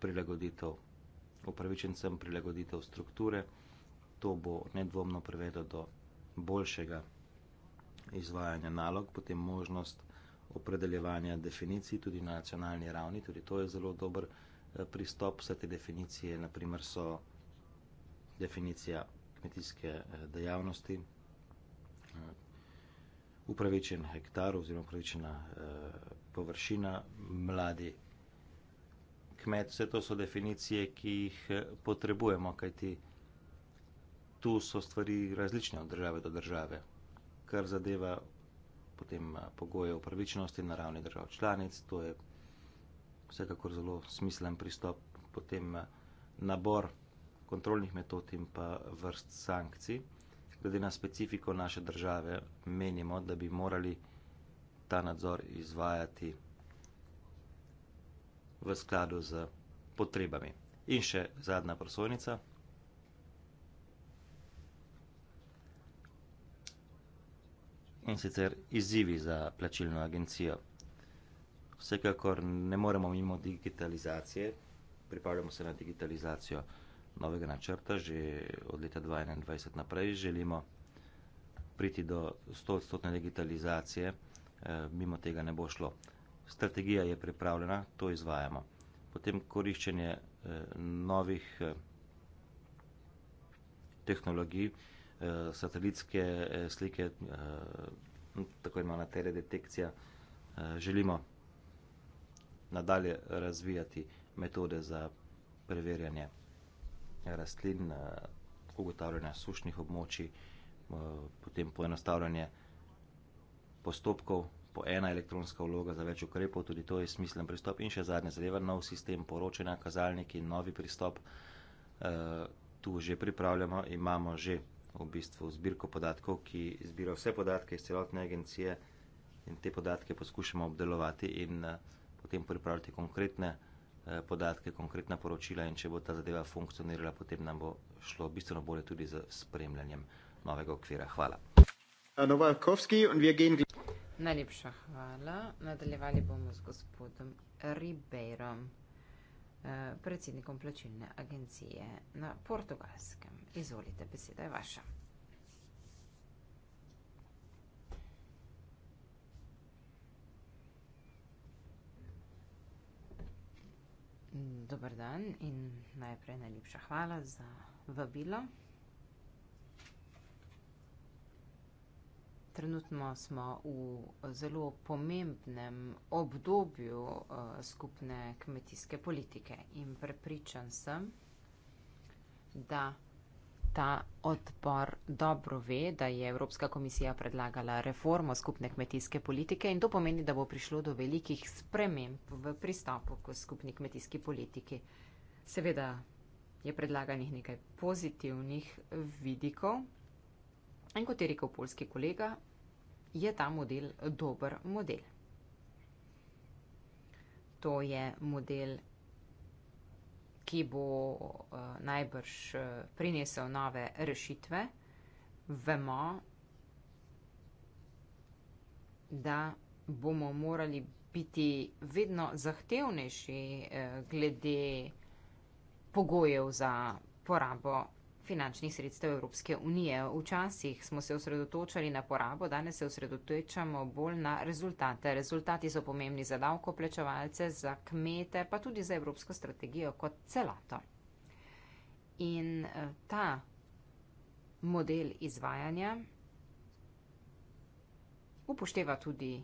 prilagoditev upravičencem prilagoditev strukture. To bo nedvomno privedlo do boljšega izvajanja nalog, potem možnost opredeljevanja definicij tudi na nacionalni ravni, tudi to je zelo dober eh, pristop. Vse te definicije, naprimer, so definicija kmetijske eh, dejavnosti, eh, upravičen hektar oziroma upravičena površina, mladi kmet, vse to so definicije, ki jih eh, potrebujemo, kajti tu so stvari različne od države do države, kar zadeva potem eh, pogoje upravičenosti na ravni držav članic, to je vsekakor zelo smislen pristop, potem eh, nabor kontrolnih metod in pa vrst sankcij. Glede na specifiko naše države menimo, da bi morali ta nadzor izvajati v skladu z potrebami. In še zadnja prosojnica. In sicer izzivi za plačilno agencijo. Vsekakor ne moremo mimo digitalizacije, pripravljamo se na digitalizacijo novega načrta, že od leta 2021 naprej želimo priti do 100-odstotne digitalizacije, e, mimo tega ne bo šlo strategija je pripravljena, to izvajamo. Potem koriščenje eh, novih eh, tehnologij, eh, satelitske eh, slike, eh, tako imena teledetekcija, eh, želimo nadalje razvijati metode za preverjanje rastlin, eh, ugotavljanje sušnih območij, eh, potem poenostavljanje postopkov po ena elektronska vloga za več ukrepov, tudi to je smislen pristop. In še zadnje zadeva, nov sistem poročanja, kazalniki, novi pristop. Eh, tu že pripravljamo, imamo že v bistvu zbirko podatkov, ki zbira vse podatke iz celotne agencije in te podatke poskušamo obdelovati in eh, potem pripraviti konkretne eh, podatke, konkretna poročila in če bo ta zadeva funkcionirala, potem nam bo šlo bistveno bolje tudi z spremljanjem novega okvira. Hvala. Novakovski und wir gehen gleich. Najlepša hvala. Nadaljevali bomo z gospodom Ribeirom, eh, predsednikom plačilne agencije na portugalskem. Izvolite, beseda je vaša. Dobar dan in najprej najlepša hvala za vabilo. Trenutno smo v zelo pomembnem obdobju eh, skupne kmetijske politike in prepričan sem, da ta odbor dobro ve, da je Evropska komisija predlagala reformo skupne kmetijske politike in to pomeni, da bo prišlo do velikih sprememb v pristopu k skupni kmetijski politiki. Seveda je predlaganih nekaj pozitivnih vidikov. In kot je rekel polski kolega, je ta model dober model. To je model, ki bo eh, najbrž eh, prinesel nove rešitve. Vemo, da bomo morali biti vedno zahtevnejši eh, glede pogojev za porabo finančnih sredstev Evropske unije. Včasih smo se osredotočali na porabo, danes se osredotočamo bolj na rezultate. Rezultati so pomembni za davkoplačevalce, za kmete, pa tudi za evropsko strategijo kot celato. In eh, ta model izvajanja upošteva tudi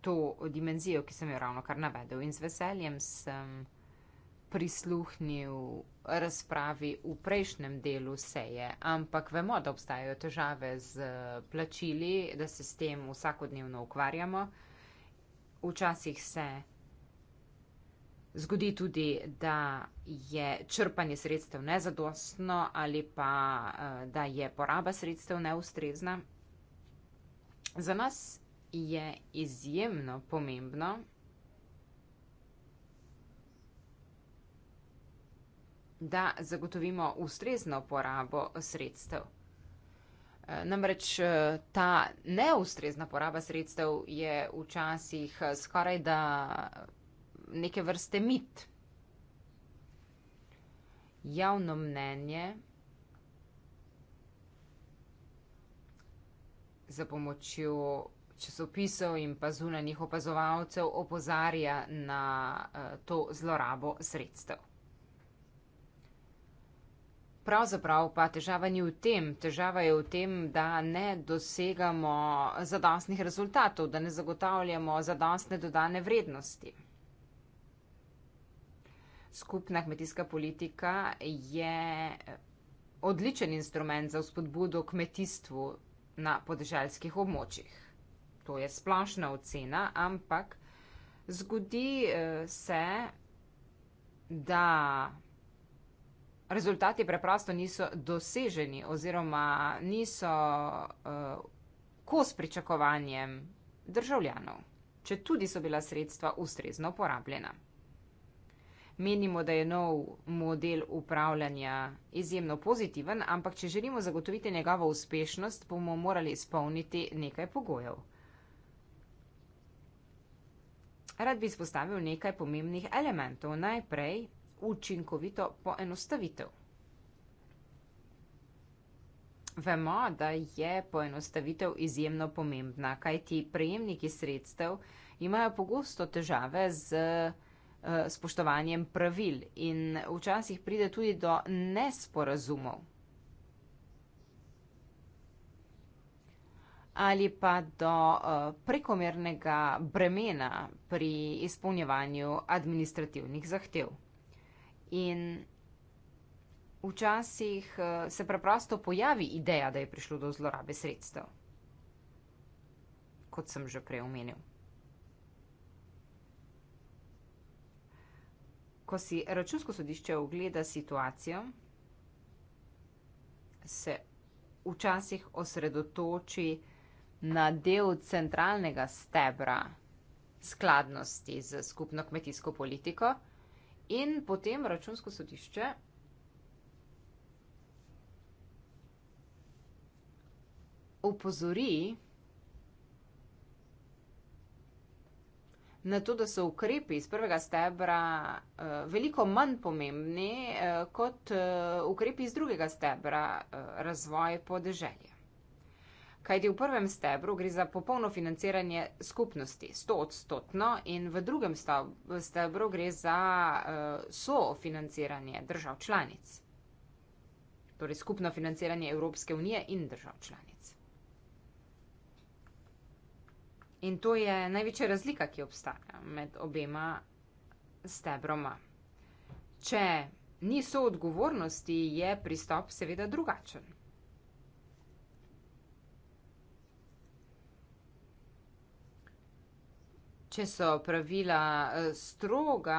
to dimenzijo, ki sem jo ravno kar navedel in z veseljem sem prisluhnil razpravi v prejšnjem delu seje, ampak vemo, da obstajajo težave z plačili, da se s tem vsakodnevno ukvarjamo. Včasih se zgodi tudi, da je črpanje sredstev nezadostno ali pa eh, da je poraba sredstev neustrezna. Za nas je izjemno pomembno, da zagotovimo ustrezno porabo sredstev. E, namreč e, ta neustrezna poraba sredstev je včasih e, skoraj da neke vrste mit. Javno mnenje za pomočjo časopisov in pa zunanjih opazovalcev opozarja na to zlorabo sredstev. Pravzaprav pa težava ni v tem, težava je v tem, da ne dosegamo zadostnih rezultatov, da ne zagotavljamo zadostne dodane vrednosti. Skupna kmetijska politika je odličen instrument za vzpodbudo kmetijstvu na podeželskih območjih. To je splošna ocena, ampak zgodi eh, se, da rezultati preprosto niso doseženi oziroma niso uh, kos pričakovanjem državljanov, če tudi so bila sredstva ustrezno porabljena. Menimo, da je nov model upravljanja izjemno pozitiven, ampak če želimo zagotoviti njegovo uspešnost, bomo morali izpolniti nekaj pogojev. Rad bi izpostavil nekaj pomembnih elementov. Najprej učinkovito poenostavitev. Vemo, da je poenostavitev izjemno pomembna, kajti prejemniki sredstev imajo pogosto težave z eh, spoštovanjem pravil in včasih pride tudi do nesporazumov ali pa do eh, prekomernega bremena pri izpolnjevanju administrativnih zahtev. In včasih eh, se preprosto pojavi ideja, da je prišlo do zlorabe sredstev, kot sem že prej omenil. Ko si računsko sodišče ogleda situacijo, se včasih osredotoči na del centralnega stebra skladnosti z skupno kmetijsko politiko. In potem računsko sodišče opozori na to, da so ukrepi iz prvega stebra uh, veliko manj pomembni uh, kot uh, ukrepi iz drugega stebra uh, razvoj podeželja. Kajti v prvem stebru gre za popolno financiranje skupnosti, sto odstotno, in v drugem stebru gre za uh, sofinanciranje držav članic. Torej skupno financiranje Evropske unije in držav članic. In to je največja razlika, ki obstaja med obema stebroma. Če ni soodgovornosti, je pristop seveda drugačen. če so pravila eh, stroga,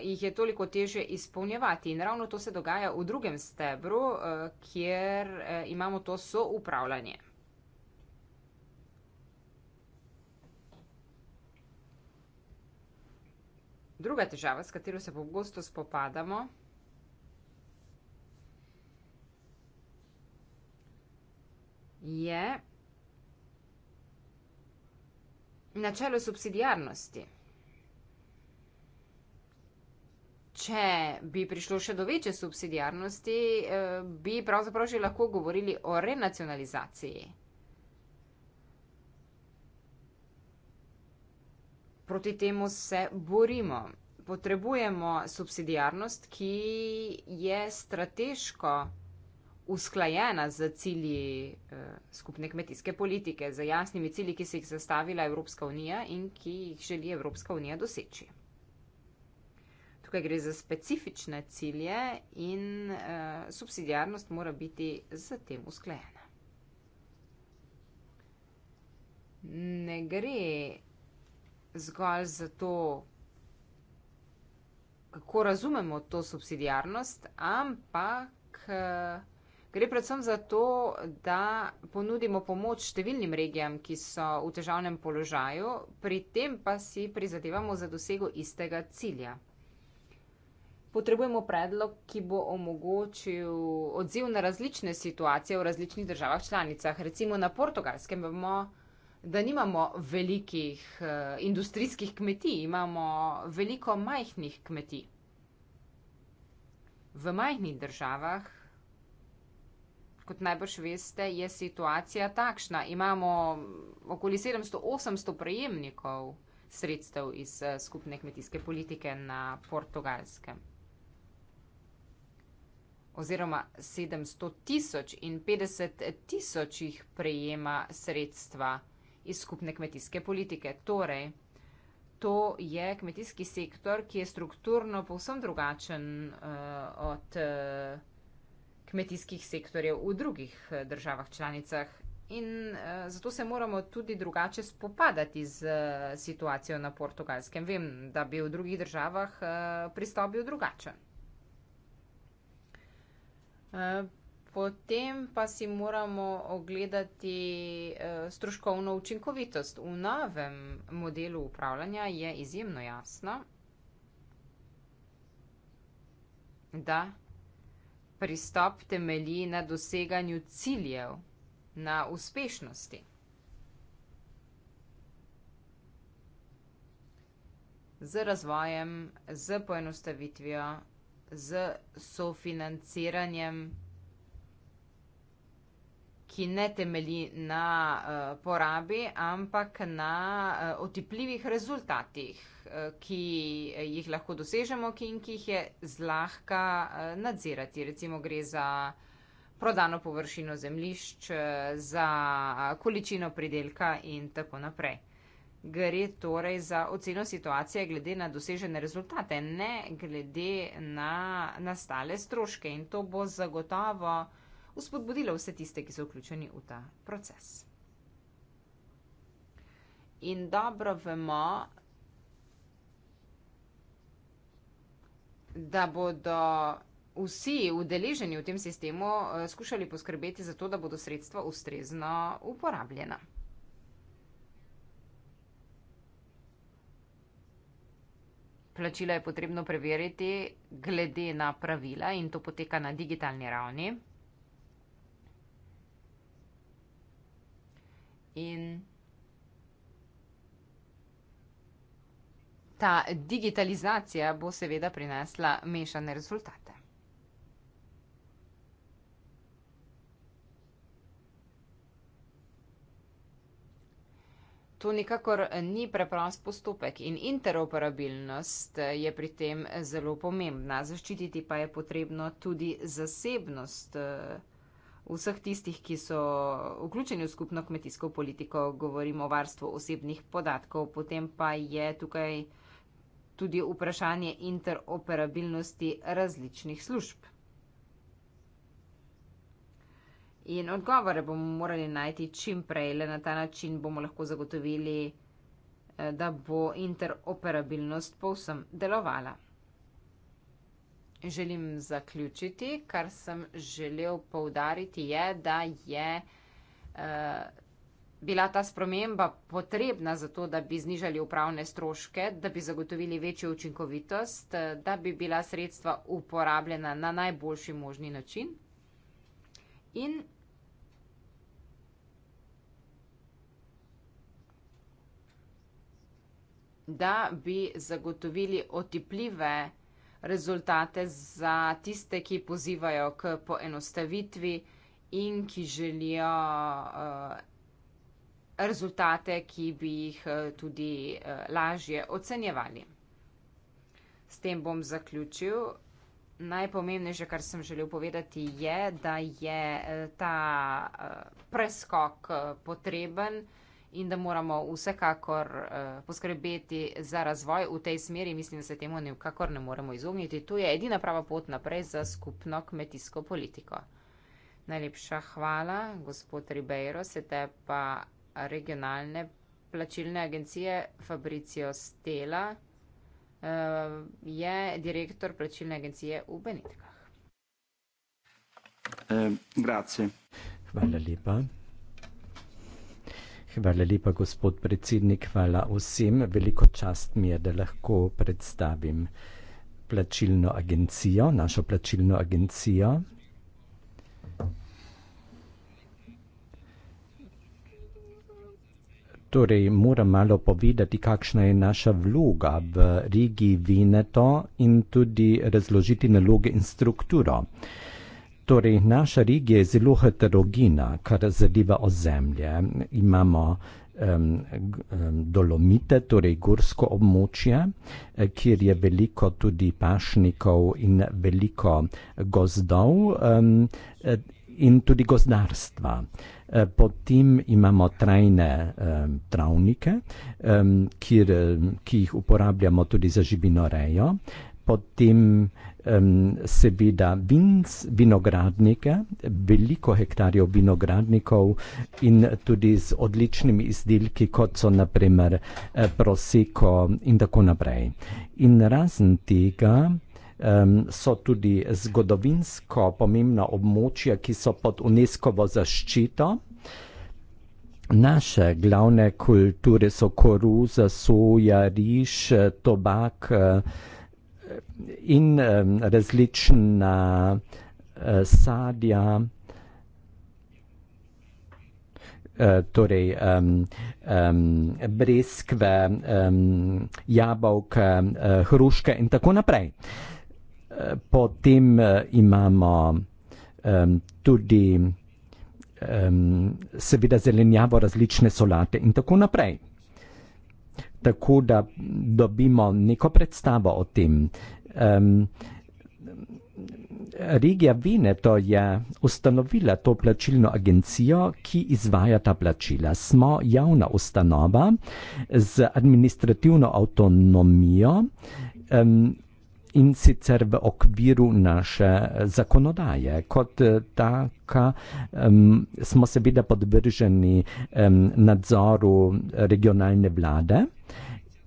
eh, jih je toliko teže izpolnjevati. In ravno to se dogaja v drugem stebru, eh, kjer imamo to soupravljanje. Druga težava, s katero se pogosto spopadamo, je načelo subsidijarnosti. Če bi prišlo še do večje subsidijarnosti, eh, bi pravzaprav že lahko govorili o renacionalizaciji. Proti temu se borimo. Potrebujemo subsidijarnost, ki je strateško usklajena z cilji eh, skupne kmetijske politike, z jasnimi cilji, ki se jih zastavila Evropska unija in ki jih želi Evropska unija doseči. Tukaj gre za specifične cilje in eh, subsidijarnost mora biti z tem usklajena. Ne gre zgolj za to, kako razumemo to subsidijarnost, ampak eh, Gre predvsem za to, da ponudimo pomoč številnim regijam, ki so v težavnem položaju, pri tem pa si prizadevamo za dosego istega cilja. Potrebujemo predlog, ki bo omogočil odziv na različne situacije v različnih državah članicah. Recimo na portugalskem vemo, da nimamo velikih eh, industrijskih kmetij, imamo veliko majhnih kmetij. V majhnih državah kot najbrž veste, je situacija takšna. Imamo okoli 700-800 prejemnikov sredstev iz eh, skupne kmetijske politike na portugalskem. Oziroma 700 tisoč in 50 tisoč jih prejema sredstva iz skupne kmetijske politike. Torej, to je kmetijski sektor, ki je strukturno povsem drugačen uh, od. Uh, kmetijskih sektorjev v drugih eh, državah članicah. In eh, zato se moramo tudi drugače spopadati z eh, situacijo na portugalskem. Vem, da bi v drugih državah pristop bil drugačen. Potem pa si moramo ogledati stroškovno učinkovitost. V novem modelu upravljanja je izjemno jasno, da pristop temelji na doseganju ciljev, na uspešnosti. Z razvojem, z poenostavitvijo, z sofinanciranjem ki ne temelji na uh, porabi, ampak na uh, otipljivih rezultatih, uh, ki jih lahko dosežemo in ki jih je zlahka uh, nadzirati. Recimo gre za prodano površino zemlišč, uh, za količino pridelka in tako naprej. Gre torej za oceno situacije glede na dosežene rezultate, ne glede na nastale stroške in to bo zagotovo uspodbudila vse tiste, ki so vključeni v ta proces. In dobro vemo, da bodo vsi udeleženi v tem sistemu eh, skušali poskrbeti za to, da bodo sredstva ustrezno uporabljena. Plačila je potrebno preveriti glede na pravila in to poteka na digitalni ravni. In ta digitalizacija bo seveda prinesla mešane rezultate. To nikakor ni preprost postopek in interoperabilnost je pri tem zelo pomembna. Zaščititi pa je potrebno tudi zasebnost. Eh, vseh tistih, ki so vključeni v skupno kmetijsko politiko, govorimo o varstvu osebnih podatkov, potem pa je tukaj tudi vprašanje interoperabilnosti različnih služb. In odgovore bomo morali najti čim prej, le na ta način bomo lahko zagotovili, eh, da bo interoperabilnost povsem delovala želim zaključiti, kar sem želel poudariti, je, da je eh, bila ta sprememba potrebna za to, da bi znižali upravne stroške, da bi zagotovili večjo učinkovitost, eh, da bi bila sredstva uporabljena na najboljši možni način. In da bi zagotovili otipljive rezultate za tiste, ki pozivajo k poenostavitvi in ki želijo eh, rezultate, ki bi jih eh, tudi eh, lažje ocenjevali. S tem bom zaključil. Najpomembnejše, kar sem želel povedati, je, da je ta preskok potreben in da moramo vsekakor uh, poskrbeti za razvoj v tej smeri. Mislim, da se temu nikakor ne moremo izogniti. Tu je edina prava pot naprej za skupno kmetijsko politiko. Najlepša hvala, gospod Ribeiro, sedaj pa regionalne plačilne agencije Fabricio Stela uh, je direktor plačilne agencije v Benitkah. Eh, grazie. Hvala lepa. Hvala lepa, gospod predsednik. Hvala vsem. Veliko čast mi je, da lahko predstavim plačilno agencijo, našo plačilno agencijo. Torej, moram malo povedati, kakšna je naša vloga v regiji Veneto in tudi razložiti naloge in strukturo. Uh, Torej, naša regija je zelo heterogena, kar zadeva ozemlje. Imamo um, dolomite, torej gorsko območje, eh, kjer je veliko tudi pašnikov in veliko gozdov um, in tudi gozdarstva. Eh, potem imamo trajne um, travnike, um, kjer, ki jih uporabljamo tudi za živino rejo. Potem seveda vinc, vinogradnike, veliko hektarjev vinogradnikov in tudi z odličnimi izdelki, kot so naprimer eh, proseko in tako naprej. In razen tega so tudi zgodovinsko pomembna območja, ki so pod UNESCO-vo zaščito. Naše glavne kulture so koruza, soja, riž, tobak, eh, in um, različna uh, sadja, uh, torej um, um, breskve, um, jabolke, uh, hruške in tako naprej. Uh, potem uh, imamo um, tudi um, seveda zelenjavo, različne solate in tako naprej tako da dobimo neko predstavo o tem. Um, regija Veneto je ustanovila to plačilno agencijo, ki izvaja ta plačila. Smo javna ustanova z administrativno avtonomijo. Um, in sicer v okviru naše eh, zakonodaje. Kot eh, taka um, smo seveda podvrženi um, nadzoru regionalne vlade.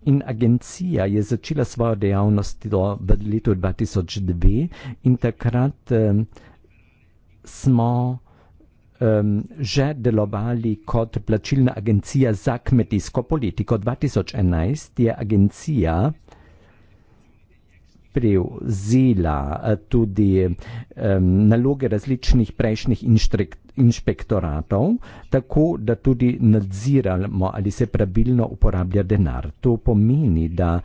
In agencija je začela svojo dejavnost do, v letu 2002, in takrat um, smo um, že delovali kot plačilna agencija za kmetijsko politiko. 2011 je agencija prevzela eh, tudi um, naloge različnih prejšnjih inšpektoratov, tako da tudi nadziramo, ali se pravilno uporablja denar. To pomeni, da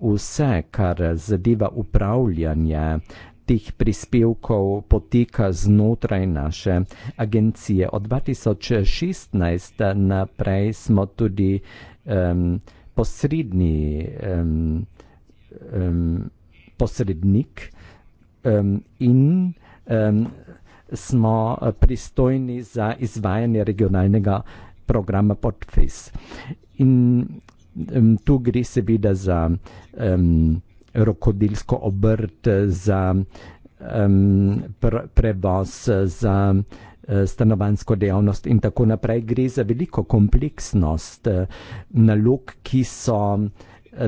vse, kar zadeva upravljanje teh prispevkov, poteka znotraj naše agencije. Od 2016 naprej smo tudi um, posredni. Um, um, posrednik um, in um, smo eh, pristojni za izvajanje regionalnega programa Podfis. In um, tu gre seveda za um, rokodelsko obrt, za um, pr prevoz, za eh, stanovansko dejavnost in tako naprej. Gre za veliko kompleksnost eh, nalog, ki so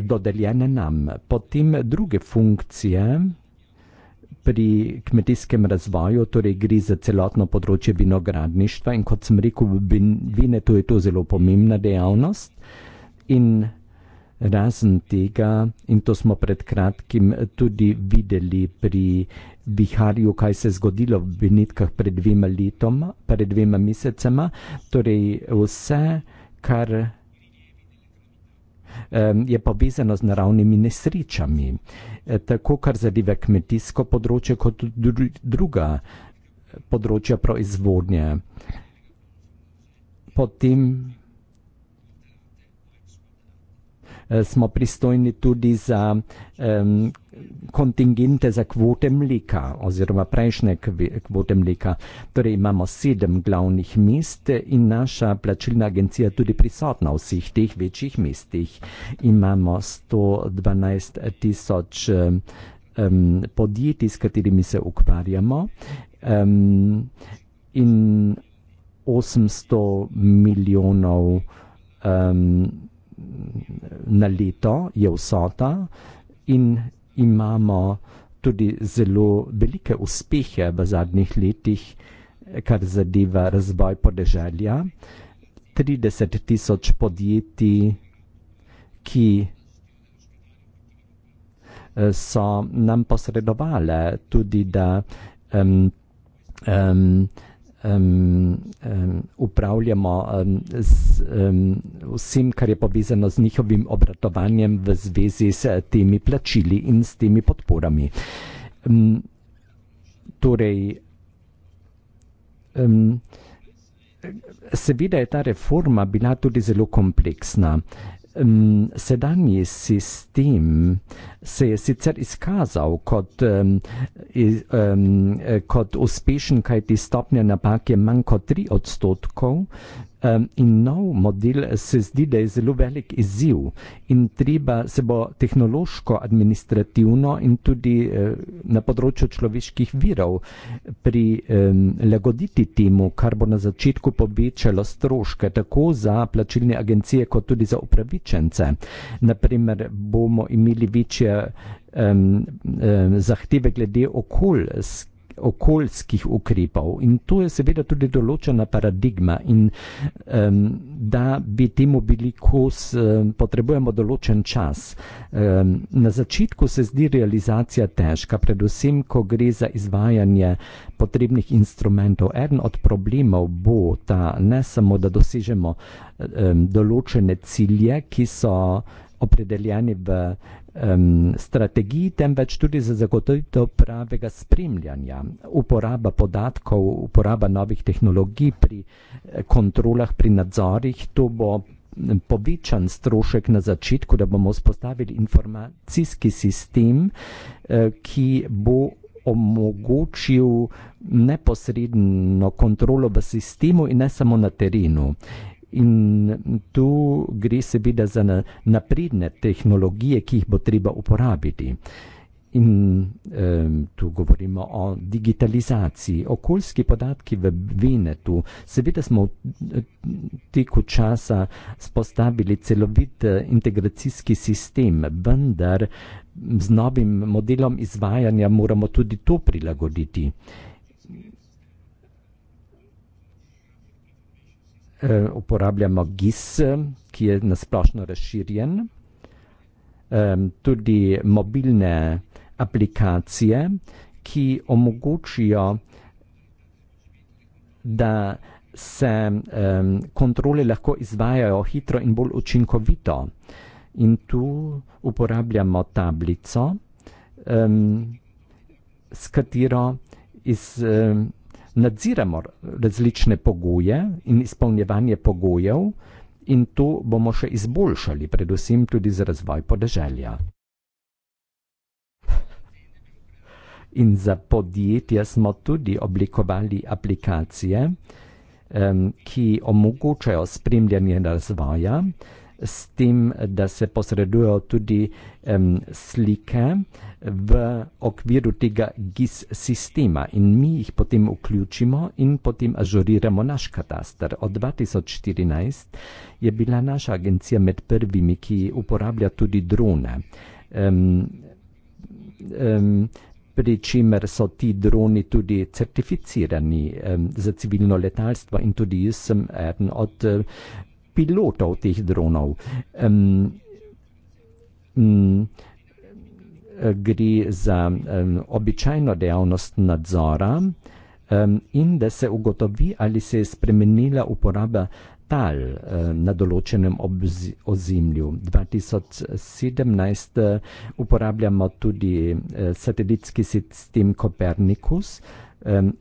dodeljene nam. Potem druge funkcije pri kmetijskem razvoju, torej gre za celotno področje vinogradništva in kot sem rekel, vine to je to zelo pomembna dejavnost in razen tega, in to smo pred kratkim tudi videli pri viharju, kaj se je zgodilo v vinitkah pred dvema letoma, pred dvema mesecema, torej vse, kar je povezano z naravnimi nesrečami, eh, tako kar zadeva kmetijsko področje, kot druga eh, področja proizvodnje. Potem eh, smo pristojni tudi za kontingente za kvote mleka oziroma prejšnje kvote mleka. Torej imamo sedem glavnih mest in naša plačilna agencija tudi prisotna v vseh teh večjih mestih. Imamo 112 tisoč um, podjetij, s katerimi se ukvarjamo um, in 800 milijonov um, na leto je vsota. In imamo tudi zelo velike uspehe v zadnjih letih, kar zadeva razvoj podeželja. 30 tisoč podjetij, ki eh, so nam posredovale tudi, da um, um, um, um, upravljamo um, z um, vsem, kar je povezano z njihovim obratovanjem v zvezi s temi plačili in s temi podporami. Um, torej, um, seveda je ta reforma bila tudi zelo kompleksna um, sedanji sistem se je sicer izkazal kot, um, iz, um, kot uspešen, kajti stopnja napak je manj kot 3 odstotkov, Um, in nov model eh, se zdi, da je zelo velik izziv in treba se bo tehnološko, administrativno in tudi uh, na področju človeških virov prilagoditi um, temu, kar bo na začetku povečalo stroške tako za plačilne agencije, kot tudi za upravičence. Naprimer, bomo imeli večje um, um, zahteve glede okolja okoljskih ukrepov in to je seveda tudi določena paradigma in um, da bi temu bili kos, um, potrebujemo določen čas. Um, na začetku se zdi realizacija težka, predvsem, ko gre za izvajanje potrebnih instrumentov. Eden od problemov bo ta, ne samo, da dosežemo um, določene cilje, ki so opredeljeni v um, strategiji, temveč tudi za zagotovitev pravega spremljanja, uporaba podatkov, uporaba novih tehnologij pri eh, kontrolah, pri nadzorih. To bo povečan strošek na začetku, da bomo vzpostavili informacijski sistem, eh, ki bo omogočil neposredno kontrolo v sistemu in ne samo na terenu. In tu gre seveda za napredne tehnologije, ki jih bo treba uporabiti. In um, tu govorimo o digitalizaciji, okoljski podatki v Venetu. Seveda smo v eh, teku časa spostavili celovit eh, integracijski sistem, vendar z novim modelom izvajanja moramo tudi to prilagoditi. eh, uporabljamo GIS, ki je nasplošno razširjen. Eh, tudi mobilne aplikacije, ki omogočijo, da se eh, kontrole lahko izvajajo hitro in bolj učinkovito. In tu uporabljamo tablico, eh, s katero iz. Eh, nadziramo različne pogoje in izpolnjevanje pogojev in to bomo še izboljšali, predvsem tudi za razvoj podeželja. In za podjetja smo tudi oblikovali aplikacije, ki omogočajo spremljanje razvoja, s tem, da se posredujejo tudi um, slike v okviru tega GIS sistema in mi jih potem vključimo in potem ažuriramo naš katastar. Od 2014 je bila naša agencija med prvimi, ki uporablja tudi drone. Um, um, pri čemer so ti droni tudi certificirani um, za civilno letalstvo in tudi jaz sem eden od uh, pilotov teh dronov. Um, um, gre za um, običajno dejavnost nadzora um, in da se ugotovi, ali se je spremenila uporaba tal um, na določenem ozemlju. 2017 eh, uporabljamo tudi uh, satelitski sistem Copernicus um,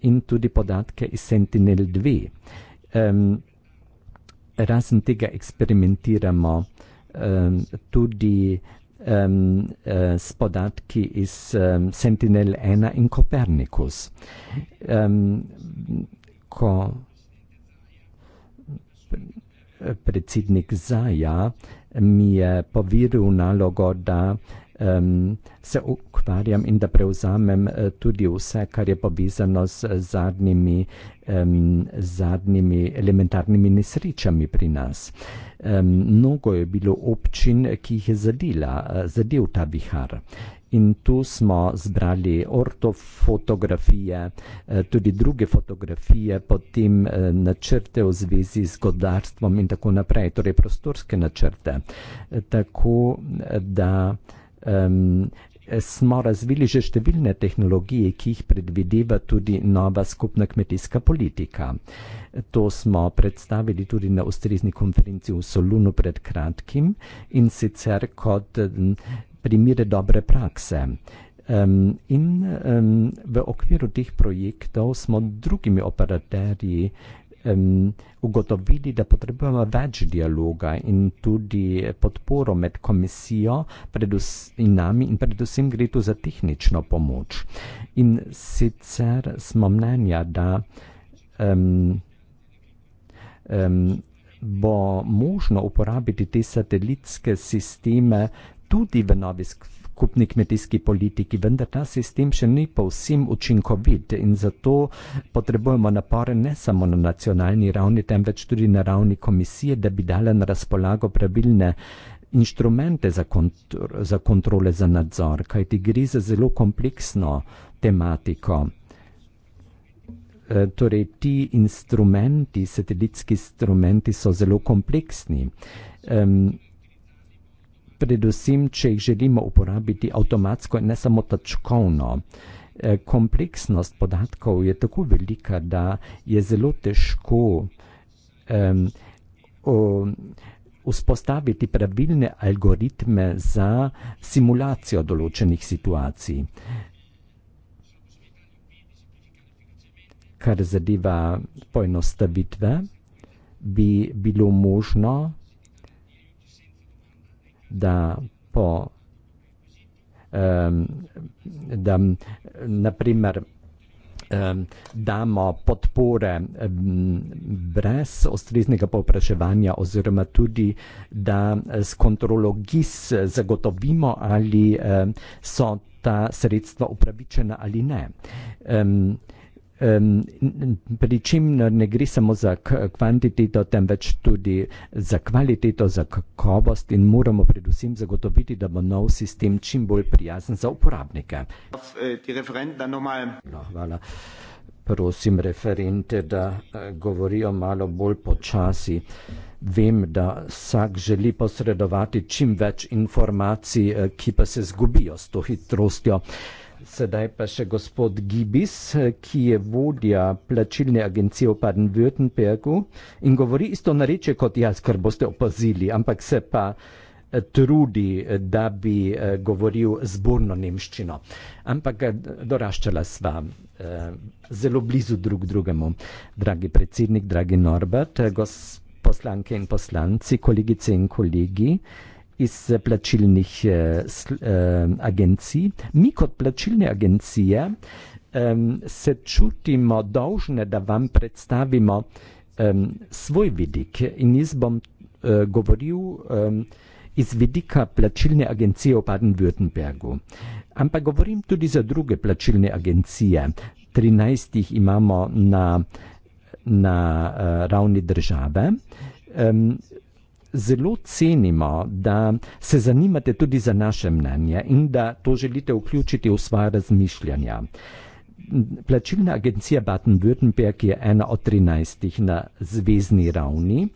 in tudi podatke iz Sentinel 2. Um, razen tega eksperimentiramo um, tudi um, uh, s podatki iz um, Sentinel-1 in Kopernikus. Um, ko predsednik Zaja mi je poviril nalogo, da um, se ukvarjam in da prevzamem uh, tudi vse, kar je povezano z eh, zadnjimi, um, zadnjimi elementarnimi nesrečami pri nas. Um, mnogo je bilo občin, ki jih je zadila, uh, eh, zadil ta vihar. In tu smo zbrali ortofotografije, tudi druge fotografije, potem načrte v zvezi z godarstvom in tako naprej, torej prostorske načrte. Tako da um, smo razvili že številne tehnologije, ki jih predvideva tudi nova skupna kmetijska politika. To smo predstavili tudi na ustrezni konferenci v Solunu pred kratkim in sicer kot primire dobre prakse. Um, in um, v okviru teh projektov smo drugimi operaterji um, ugotovili, da potrebujemo več dialoga in tudi podporo med komisijo in nami in predvsem gre tu za tehnično pomoč. In sicer smo mnenja, da um, um, bo možno uporabiti te satelitske sisteme tudi v novi skupini skupni kmetijski politiki, vendar ta sistem še ni povsem učinkovit in zato potrebujemo napore ne samo na nacionalni ravni, temveč tudi na ravni komisije, da bi dala na razpolago pravilne inštrumente za, kontr za kontrole, za nadzor, kajti gre za zelo kompleksno tematiko. E, torej, ti instrumenti, satelitski instrumenti so zelo kompleksni predvsem, če jih želimo uporabiti avtomatsko in ne samo točkovno. E, kompleksnost podatkov je tako velika, da je zelo težko um, vzpostaviti pravilne algoritme za simulacijo določenih situacij. Kar zadeva poenostavitve, bi bilo možno da po um, da naprimer um, damo podpore um, brez ostriznega povpraševanja oziroma tudi, da s kontrolo GIS zagotovimo ali um, so ta sredstva upravičena ali ne. Um, pri čemer ne gre samo za kvantiteto, temveč tudi za kvaliteto, za kakovost in moramo predvsem zagotoviti, da bo nov sistem čim bolj prijazen za uporabnike. Eh, no, hvala. Prosim referente, da eh, govorijo malo bolj počasi. Vem, da vsak želi posredovati čim več informacij, eh, ki pa se zgubijo s to hitrostjo. Sedaj pa še gospod Gibis, ki je vodja plačilne agencije v Paden-Württembergu in govori isto nareče kot jaz, kar boste opazili, ampak se pa eh, trudi, eh, da bi eh, govoril zborno nemščino. Ampak doraščala sva zelo blizu drug drugemu. Dragi predsednik, dragi Norbert, poslanke in poslanci, kolegice in kolegi iz eh, plačilnih eh, sl, eh, agencij. Mi kot plačilne agencije eh, se čutimo dolžne, da vam predstavimo eh, svoj vidik in jaz bom eh, govoril eh, iz vidika plačilne agencije v Baden-Württembergu. Ampak govorim tudi za druge plačilne agencije. 13 jih imamo na, na eh, ravni države. Eh, zelo cenimo, da se zanimate tudi za naše mnenje in da to želite vključiti v svoje razmišljanja. Plačilna agencija Baden-Württemberg je ena od 13 na zvezdni ravni.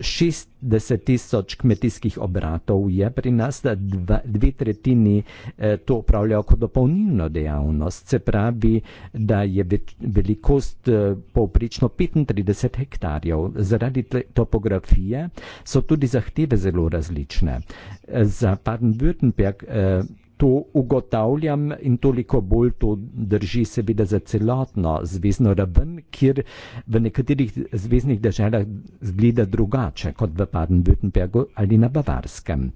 60 tisoč kmetijskih obratov je pri nas, da dva, dve tretjini eh, to upravljajo kot dopolnilno dejavnost. Se pravi, da je velikost eh, povprično 35 hektarjev. Zaradi topografije so tudi zahteve zelo različne. Eh, za Parn-Württemberg. Eh, to ugotavljam in toliko bolj to drži seveda za celotno zvezdno raven, kjer v nekaterih zvezdnih državah zgleda drugače kot v Baden-Württembergu ali na Bavarskem.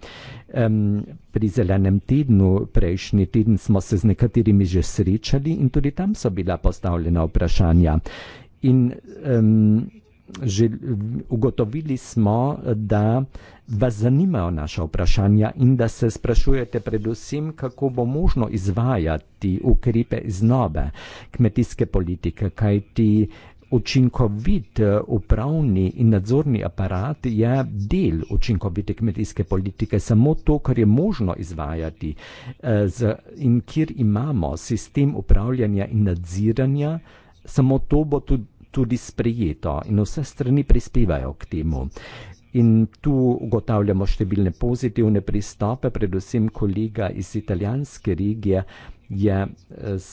Um, pri zelenem tednu, prejšnji teden, smo se z nekaterimi že srečali in tudi tam so bila postavljena vprašanja. In, um, žel, ugotovili smo, da vas zanimajo naša vprašanja in da se sprašujete predvsem, kako bo možno izvajati ukrepe iz nove kmetijske politike, kajti učinkovit eh, upravni in nadzorni aparat je del učinkovite kmetijske politike, samo to, kar je možno izvajati eh, in kjer imamo sistem upravljanja in nadziranja, samo to bo tudi tudi sprejeto in vse strani prispevajo k temu. In tu ugotavljamo številne pozitivne pristope, predvsem kolega iz italijanske regije je eh,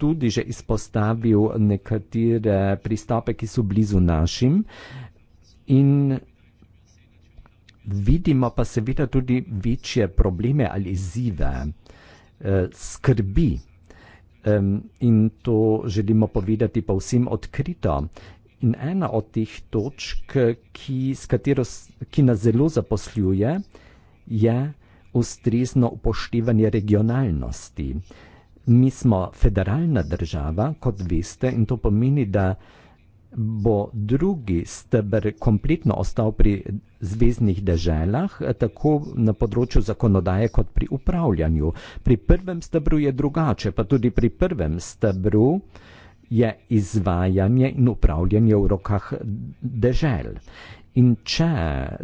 tudi že izpostavil nekatere pristope, ki so blizu našim. In vidimo pa seveda tudi večje probleme ali izzive, eh, skrbi um, in to želimo povedati pa vsem odkrito. In ena od teh točk, ki, katero, ki nas zelo zaposljuje, je ustrezno upoštevanje regionalnosti. Mi smo federalna država, kot veste, in to pomeni, da bo drugi stebr kompletno ostal pri zvezdnih deželah, tako na področju zakonodaje kot pri upravljanju. Pri prvem stebru je drugače, pa tudi pri prvem stebru je izvajanje in upravljanje v rokah dežel. In če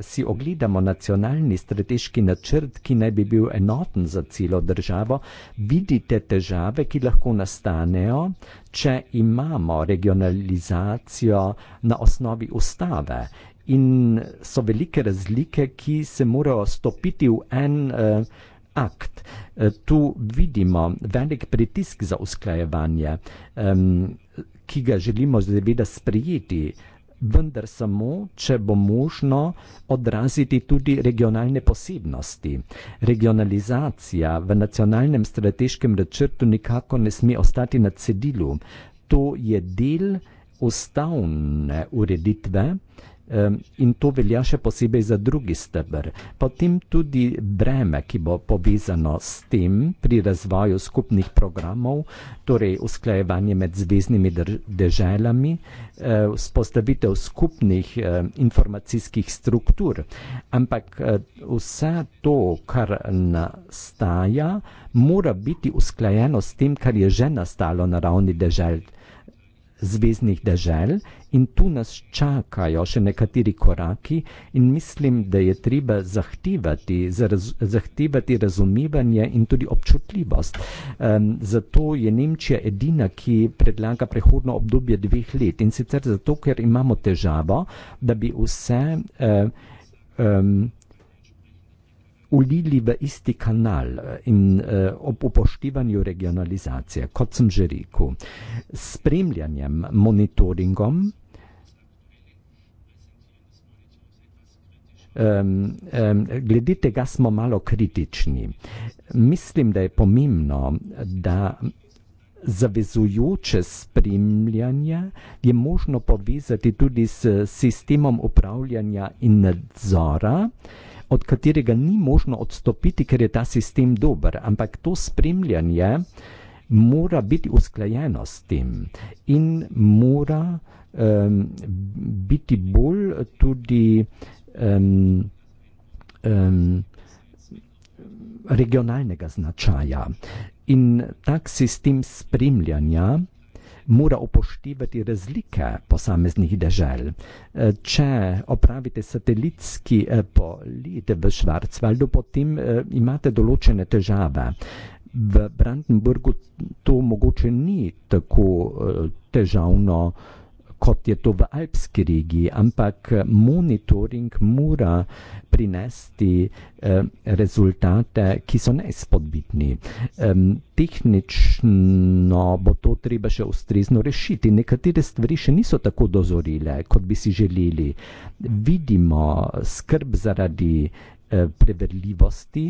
si ogledamo nacionalni strateški načrt, ki naj bi bil enoten za celo državo, vidite težave, ki lahko nastanejo, če imamo regionalizacijo na osnovi ustave. In so velike razlike, ki se morajo stopiti v en uh, akt. Uh, tu vidimo velik pritisk za usklajevanje, um, ki ga želimo zdaj sprejeti vendar samo, če bo možno odraziti tudi regionalne posebnosti. Regionalizacija v nacionalnem strateškem načrtu nikako ne sme ostati na cedilu. To je del ustavne ureditve, In to velja še posebej za drugi stebr. Potem tudi breme, ki bo povezano s tem pri razvoju skupnih programov, torej usklajevanje med zvezdnimi deželami, spostavitev eh, skupnih eh, informacijskih struktur. Ampak eh, vse to, kar nastaja, mora biti usklajeno s tem, kar je že nastalo na ravni deželj zvezdnih dežel in tu nas čakajo še nekateri koraki in mislim, da je treba zahtevati zahtevati razumevanje in tudi občutljivost. Um, zato je Nemčija edina, ki predlaga prehodno obdobje dveh let in sicer zato, ker imamo težavo, da bi vse uh, um, ulili v isti kanal eh, in uh, ob upoštevanju regionalizacije, kot sem že rekel, s spremljanjem, monitoringom. Um, um, glede tega smo malo kritični. Mislim, da je pomembno, da zavezujoče spremljanje je možno povezati tudi s sistemom upravljanja in nadzora, uh, od katerega ni možno odstopiti, ker je ta sistem dober, ampak to spremljanje mora biti usklajeno s tem in mora um, biti bolj tudi um, um, regionalnega značaja. In tak sistem spremljanja mora upoštevati razlike posameznih dežel. Eh, če opravite satelitski eh, polit v Švarcvaldu, potem eh, imate določene težave. V Brandenburgu to mogoče ni tako težavno kot je to v alpski regiji, ampak eh, monitoring mora prinesti eh, rezultate, ki so neizpodbitni. Eh, tehnično bo to treba še ustrezno rešiti. Nekatere stvari še niso tako dozorile, kot bi si želeli. Vidimo skrb zaradi eh, preverljivosti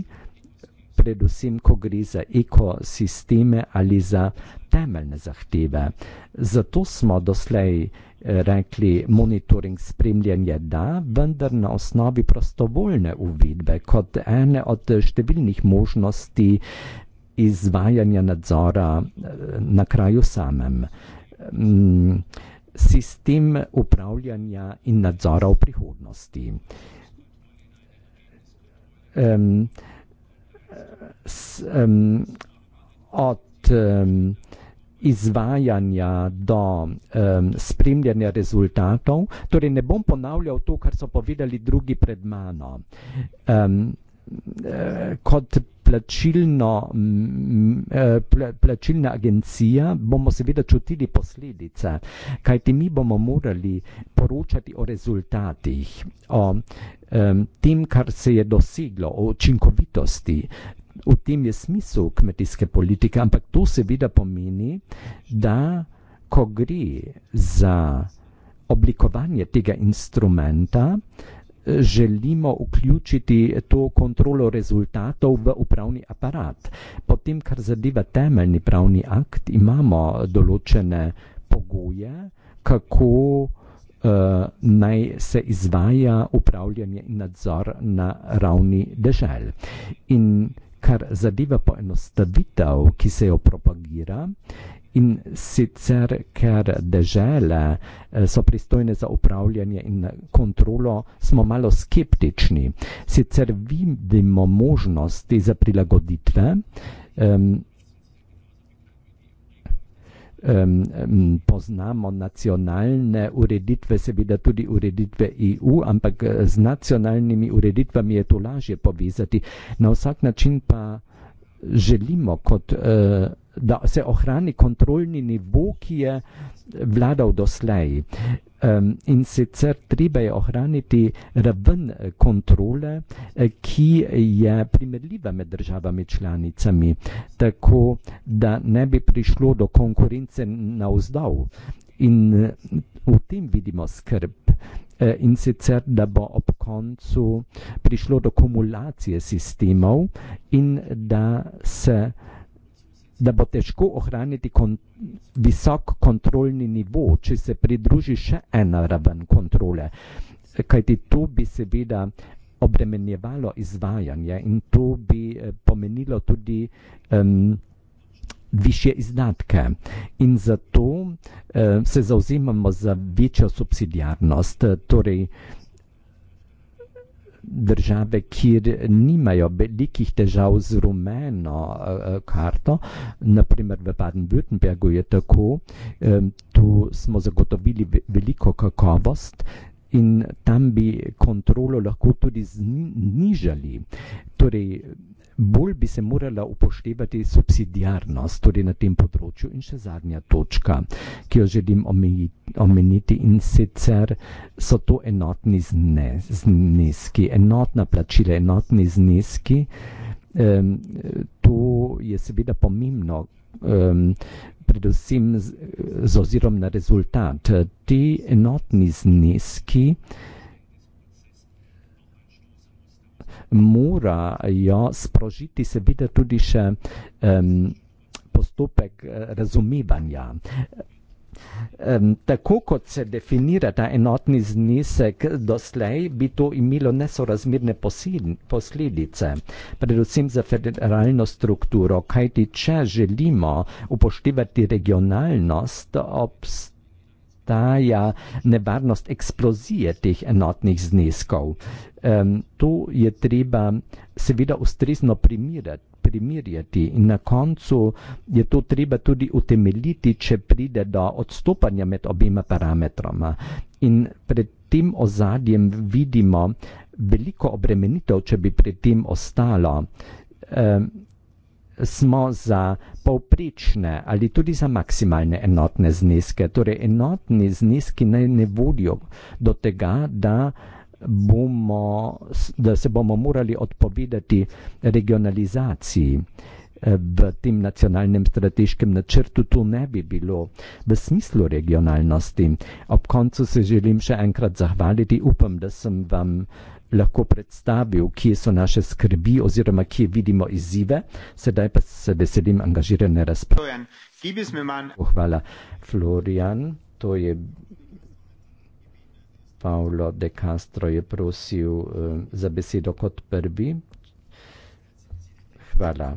predvsem, ko gre za ekosisteme ali za temeljne zahteve. Zato smo doslej eh, rekli monitoring spremljanje da, vendar na osnovi prostovoljne uvidbe kot ene od številnih možnosti izvajanja nadzora eh, na kraju samem. Mm, sistem upravljanja in nadzora v prihodnosti. Um, um, od um, izvajanja do um, spremljanja rezultatov. Torej, ne bom ponavljal to, kar so povedali drugi pred mano. Um, kot plačilno, eh, plačilna agencija, bomo seveda čutili posledice, kajti mi bomo morali poročati o rezultatih, o tem, kar se je doseglo, o učinkovitosti. V tem je smisel kmetijske politike, ampak to seveda pomeni, da ko gre za oblikovanje tega instrumenta, želimo vključiti to kontrolo rezultatov v upravni aparat. Potem, kar zadeva temeljni pravni akt, imamo določene pogoje, kako uh, naj se izvaja upravljanje in nadzor na ravni dežel. In kar zadeva poenostavitev, ki se jo propagira, in sicer ker dežele eh, so pristojne za upravljanje in kontrolo, smo malo skeptični. Sicer vidimo možnosti za prilagoditve. Um, Poznamo nacionalne ureditve, seveda tudi ureditve EU, ampak eh, z nacionalnimi ureditvami je to lažje povezati. Na vsak način pa želimo kot uh, da se ohrani kontrolni nivo, ki je eh, vladal doslej. Ehm, in sicer treba je ohraniti raven eh, kontrole, eh, ki je primerljiva med državami članicami, tako da ne bi prišlo do konkurence na vzdal. In v tem vidimo skrb. In sicer, da bo ob koncu prišlo do kumulacije sistemov in da se da bo težko ohraniti kon visok kontrolni nivo, če se pridruži še ena raven kontrole. Kajti to bi seveda obremenjevalo izvajanje in to bi eh, pomenilo tudi um, više izdatke. In zato uh, se zauzemamo za večjo subsidijarnost. Eh, torej, um, države, kjer nimajo velikih težav z rumeno eh, eh, karto, naprimer v Baden-Württembergu je tako, tu smo zagotovili veliko kakovost in tam bi kontrolo lahko tudi znižali. Torej, bolj bi se morala upoštevati subsidijarnost, tudi na tem področju. In še zadnja točka, ki jo želim omeniti in sicer so to enotni zneski, enotna plačila, enotni zneski. Um, to je seveda pomembno, um, predvsem z, z ozirom na rezultat. Ti enotni zneski. morajo sprožiti seveda tudi še um, postopek eh, razumevanja. Um, tako kot se definira ta enotni znesek doslej, bi to imelo nesorazmerne posledice, predvsem za federalno strukturo, kajti če želimo upoštevati regionalnost, obstaja ta ja nevarnost eksplozije teh enotnih zneskov. Um, to je treba seveda ustrezno primirati. Primerjati. In na koncu je to treba tudi utemeljiti, če pride do odstopanja med obima parametroma. In pred tem ozadjem vidimo veliko obremenitev, če bi pred tem ostalo. Um, smo za povprečne ali tudi za maksimalne enotne zneske. Torej, enotni zneski naj ne vodijo do tega, da, bomo, da se bomo morali odpovedati regionalizaciji. Eh, v tem nacionalnem strateškem načrtu to ne bi bilo v smislu regionalnosti. Ob koncu se želim še enkrat zahvaliti. Upam, da sem vam lahko predstavil, kje so naše skrbi oziroma kje vidimo izzive, sedaj pa se veselim angažirane razprave. Oh, hvala, Florian. To je Paolo de Castro je prosil uh, za besedo kot prvi. Hvala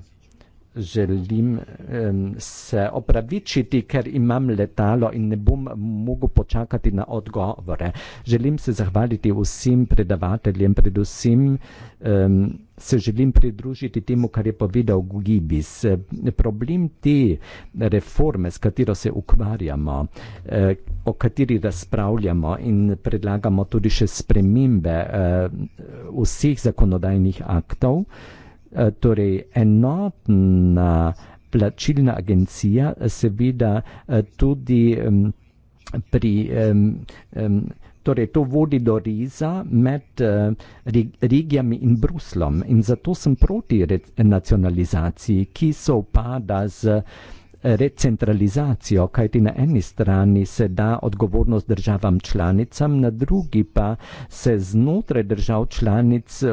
želim um, se opravičiti, ker imam letalo in ne bom mogel počakati na odgovore. Želim se zahvaliti vsem predavateljem, predvsem um, se želim pridružiti temu, kar je povedal Gibis. Problem te reforme, s katero se ukvarjamo, eh, o kateri razpravljamo in predlagamo tudi še spremembe eh, vseh zakonodajnih aktov, eh, Eh, torej enotna plačilna agencija eh, seveda eh, tudi pri Torej, to vodi do riza med uh, regijami in Bruslom. In zato sem proti nacionalizaciji, ki se upada z uh, recentralizacijo, kajti na eni strani se da odgovornost državam članicam, na drugi pa se znotraj držav članic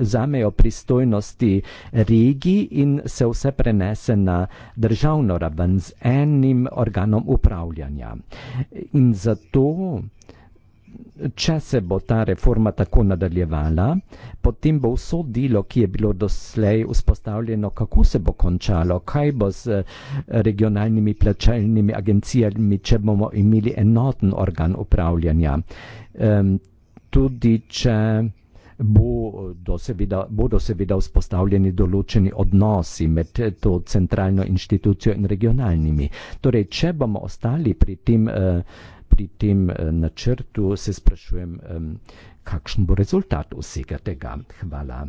vzamejo pristojnosti regij in se vse prenese na državno raven z enim organom upravljanja. In zato če se bo ta reforma tako nadaljevala, potem bo vso delo, ki je bilo doslej vzpostavljeno, kako se bo končalo, kaj bo z eh, regionalnimi plačalnimi agencijami, če bomo imeli enoten organ upravljanja. Tudi če bo do seveda, bodo seveda vzpostavljeni določeni odnosi med eh, to centralno inštitucijo in regionalnimi. Torej, če bomo ostali pri tem, eh, pri tem eh, načrtu, se sprašujem, kakšen bo rezultat vsega tega. Hvala.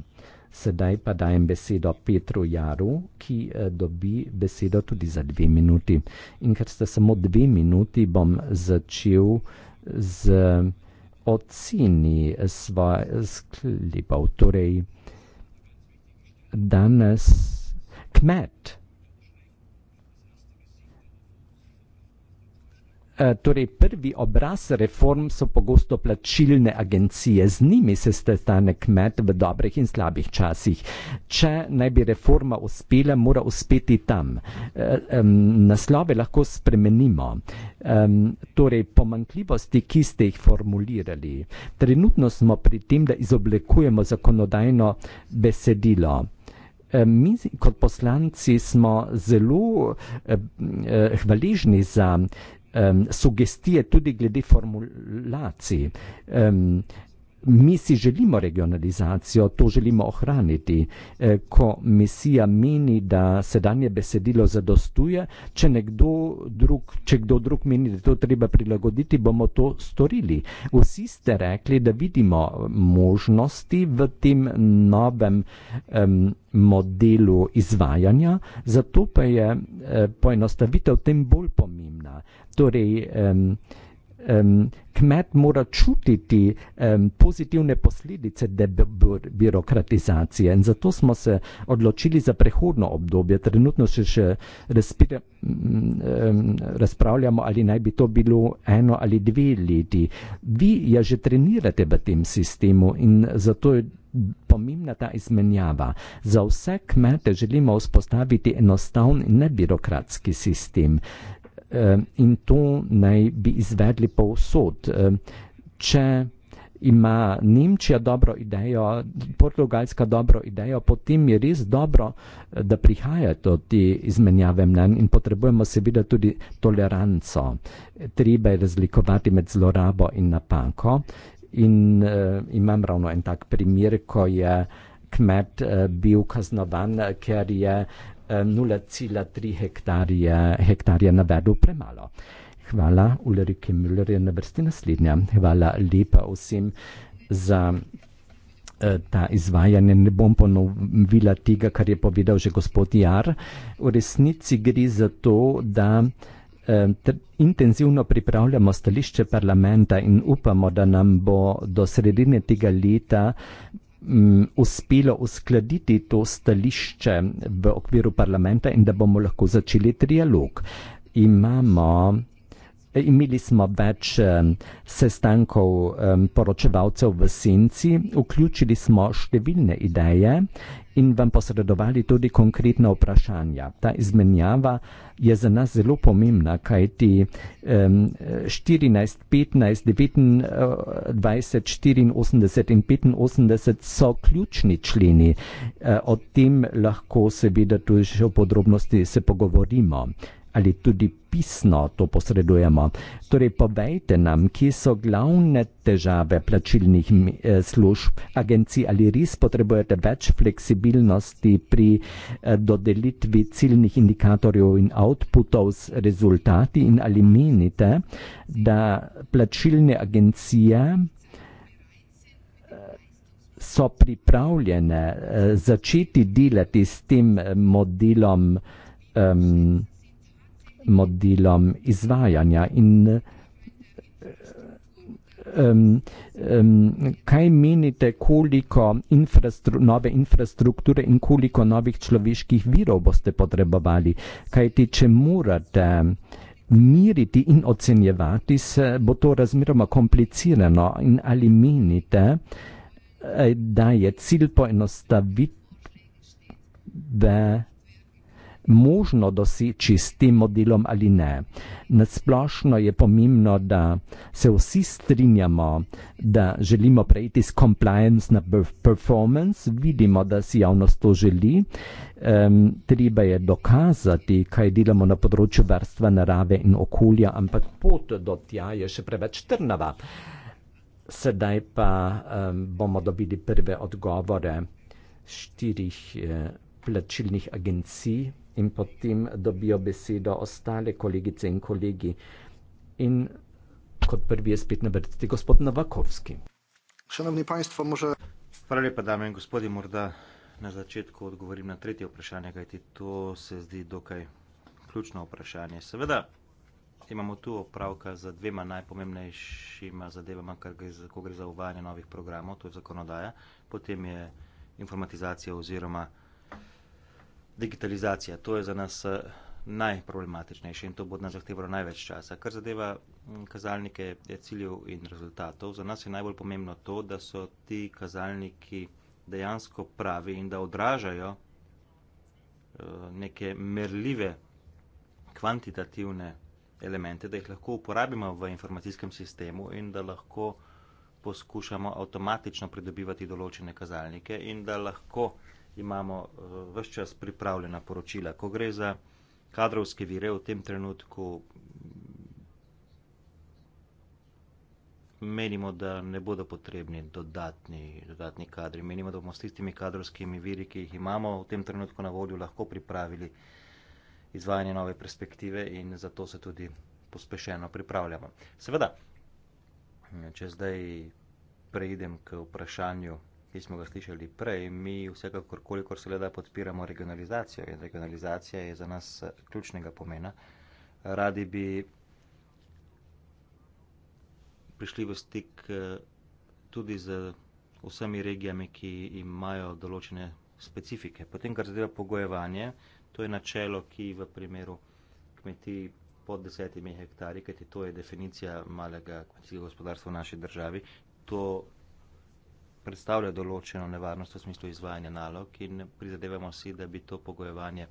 Sedaj pa dajem besedo Petru Jaru, ki eh, dobi besedo tudi za dve minuti. In ker ste samo dve minuti, bom začel z oceni svoje sklepov. Torej, danes kmet. Eh, torej prvi obraz reform so pogosto plačilne agencije, z njimi se sestane kmet v dobrih in slabih časih. Če naj bi reforma uspela, mora uspeti tam. Eh, naslove lahko spremenimo. Torej, pomankljivosti, ki ste jih formulirali. Trenutno smo pri tem, da izoblikujemo zakonodajno besedilo. Mi kot poslanci smo zelo eh, hvaležni za um, sugestije tudi glede formulacij. Um, Mi si želimo regionalizacijo, to želimo ohraniti. E, ko misija meni, da sedanje besedilo zadostuje, če, če kdo drug meni, da to treba prilagoditi, bomo to storili. Vsi ste rekli, da vidimo možnosti v tem novem um, modelu izvajanja, zato pa je uh, poenostavitev tem bolj pomembna torej um, um, kmet mora čutiti um, pozitivne posledice debirokratizacije in zato smo se odločili za prehodno obdobje. Trenutno še, še razpira, um, razpravljamo, ali naj bi to bilo eno ali dve leti. Vi ja že trenirate v tem sistemu in zato je pomembna ta izmenjava. Za vse kmete želimo vzpostaviti enostavni nebirokratski sistem. Ehm, in to naj bi izvedli povsod. Ehm, če ima Nemčija dobro idejo, Portugalska dobro idejo, potem je res dobro, eh, da prihaja do te izmenjave mnen in potrebujemo seveda tudi toleranco. Treba je razlikovati med zlorabo in napako. In uh, imam ravno en tak primer, ko je kmet uh, bil kaznovan, ker je 0,3 hektarje, hektarje navedel premalo. Hvala Ulrike Müller je na vrsti naslednja. Hvala lepa vsem za eh, ta izvajanje. Ne bom ponovila tega, kar je povedal že gospod Jar. V resnici gre za to, da eh, intenzivno pripravljamo stališče parlamenta in upamo, da nam bo do sredine tega leta uspelo uskladiti to stališče v okviru parlamenta in da bomo lahko začeli trialog. Imamo Imeli smo več um, sestankov um, poročevalcev v Senci, vključili smo številne ideje in vam posredovali tudi konkretna vprašanja. Ta izmenjava je za nas zelo pomembna, kajti um, 14, 15, 29, 84 in 85 so ključni členi. Uh, o tem lahko seveda tudi še v podrobnosti se pogovorimo ali tudi pisno to posredujemo. Torej, povejte nam, kje so glavne težave plačilnih eh, služb, agencij ali res potrebujete več fleksibilnosti pri eh, dodelitvi ciljnih indikatorjev in outputov z rezultati in ali menite, da plačilne agencije eh, so pripravljene začeti delati s tem modelom um, modelom izvajanja in um, um, kaj menite, koliko infrastru nove infrastrukture in koliko novih človeških virov boste potrebovali, kajti če morate miriti in ocenjevati, se bo to razmeroma komplicirano in ali menite, eh, da je cilj poenostaviti, da možno doseči s tem modelom ali ne. Nasplošno je pomembno, da se vsi strinjamo, da želimo prejti iz compliance na performance, vidimo, da si javnost to želi. Um, treba je dokazati, kaj delamo na področju varstva narave in okolja, ampak pot do tja je še preveč trnava. Sedaj pa um, bomo dobili prve odgovore štirih eh, plačilnih agencij in potem dobijo besedo ostale kolegice in kolegi. In kot prvi je spet na vrsti gospod Novakovski. Šanovni panstvo, može. Hvala lepa, dame in gospodje, morda na začetku odgovorim na tretje vprašanje, kajti to se zdi dokaj ključno vprašanje. Seveda imamo tu opravka z dvema najpomembnejšima zadevama, kar gre za, ko gre za uvajanje novih programov, to je zakonodaja, potem je informatizacija oziroma digitalizacija. To je za nas eh, najproblematičnejše in to bo od nas zahtevalo največ časa. Kar zadeva mm, kazalnike ciljev in rezultatov, za nas je najbolj pomembno to, da so ti kazalniki dejansko pravi in da odražajo eh, neke merljive kvantitativne elemente, da jih lahko uporabimo v informacijskem sistemu in da lahko poskušamo avtomatično pridobivati določene kazalnike in da lahko imamo eh, vse čas pripravljena poročila. Ko gre za kadrovske vire v tem trenutku, menimo, da ne bodo potrebni dodatni, dodatni kadri. Menimo, da bomo s tistimi kadrovskimi viri, ki jih imamo v tem trenutku na voljo, lahko pripravili izvajanje nove perspektive in zato se tudi pospešeno pripravljamo. Seveda, če zdaj preidem k vprašanju, ki smo ga slišali prej, mi vsekakor kolikor se leda podpiramo regionalizacijo in regionalizacija je za nas eh, ključnega pomena. Radi bi prišli v stik eh, tudi z vsemi regijami, ki imajo določene specifike. Potem, kar zadeva pogojevanje, to je načelo, ki v primeru kmetij pod desetimi hektari, kajti to je definicija malega kmetijskega gospodarstva v naši državi, to predstavlja določeno nevarnost v smislu izvajanja nalog in prizadevamo si, da bi to pogojevanje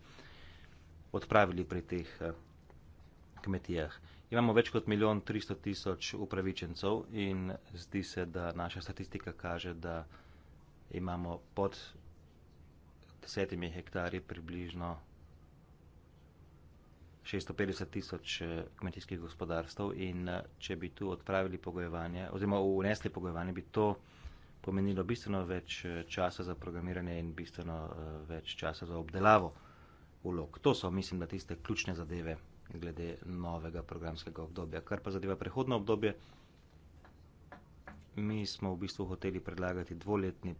odpravili pri teh eh, kmetijah. Imamo več kot milijon 300 tisoč upravičencov in zdi se, da naša statistika kaže, da imamo pod desetimi hektari približno 650 tisoč eh, kmetijskih gospodarstv in eh, če bi tu odpravili pogojevanje oziroma unesli pogojevanje, bi to pomenilo bistveno več eh, časa za programiranje in bistveno eh, več časa za obdelavo vlog. To so, mislim, da tiste ključne zadeve glede novega programskega obdobja. Kar pa zadeva prehodno obdobje, mi smo v bistvu hoteli predlagati dvoletni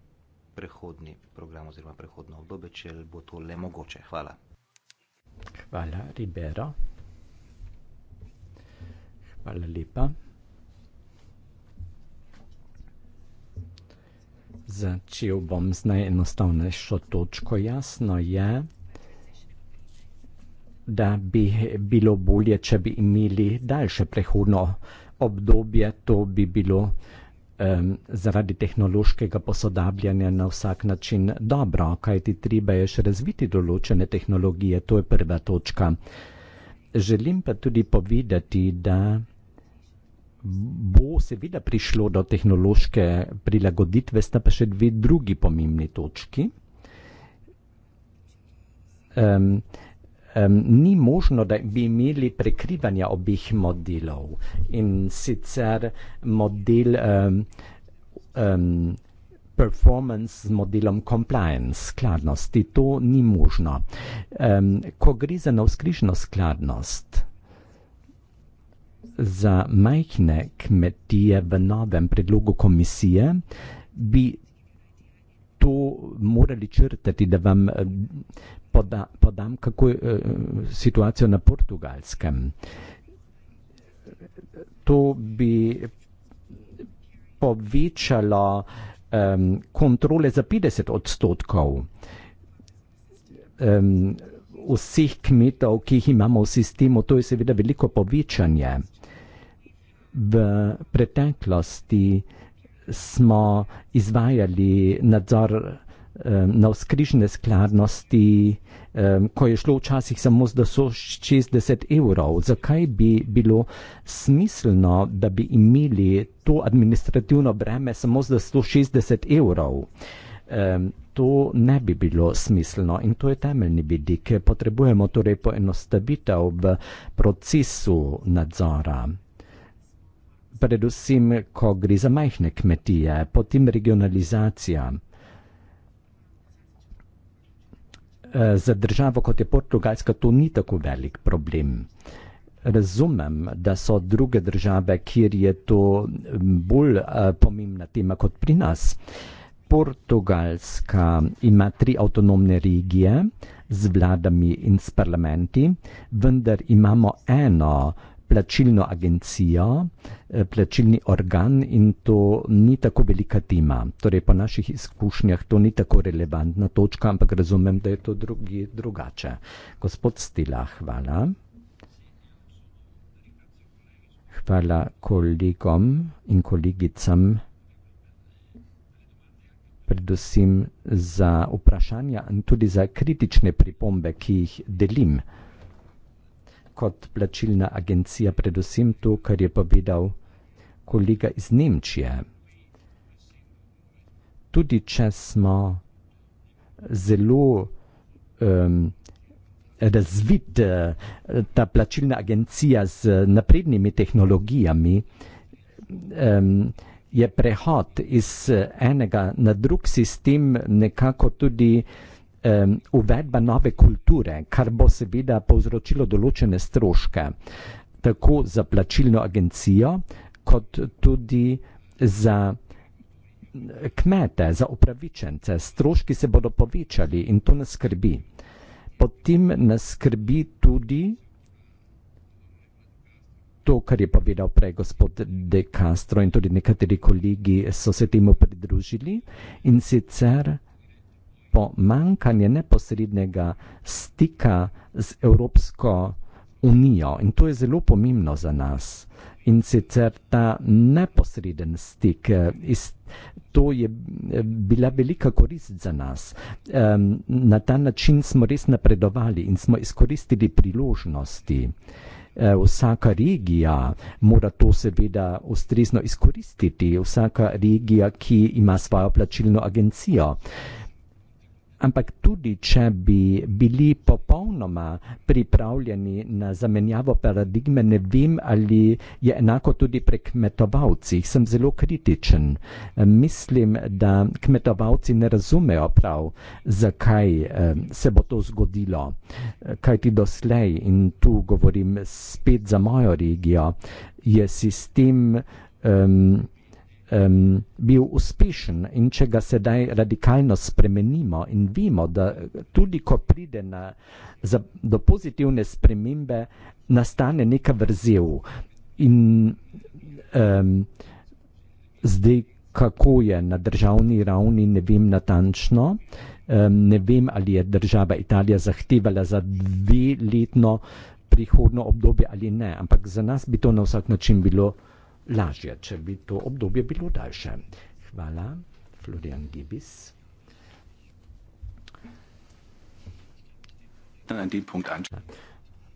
prehodni program oziroma prehodno obdobje, če bo to le mogoče. Hvala. Hvala, Ribera. Hvala lepa. Začel bom z najenostavnejšo točko. Jasno je, da bi bilo bolje, če bi imeli daljše prehodno obdobje. To bi bilo um, zaradi tehnološkega posodabljanja na vsak način dobro, kajti treba je še razviti določene tehnologije. To je prva točka. Želim pa tudi povedati, da bo seveda prišlo do tehnološke prilagoditve, sta pa še dve drugi pomembni točki. Um, um, ni možno, da bi imeli prekrivanja obeh modelov in sicer model um, um, performance z modelom compliance, skladnosti. To ni možno. Um, ko gre za navskrižno skladnost, za majhne kmetije v novem predlogu komisije, bi to morali črtati, da vam eh, poda, podam, kako je eh, situacijo na portugalskem. To bi povečalo um, kontrole za 50 odstotkov um, vseh kmetov, ki jih imamo v sistemu. To je seveda veliko povečanje v preteklosti smo izvajali nadzor eh, na vzkrižne skladnosti, eh, ko je šlo včasih samo za 160 evrov. Zakaj bi bilo smiselno, da bi imeli to administrativno breme samo za 160 evrov? To ne bi bilo smiselno in to je temeljni vidik. Potrebujemo torej poenostavitev v procesu nadzora predvsem, ko gre za majhne kmetije, potem regionalizacija. E, za državo kot je Portugalska to ni tako velik problem. Razumem, da so druge države, kjer je to bolj e, pomembna tema kot pri nas. Portugalska ima tri avtonomne regije z vladami in s parlamenti, vendar imamo eno plačilno agencijo, eh, plačilni organ in to ni tako velika tima. Torej, po naših izkušnjah to ni tako relevantna točka, ampak razumem, da je to drugi, drugače. Gospod Stila, hvala. Hvala kolegom in kolegicam, predvsem za vprašanja in tudi za kritične pripombe, ki jih delim kot plačilna agencija, predvsem to, kar je povedal kolega iz Nemčije. Tudi če smo zelo um, razvite, eh, ta plačilna agencija z naprednimi tehnologijami, um, je prehod iz eh, enega na drug sistem nekako tudi um, uvedba nove kulture, kar bo seveda povzročilo določene stroške tako za plačilno agencijo, kot tudi za eh, kmete, za upravičence. Stroški se bodo povečali in to nas skrbi. Potem nas skrbi tudi to, kar je povedal prej gospod De Castro in tudi nekateri kolegi so se temu pridružili in sicer pomankanje neposrednega stika z Evropsko unijo in to je zelo pomembno za nas. In sicer ta neposreden stik, eh, to je eh, bila velika korist za nas. Na ta način smo res napredovali in smo izkoristili priložnosti. Eh, vsaka regija mora to seveda ustrezno izkoristiti, vsaka regija, ki ima svojo plačilno agencijo. Ampak tudi, če bi bili popolnoma pripravljeni na zamenjavo paradigme, ne vem, ali je enako tudi pri kmetovalcih. Sem zelo kritičen. Mislim, da kmetovalci ne razumejo prav, zakaj eh, se bo to zgodilo. Kaj ti doslej, in tu govorim spet za mojo regijo, je sistem. Um, um, bil uspešen in če ga sedaj radikalno spremenimo in vemo, da tudi ko pride na, za, do pozitivne spremembe, nastane neka vrzel. In um, zdaj, kako je na državni ravni, ne vem natančno. Um, ne vem, ali je država Italija zahtevala za dve letno prihodno obdobje ali ne, ampak za nas bi to na vsak način bilo lažje, če bi to obdobje bilo daljše. Hvala, Florian Gibis.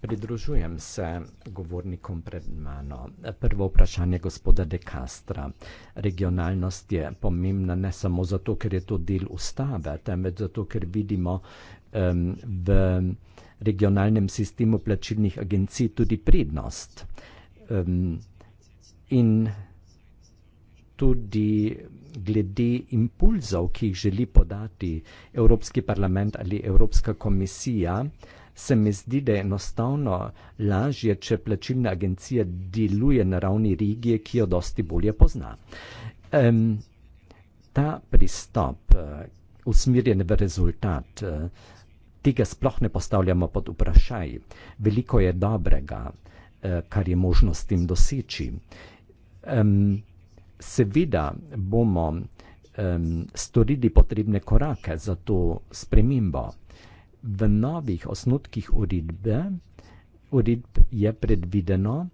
Pridružujem se govornikom pred mano. Prvo vprašanje gospoda De Castra. Regionalnost je pomembna ne samo zato, ker je to del ustave, temveč zato, ker vidimo um, v regionalnem sistemu plačilnih agencij tudi prednost. Um, in tudi glede impulzov, ki jih želi podati Evropski parlament ali Evropska komisija, se mi zdi, da je enostavno lažje, če plačilna agencija deluje na ravni regije, ki jo dosti bolje pozna. Um, ta pristop, uh, eh, usmirjen v rezultat, uh, tega sploh ne postavljamo pod vprašaj. Veliko je dobrega, uh, kar je možno s tem doseči. Uh, Um, seveda bomo um, storili potrebne korake za to spremembo. V novih osnutkih uredbe uredb je predvideno,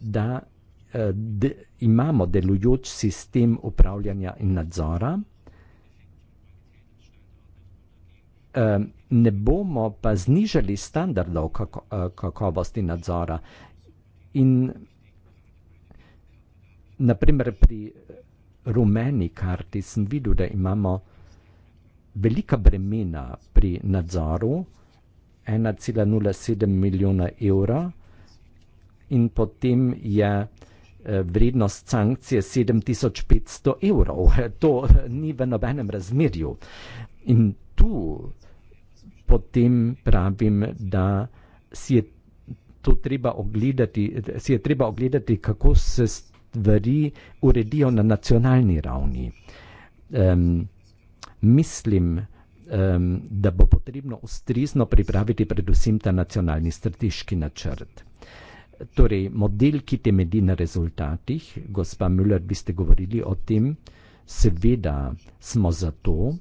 da eh, de, imamo delujoč sistem upravljanja in nadzora. Ne bomo pa znižali standardov kako, eh, kakovosti nadzora in Naprimer, pri rumeni karti sem videl, da imamo velika bremena pri nadzoru, 1,07 milijona evra, in potem je eh, vrednost sankcije 7500 evrov. To eh, ni v nobenem razmerju. In tu potem pravim, da si je to treba ogledati, si je treba ogledati kako se stvari stvari uredijo na nacionalni ravni. Um, mislim, um, da bo potrebno ustrezno pripraviti predvsem ta nacionalni strateški načrt. Torej, model, ki temedi na rezultatih, gospa Müller, vi ste govorili o tem, seveda smo za to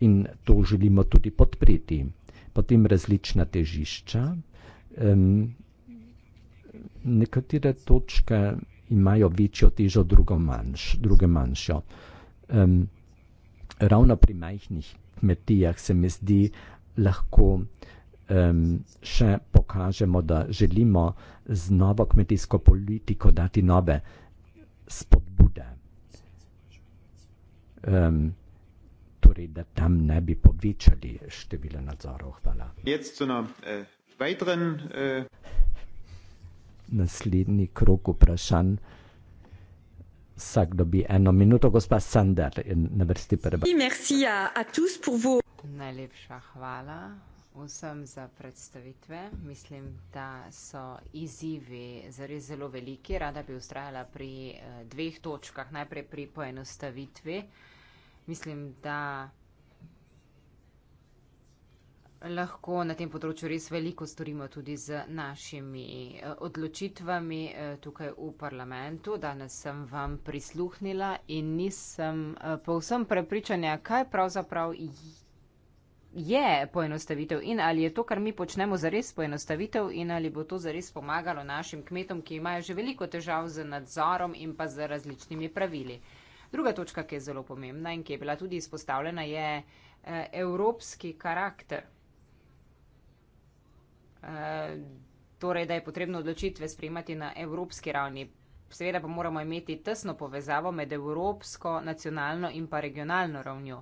in to želimo tudi podpreti. Potem različna težišča. Um, nekatere točke imajo večjo težo, manjš, druge manjšo. Um, ravno pri majhnih kmetijah se mi zdi, lahko um, še pokažemo, da želimo z novo kmetijsko politiko dati nove spodbude. Um, torej, da tam ne bi povečali števila nadzorov. Hvala. Jetzt zu einer, äh, weiteren, äh naslednji krok vprašanj. Vsak dobi eno minuto, gospa Sandar, na vrsti prva. Najlepša hvala vsem za predstavitve. Mislim, da so izzivi zares zelo veliki. Rada bi ustrajala pri eh, dveh točkah. Najprej pri poenostavitvi. Mislim, da lahko na tem področju res veliko storimo tudi z našimi eh, odločitvami eh, tukaj v parlamentu. Danes sem vam prisluhnila in nisem eh, povsem prepričanja, kaj pravzaprav je poenostavitev in ali je to, kar mi počnemo, zares poenostavitev in ali bo to zares pomagalo našim kmetom, ki imajo že veliko težav z nadzorom in pa z različnimi pravili. Druga točka, ki je zelo pomembna in ki je bila tudi izpostavljena, je evropski karakter. Eh, torej, da je potrebno odločitve sprejemati na evropski ravni. Seveda pa moramo imeti tesno povezavo med evropsko, nacionalno in pa regionalno ravnjo.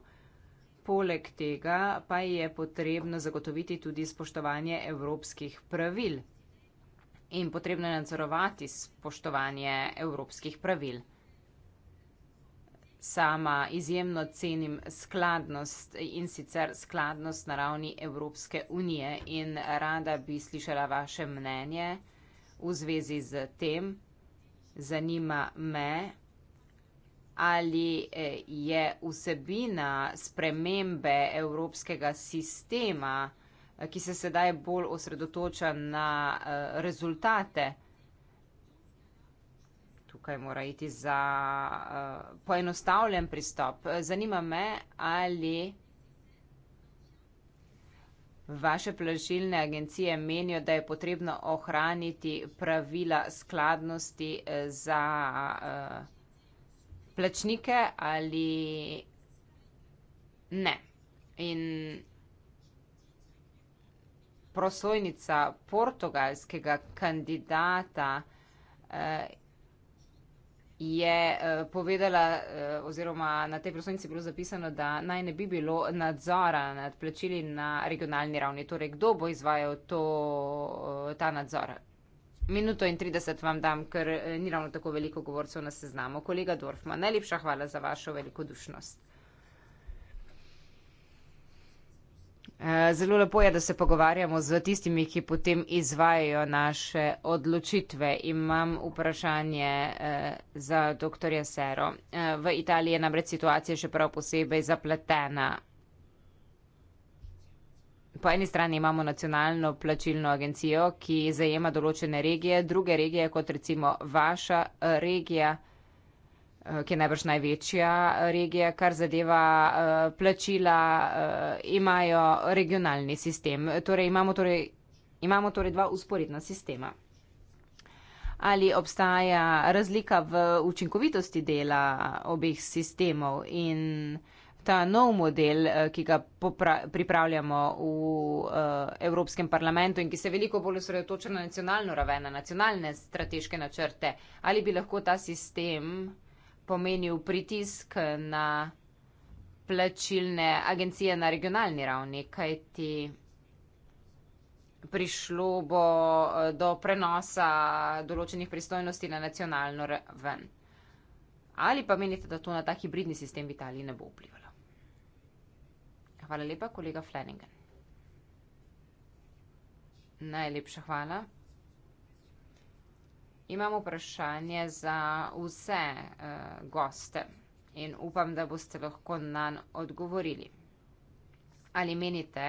Poleg tega pa je potrebno zagotoviti tudi spoštovanje evropskih pravil in potrebno je nadzorovati spoštovanje evropskih pravil sama izjemno cenim skladnost in sicer skladnost na ravni Evropske unije in rada bi slišala vaše mnenje v zvezi z tem. Zanima me, ali e, je vsebina spremembe evropskega sistema, ki se sedaj bolj osredotoča na e, rezultate, tukaj mora iti za uh, poenostavljen pristop. Zanima me, ali vaše plažilne agencije menijo, da je potrebno ohraniti pravila skladnosti eh, za uh, plačnike ali ne. In prosojnica portugalskega kandidata je uh, povedala, uh, oziroma na tej prosojnici bilo zapisano, da naj ne bi bilo nadzora nad plačili na regionalni ravni. Torej, kdo bo izvajal to, uh, ta nadzor? Minuto in 30 vam dam, ker ni ravno tako veliko govorcev na seznamu. Kolega Dorfman, najlepša hvala za vašo velikodušnost. Eh, zelo lepo je, da se pogovarjamo z tistimi, ki potem izvajajo naše odločitve. Imam vprašanje eh, za dr. Sero. Eh, v Italiji je namreč situacija še prav posebej zapletena. Po eni strani imamo nacionalno plačilno agencijo, ki zajema določene regije, druge regije, kot recimo vaša regija. Eh, ki je najbrž največja eh, regija, kar zadeva eh, plačila, imajo regionalni sistem. Torej, imamo torej, imamo torej dva usporedna sistema. Ali obstaja razlika v učinkovitosti dela obeh sistemov in ta nov model, ki ga pripravljamo v Evropskem parlamentu in ki se veliko bolj osredotoča na nacionalno raven, na nacionalne strateške načrte, ali bi lahko ta sistem pomenil pritisk na plačilne agencije na regionalni ravni, kajti prišlo bo eh, do prenosa določenih pristojnosti na nacionalno raven. Ali pa menite, da to na ta hibridni sistem v Italiji ne bo vplivalo? Hvala lepa, kolega Flanagan. Najlepša hvala imam vprašanje za vse uh, goste in upam, da boste lahko na njo odgovorili. Ali menite,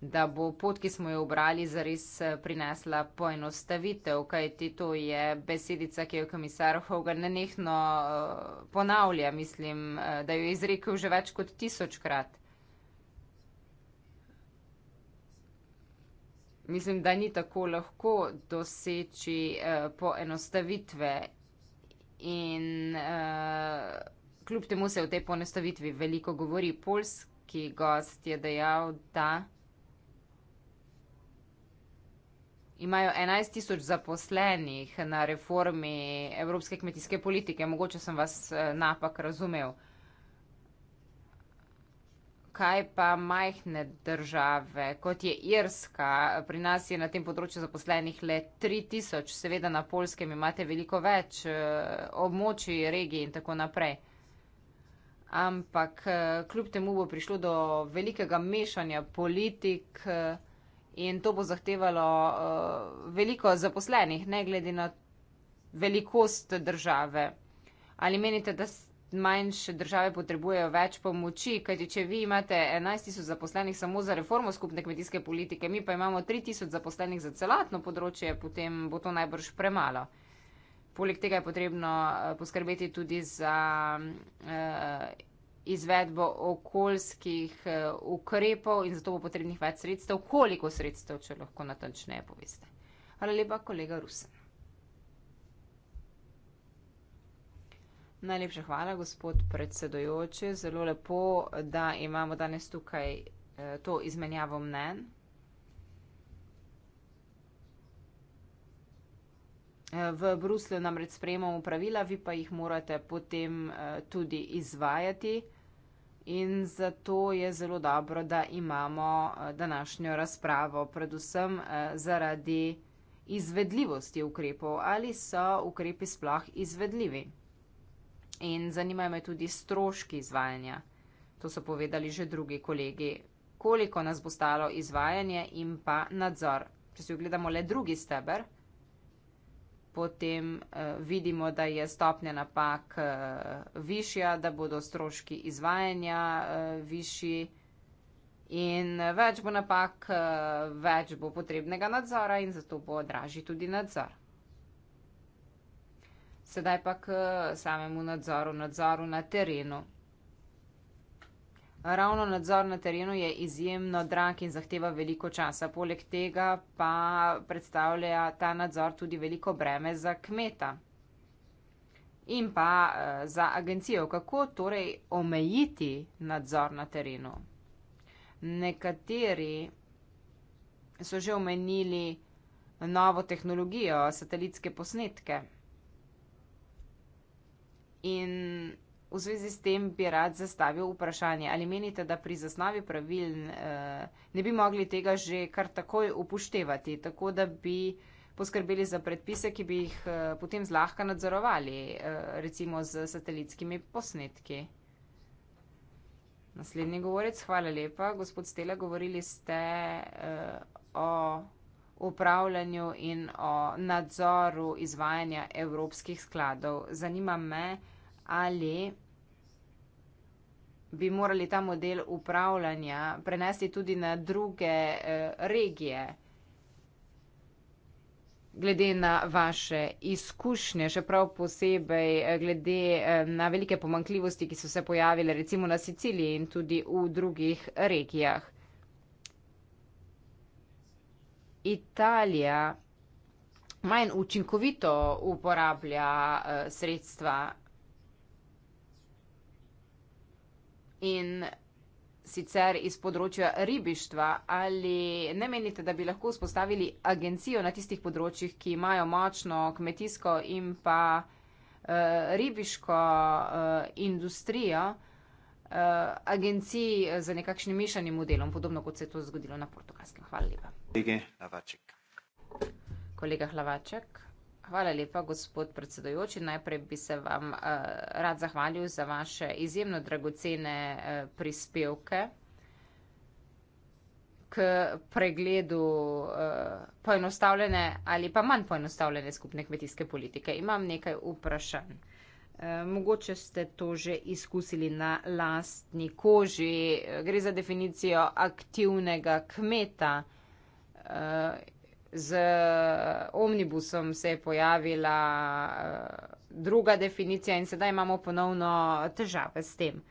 da bo pot, ki smo jo obrali, zares eh, prinesla poenostavitev, kajti to je besedica, ki jo komisar Hogan nenehno eh, ponavlja, mislim, da jo je izrekel že več kot tisočkrat. mislim, da ni tako lahko doseči eh, poenostavitve in eh, kljub temu se o tej poenostavitvi veliko govori. Polski gost je dejal, da imajo 11 tisoč zaposlenih na reformi evropske kmetijske politike. Mogoče sem vas eh, napak razumel kaj pa majhne države, kot je Irska, pri nas je na tem področju zaposlenih le 3000, seveda na polskem imate veliko več eh, območij, regij in tako naprej. Ampak eh, kljub temu bo prišlo do velikega mešanja politik eh, in to bo zahtevalo veliko zaposlenih, ne glede na velikost države. Ali menite, da ste manjše države potrebujejo več pomoči, kajti če vi imate 11 tisoč zaposlenih samo za reformo skupne kmetijske politike, mi pa imamo 3 tisoč zaposlenih za celotno področje, potem bo to najbrž premalo. Poleg tega je potrebno eh, poskrbeti tudi za eh, izvedbo okoljskih eh, ukrepov in zato bo potrebnih več sredstev, koliko sredstev, če lahko natančneje poveste. Hvala lepa, kolega Rusen. Najlepša hvala, gospod predsedojoči. Zelo lepo, da imamo danes tukaj eh, to izmenjavo mnen. Eh, v Bruslju namreč sprejemamo pravila, vi pa jih morate potem eh, tudi izvajati. In zato je zelo dobro, da imamo eh, današnjo razpravo, predvsem eh, zaradi izvedljivosti ukrepov. Ali so ukrepi sploh izvedljivi? in zanimajo me tudi stroški izvajanja. To so povedali že drugi kolegi. Koliko nas bo stalo izvajanje in pa nadzor? Če si ogledamo le drugi steber, potem uh, vidimo, da je stopnja napak uh, višja, da bodo stroški izvajanja uh, višji in več bo napak, uh, več bo potrebnega nadzora in zato bo dražji tudi nadzor. Sedaj pa k eh, samemu nadzoru, nadzoru na terenu. Ravno nadzor na terenu je izjemno drag in zahteva veliko časa. Poleg tega pa predstavlja ta nadzor tudi veliko breme za kmeta in pa eh, za agencijo. Kako torej omejiti nadzor na terenu? Nekateri so že omenili novo tehnologijo, satelitske posnetke. In v zvezi s tem bi rad zastavil vprašanje, ali menite, da pri zasnovi pravil eh, ne bi mogli tega že kar takoj upoštevati, tako da bi poskrbeli za predpise, ki bi jih eh, potem zlahka nadzorovali, eh, recimo z satelitskimi posnetki. Naslednji govorec, hvala lepa. Gospod Stela, govorili ste eh, o upravljanju in o nadzoru izvajanja evropskih skladov. Zanima me, eh, ali bi morali ta model upravljanja prenesti tudi na druge eh, regije. Glede na vaše izkušnje, še prav posebej eh, glede eh, na velike pomankljivosti, ki so se pojavile recimo na Siciliji in tudi v drugih regijah. Italija manj učinkovito uporablja sredstva in sicer iz področja ribištva. Ali ne menite, da bi lahko vzpostavili agencijo na tistih področjih, ki imajo močno kmetijsko in pa uh, ribiško uh, industrijo, uh, agenciji za nekakšnim mišanim modelom, podobno kot se je to zgodilo na portugalskem? Hvala lepa. Kolega Hlavaček. Hvala lepa, gospod predsedojoči. Najprej bi se vam uh, rad zahvalil za vaše izjemno dragocene uh, prispevke k pregledu uh, poenostavljene ali pa manj poenostavljene skupne kmetijske politike. Imam nekaj vprašanj. Mogoče ste to že izkusili na lastni koži. Gre za definicijo aktivnega kmeta z eh, omnibusom se je pojavila eh, druga definicija in sedaj imamo ponovno težave s tem.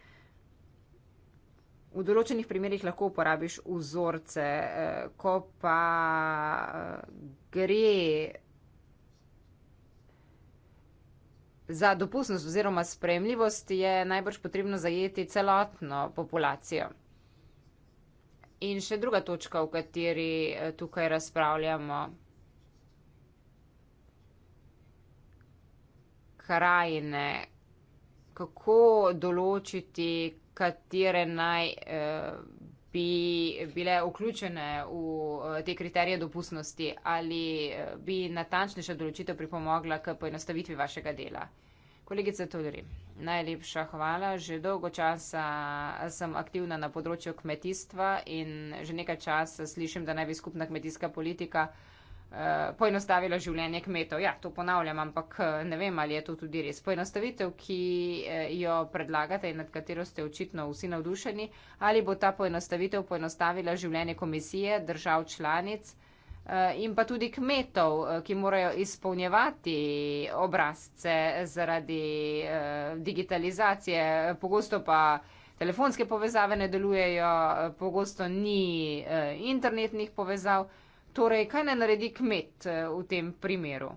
V določenih primerjih lahko uporabiš vzorce, eh, ko pa gre za dopustnost oziroma spremljivost, je najbrž potrebno zajeti celotno populacijo. In še druga točka, o kateri eh, tukaj razpravljamo. Krajine. Kako določiti, katere naj eh, bi bile vključene v eh, te kriterije dopustnosti ali eh, bi natančnejša določitev pripomogla k poenostavitvi vašega dela? Kolegica Tudori, najlepša hvala. Že dolgo časa sem aktivna na področju kmetijstva in že nekaj časa slišim, da naj bi skupna kmetijska politika eh, poenostavila življenje kmetov. Ja, to ponavljam, ampak eh, ne vem, ali je to tudi res. Poenostavitev, ki eh, jo predlagate in nad katero ste očitno vsi navdušeni, ali bo ta poenostavitev poenostavila življenje komisije, držav članic? Eh, in pa tudi kmetov, eh, ki morajo izpolnjevati obrazce zaradi eh, digitalizacije. Pogosto pa telefonske povezave ne delujejo, pogosto ni internetnih povezav. Torej, kaj naj naredi kmet v tem primeru?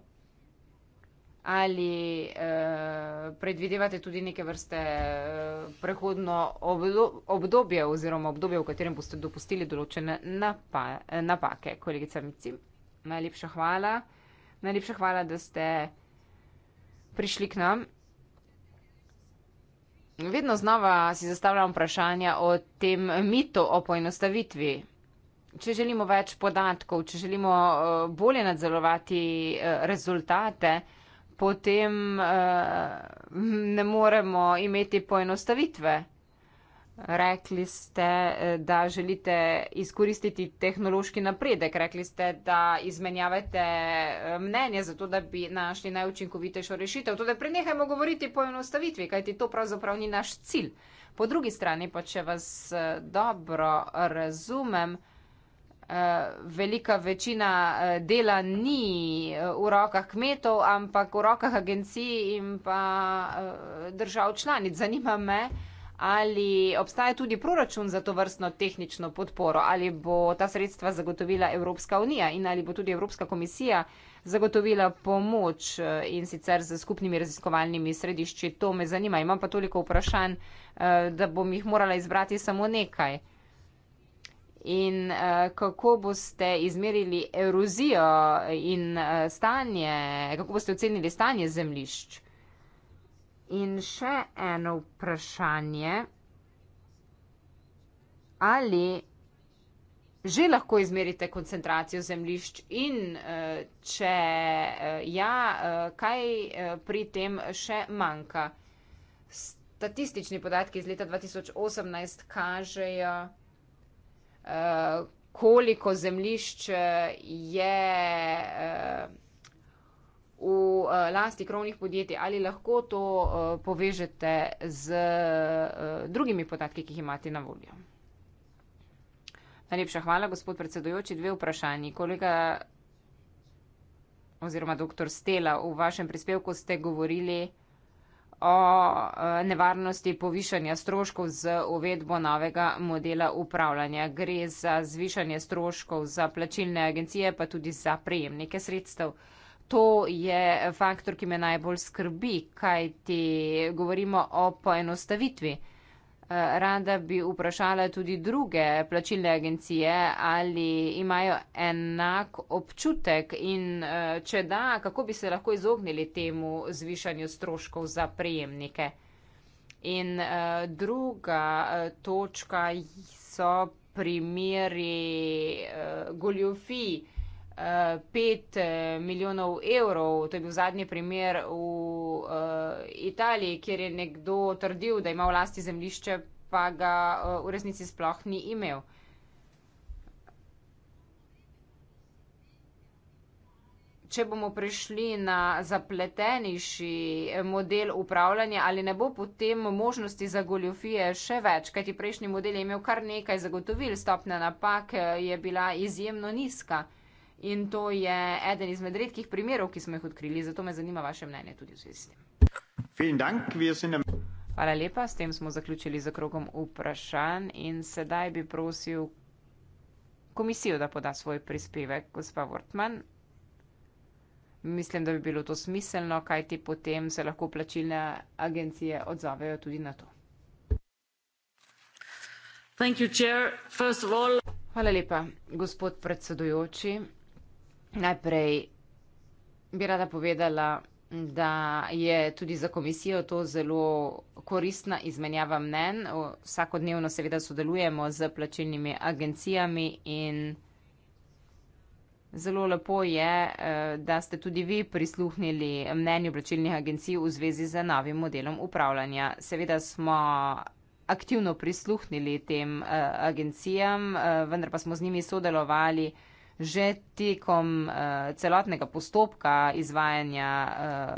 Ali eh, predvidevate tudi neke vrste eh, prehodno obdobje oziroma obdobje, v katerem boste dopustili določene napa napake? Kolegica Mici, najlepša hvala. Najlepša hvala, da ste prišli k nam. Vedno znova si zastavljam vprašanja o tem mitu o poenostavitvi. Če želimo več podatkov, če želimo eh, bolje nadzorovati eh, rezultate, potem uh, ne moremo imeti poenostavitve. Rekli ste, eh, da želite izkoristiti tehnološki napredek, rekli ste, da izmenjavate eh, mnenje za to, da bi našli najučinkovitejšo rešitev. Tudi torej, prenehajmo govoriti po enostavitvi, kajti to pravzaprav ni naš cilj. Po drugi strani pa, če vas dobro razumem, Eh, velika večina eh, dela ni eh, v rokah kmetov, ampak v rokah agencij in pa držav članic. Zanima me, ali obstaja tudi proračun za to vrstno tehnično podporo, ali bo ta sredstva zagotovila Evropska unija in ali bo tudi Evropska komisija zagotovila pomoč in sicer z skupnimi raziskovalnimi središči. To me zanima. Imam pa toliko vprašanj, da bom jih morala izbrati samo nekaj in uh, kako boste izmerili erozijo in uh, stanje, kako boste ocenili stanje zemlišč. In še eno vprašanje. Ali že lahko izmerite koncentracijo zemlišč in uh, če uh, ja, uh, kaj uh, pri tem še manjka? Statistični podatki iz leta 2018 kažejo, koliko zemlišč je eh, v eh, lasti krovnih podjetij. Ali lahko to eh, povežete z drugimi podatki, ki jih imate na voljo? Najlepša hvala, gospod predsedojoči. Dve vprašanji. Kolega oziroma dr. Stela, v vašem prispevku ste govorili, o e, nevarnosti povišanja stroškov z uvedbo novega modela upravljanja. Gre za zvišanje stroškov za plačilne agencije, pa tudi za prejemnike sredstev. To je faktor, ki me najbolj skrbi, kaj ti govorimo o poenostavitvi rada bi vprašala tudi druge plačilne agencije, ali imajo enak občutek in eh, če da, kako bi se lahko izognili temu zvišanju stroškov za prejemnike. In uh, druga uh, točka so primeri uh, goljofij, uh, 5 eh, milijonov evrov. To je bil zadnji primer v uh, Italiji, kjer je nekdo trdil, da ima vlasti zemlišče, pa ga uh, v resnici sploh ni imel. Če bomo prišli na zapletenejši model upravljanja, ali ne bo potem možnosti za goljofije še več, kajti prejšnji model je imel kar nekaj zagotovil, stopna napak je bila izjemno nizka. In to je eden izmed redkih primerov, ki smo jih odkrili. Zato me zanima vaše mnenje tudi v zvezi s tem. Hvala lepa, s tem smo zaključili z krogom vprašanj in sedaj bi prosil komisijo, da poda svoj prispevek, gospa Wortman. Mislim, da bi bilo to smiselno, kajti potem se lahko plačilne agencije odzovejo tudi na to. Hvala lepa, gospod predsedujoči. Najprej bi rada povedala, da je tudi za komisijo to zelo koristna izmenjava mnen. Vsakodnevno seveda sodelujemo z plačilnimi agencijami in zelo lepo je, e, da ste tudi vi prisluhnili mnenju plačilnih agencij v zvezi z novim modelom upravljanja. Seveda smo aktivno prisluhnili tem e, agencijam, e, vendar pa smo z njimi sodelovali že tekom uh, celotnega postopka izvajanja uh,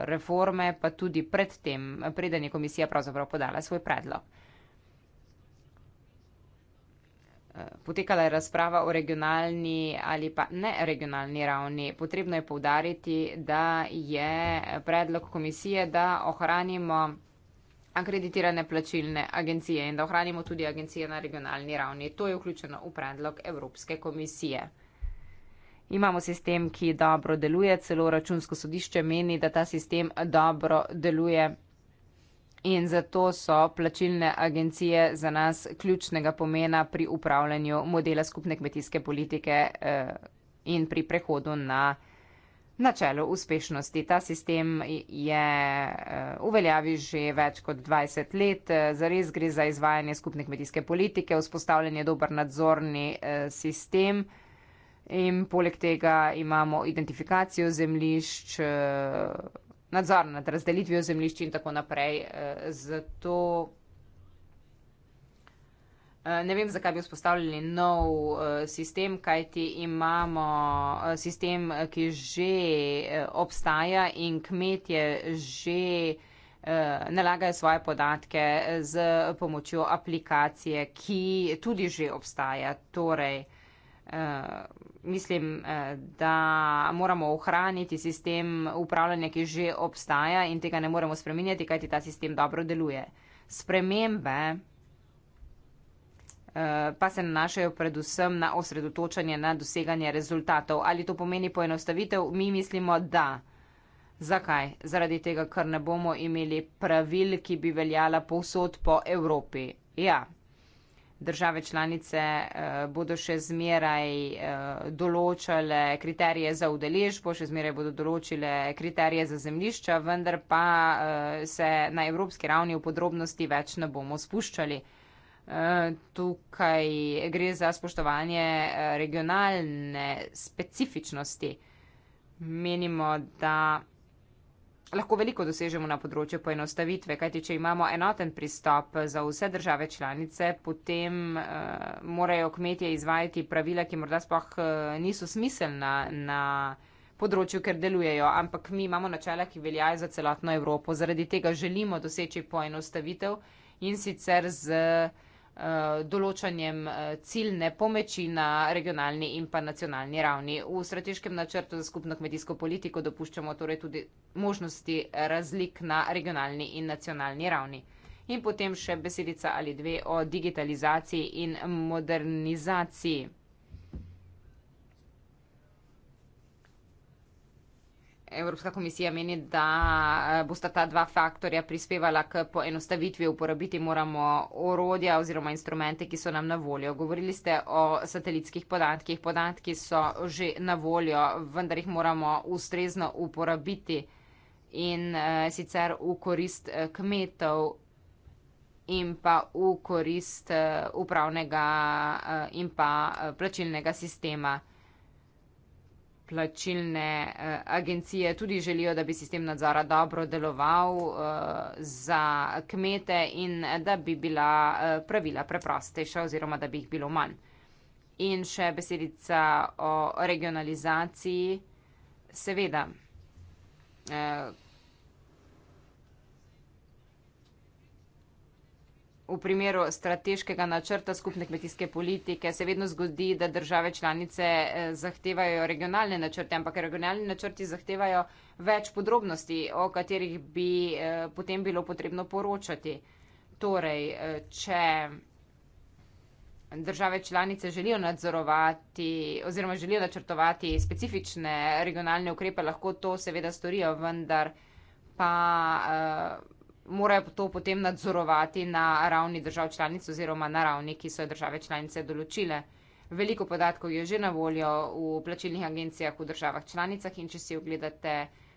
reforme, pa tudi predtem, preden je komisija pravzaprav podala svoj predlog. Eh, potekala je razprava o regionalni ali pa ne regionalni ravni. Potrebno je povdariti, da je predlog komisije, da ohranimo akreditirane plačilne agencije in da ohranimo tudi agencije na regionalni ravni. To je vključeno v predlog Evropske komisije. Imamo sistem, ki dobro deluje, celo računsko sodišče meni, da ta sistem dobro deluje. In zato so plačilne agencije za nas ključnega pomena pri upravljanju modela skupne kmetijske politike eh, in pri prehodu na načelo uspešnosti. Ta sistem je eh, v veljavi že več kot 20 let. Zares gre za izvajanje skupne kmetijske politike, vzpostavljanje dober nadzorni eh, sistem in poleg tega imamo identifikacijo zemlišč, eh, nadzor nad razdelitvijo zemlišč in tako naprej. Eh, zato eh, ne vem, zakaj bi vzpostavljali nov sistem, kajti imamo sistem, ki že obstaja in kmetje že nalagajo svoje podatke z pomočjo aplikacije, ki tudi že obstaja. Torej, Eh, mislim, eh, da moramo ohraniti sistem upravljanja, ki že obstaja in tega ne moremo spreminjati, kajti ta sistem dobro deluje. Spremembe eh, pa se nanašajo predvsem na osredotočanje na doseganje rezultatov. Ali to pomeni poenostavitev? Mi mislimo, da. Zakaj? Zaradi tega, ker ne bomo imeli pravil, ki bi veljala povsod po Evropi. Ja, države članice eh, bodo še zmeraj eh, določale kriterije za udeležbo, še zmeraj bodo določile kriterije za zemlišča, vendar pa eh, se na evropski ravni v podrobnosti več ne bomo spuščali. Eh, tukaj gre za spoštovanje eh, regionalne specifičnosti. Menimo, da Lahko veliko dosežemo na področju poenostavitve, kajti če imamo enoten pristop za vse države članice, potem uh, morajo kmetje izvajati pravila, ki morda sploh uh, niso smiselna na področju, ker delujejo. Ampak mi imamo načela, ki veljajo za celotno Evropo. Zaradi tega želimo doseči poenostavitev in sicer z. Uh, Eh, določanjem eh, ciljne pomeči na regionalni in pa nacionalni ravni. V strateškem načrtu za skupno kmetijsko politiko dopuščamo torej tudi možnosti razlik na regionalni in nacionalni ravni. In potem še besedica ali dve o digitalizaciji in modernizaciji. Evropska komisija meni, da eh, bosta ta dva faktorja prispevala k poenostavitvi, uporabiti moramo orodja oziroma instrumente, ki so nam na voljo. Govorili ste o satelitskih podatkih, podatki so že na voljo, vendar jih moramo ustrezno uporabiti in uh, sicer v korist eh, kmetov in pa v korist upravnega in pa plačilnega sistema plačilne eh, agencije tudi želijo, da bi sistem nadzora dobro deloval eh, za kmete in eh, da bi bila pravila preprostejša oziroma da bi jih bilo manj. In še besedica o regionalizaciji. Seveda, v primeru strateškega načrta skupne kmetijske politike se vedno zgodi, da države članice eh, zahtevajo regionalne načrte, ampak regionalni načrti zahtevajo več podrobnosti, o katerih bi eh, potem bilo potrebno poročati. Torej, eh, če države članice želijo nadzorovati oziroma želijo načrtovati specifične regionalne ukrepe, lahko to seveda storijo, vendar pa. Uh, morajo to potem nadzorovati na ravni držav članic oziroma na ravni, ki so države članice določile. Veliko podatkov je že na voljo v plačilnih agencijah v državah članicah in če si ogledate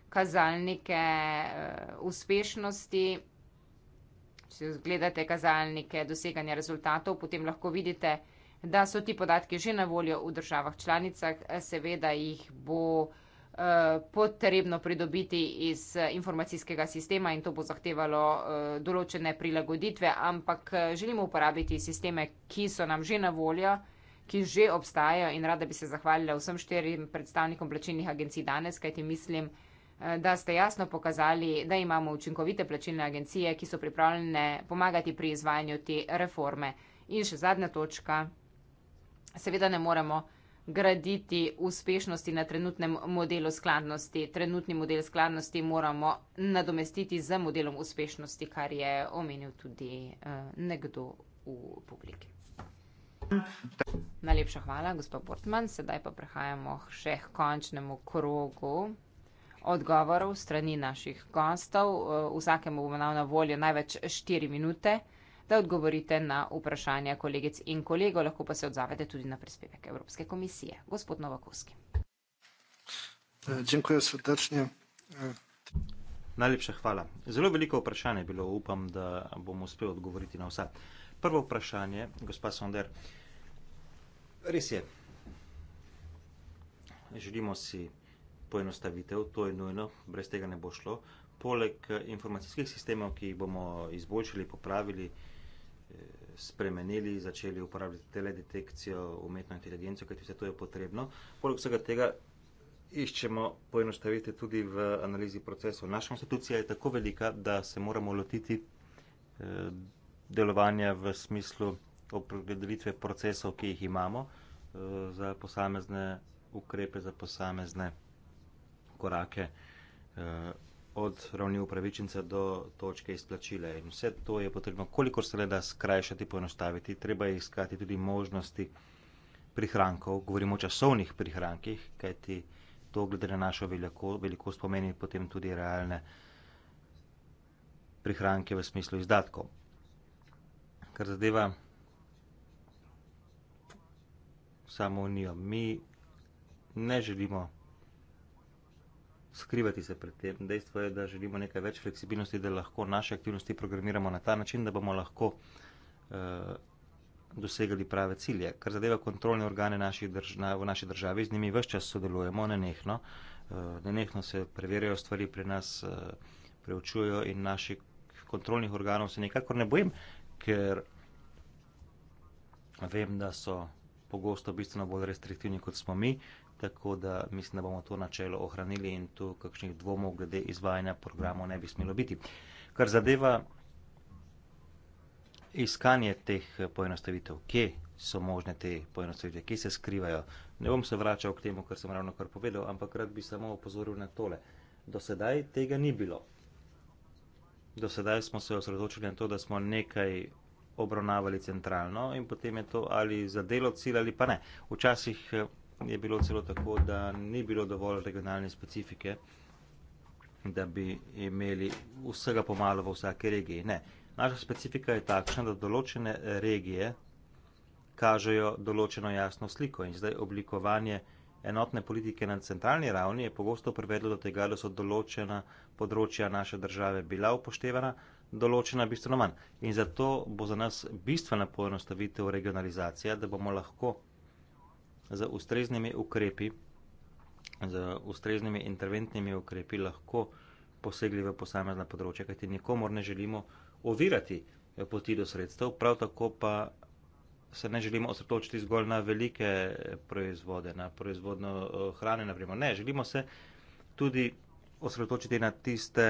kazalnike eh, uspešnosti, če si ogledate kazalnike doseganja rezultatov, potem lahko vidite, da so ti podatki že na voljo v državah članicah. Seveda jih bo. Eh, potrebno pridobiti iz eh, informacijskega sistema in to bo zahtevalo eh, določene prilagoditve, ampak želimo uporabiti sisteme, ki so nam že na voljo, ki že obstajajo in rada bi se zahvalila vsem štirim predstavnikom plačilnih agencij danes, kajti mislim, da ste jasno pokazali, da imamo učinkovite plačilne agencije, ki so pripravljene pomagati pri izvajanju te reforme. In še zadnja točka. Seveda ne moremo graditi uspešnosti na trenutnem modelu skladnosti. Trenutni model skladnosti moramo nadomestiti z modelom uspešnosti, kar je omenil tudi uh, nekdo v publiki. Najlepša hvala, gospod Portman. Sedaj pa prehajamo še k končnemu krogu odgovorov strani naših gostov. Eh, vsakemu bomo na voljo največ 4 minute da odgovorite na vprašanja kolegic in kolegov, lahko pa se odzavete tudi na prispevek Evropske komisije. Gospod Novakovski. Eh, dziękuję srdecznie. Eh. Najlepša hvala. Zelo veliko vprašanj je bilo, upam, da bom uspel odgovoriti na vsa. Prvo vprašanje, gospa Sonder, res je, želimo si poenostavitev, to je nujno, brez tega ne bo šlo. Poleg informacijskih sistemov, ki jih bomo izboljšali, popravili, spremenili, začeli uporabljati teledetekcijo, umetno inteligenco, kajti vse to je potrebno. Poleg vsega tega iščemo poenostavitev tudi v analizi procesov. Naša institucija je tako velika, da se moramo lotiti eh, delovanja v smislu opredelitve procesov, ki jih imamo eh, za posamezne ukrepe, za posamezne korake. Eh, od ravni upravičence do točke izplačila. In vse to je potrebno, kolikor se le da skrajšati, poenostaviti. Treba je iskati tudi možnosti prihrankov, govorimo o časovnih prihrankih, kajti to, glede na našo veliko, velikost, pomeni potem tudi realne prihranke v smislu izdatkov. Kar zadeva samo unijo, mi ne želimo skrivati se pred tem. Dejstvo je, da želimo nekaj več fleksibilnosti, da lahko naše aktivnosti programiramo na ta način, da bomo lahko uh, eh, dosegali prave cilje. Kar zadeva kontrolne organe držna, v naši državi, z njimi vse čas sodelujemo, nenehno. Uh, nenehno se preverjajo stvari pri nas, uh, eh, preučujo in naših kontrolnih organov se nekako ne bojim, ker vem, da so pogosto bistveno bolj restriktivni, kot smo mi. Uh, tako da mislim, da bomo to načelo ohranili in tu kakšnih dvomov glede izvajanja programov ne bi smelo biti. Kar zadeva iskanje teh poenostavitev, kje so možne te poenostavitve, kje se skrivajo. Ne bom se vračal k temu, kar sem ravno kar povedal, ampak rad bi samo opozoril na tole. Do sedaj tega ni bilo. Do sedaj smo se osredotočili na to, da smo nekaj obravnavali centralno in potem je to ali zadelo cilj ali pa ne. Včasih eh, je bilo celo tako, da ni bilo dovolj regionalne specifike, da bi imeli vsega pomalo v vsaki regiji. Ne. Naša specifika je takšna, da določene regije kažejo določeno jasno sliko in zdaj oblikovanje enotne politike na centralni ravni je pogosto privedlo do tega, da so določena področja naše države bila upoštevana, določena bistveno manj. In zato bo za nas bistvena poenostavitev regionalizacija, da bomo lahko z ustreznimi ukrepi, z ustreznimi interventnimi ukrepi lahko posegli v posamezna področja, kajti nikomor ne želimo ovirati eh, poti do sredstev, prav tako pa se ne želimo osredotočiti zgolj na velike eh, proizvode, na proizvodno eh, hrane, naprimer. Ne, želimo se tudi osredotočiti na tiste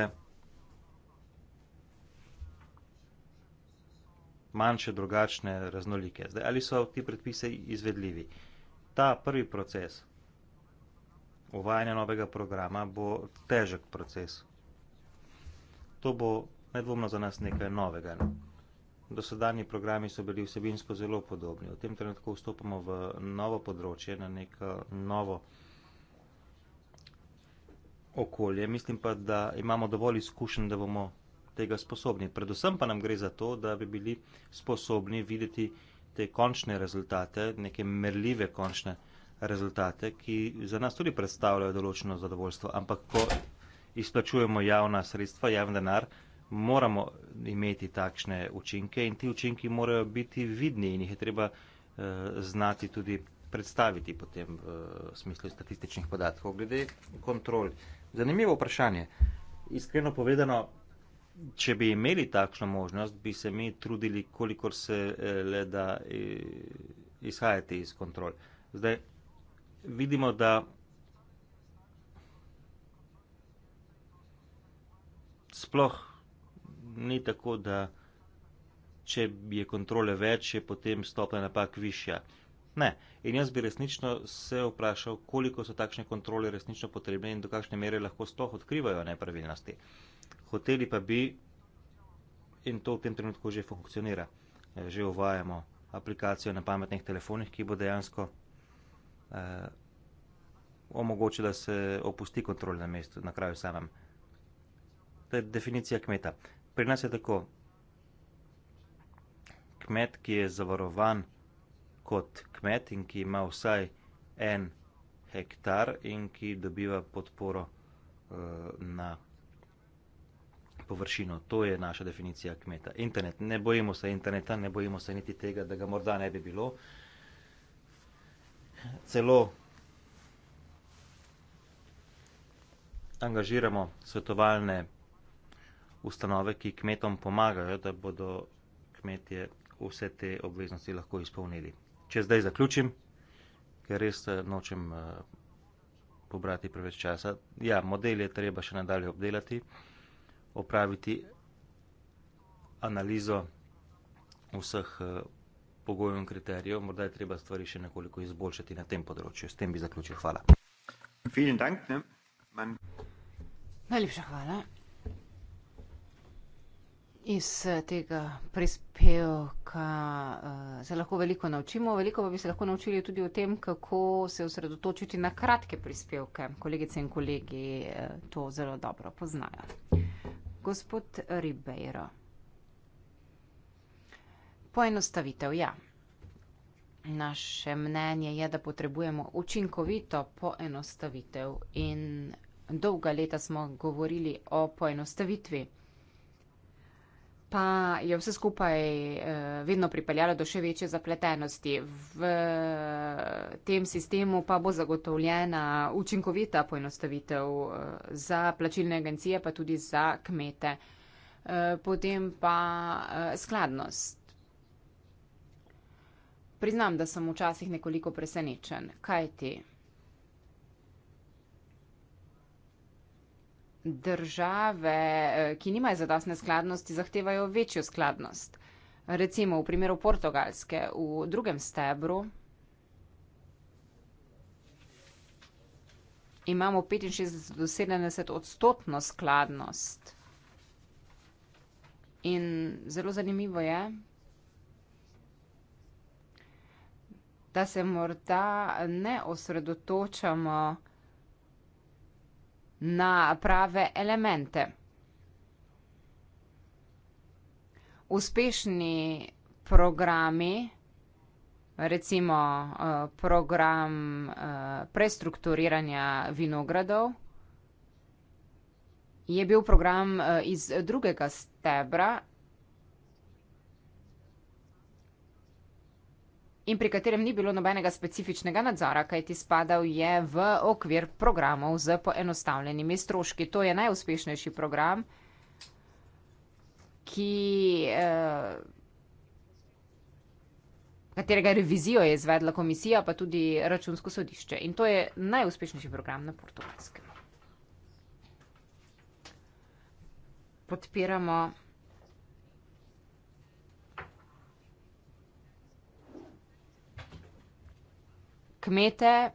manjše, drugačne, raznolike. Zdaj, ali so ti predpise izvedljivi? Uh, ta prvi proces uvajanja novega programa bo težek proces. To bo nedvomno za nas nekaj novega. Dosedanji programi so bili vsebinsko zelo podobni. V tem trenutku vstopamo v novo področje, na neko novo okolje. Mislim pa, da imamo dovolj izkušenj, da bomo tega sposobni. Predvsem pa nam gre za to, da bi bili sposobni videti te končne rezultate, neke merljive končne rezultate, ki za nas tudi predstavljajo določeno zadovoljstvo. Ampak, ko izplačujemo javna sredstva, javni denar, moramo imeti takšne učinke in ti učinki morajo biti vidni in jih je treba eh, znati tudi predstaviti potem eh, v smislu statističnih podatkov. Glede kontrol. Zanimivo vprašanje. Iskreno povedano, če bi imeli takšno možnost, bi se mi trudili, kolikor se eh, le da izhajati iz kontrol. Zdaj vidimo, da sploh ni tako, da če je kontrole več, je potem stopna napak višja. Ne. In jaz bi resnično se vprašal, koliko so takšne kontrole resnično potrebne in do kakšne mere lahko sploh odkrivajo nepravilnosti. Uh, hoteli pa bi, in to v tem trenutku že funkcionira, eh, že uvajamo aplikacijo na pametnih telefonih, ki bo dejansko eh, omogočila, da se opusti kontrol na mestu, na kraju samem. To je definicija kmeta. Pri nas je tako, kmet, ki je zavarovan kot kmet in ki ima vsaj en hektar in ki dobiva podporo eh, na površino. To je naša definicija kmeta. Internet. Ne bojimo se interneta, ne bojimo se niti tega, da ga morda ne bi bilo. Celo angažiramo svetovalne ustanove, ki kmetom pomagajo, da bodo kmetje vse te obveznosti lahko izpolnili. Če zdaj zaključim, ker res eh, nočem eh, pobrati preveč časa. Ja, model je treba še nadalje obdelati opraviti analizo vseh eh, pogojev in kriterijev. Morda je treba stvari še nekoliko izboljšati na tem področju. S tem bi zaključil. Hvala. Najlepša hvala. Iz eh, tega prispevka eh, se lahko veliko naučimo, veliko pa bi se lahko naučili tudi o tem, kako se osredotočiti na kratke prispevke. Kolegice in kolegi to zelo dobro poznajo gospod Ribeiro. Poenostavitev, ja. Naše mnenje je, da potrebujemo učinkovito poenostavitev in dolga leta smo govorili o poenostavitvi pa je vse skupaj eh, vedno pripeljalo do še večje zapletenosti. V tem sistemu pa bo zagotovljena učinkovita poenostavitev eh, za plačilne agencije, pa tudi za kmete. Eh, potem pa skladnost. Priznam, da sem včasih nekoliko presenečen. Kaj ti? države, eh, ki nimajo zadostne skladnosti, zahtevajo večjo skladnost. Recimo v primeru Portugalske v drugem stebru imamo 65 do 70 odstotno skladnost. In zelo zanimivo je, da se morda ne osredotočamo na prave elemente. Uspešni programi, recimo, eh, program, eh, prestrukturiranja vinogradov, je bil program, eh, iz drugega stebra in pri katerem ni bilo nobenega specifičnega nadzora, kajti spadal je v okvir programov z poenostavljenimi stroški. To je najuspešnejši program, ki, eh, katerega revizijo je izvedla komisija, pa tudi računsko sodišče. In to je najuspešnejši program na portugalskem. Podpiramo. kmete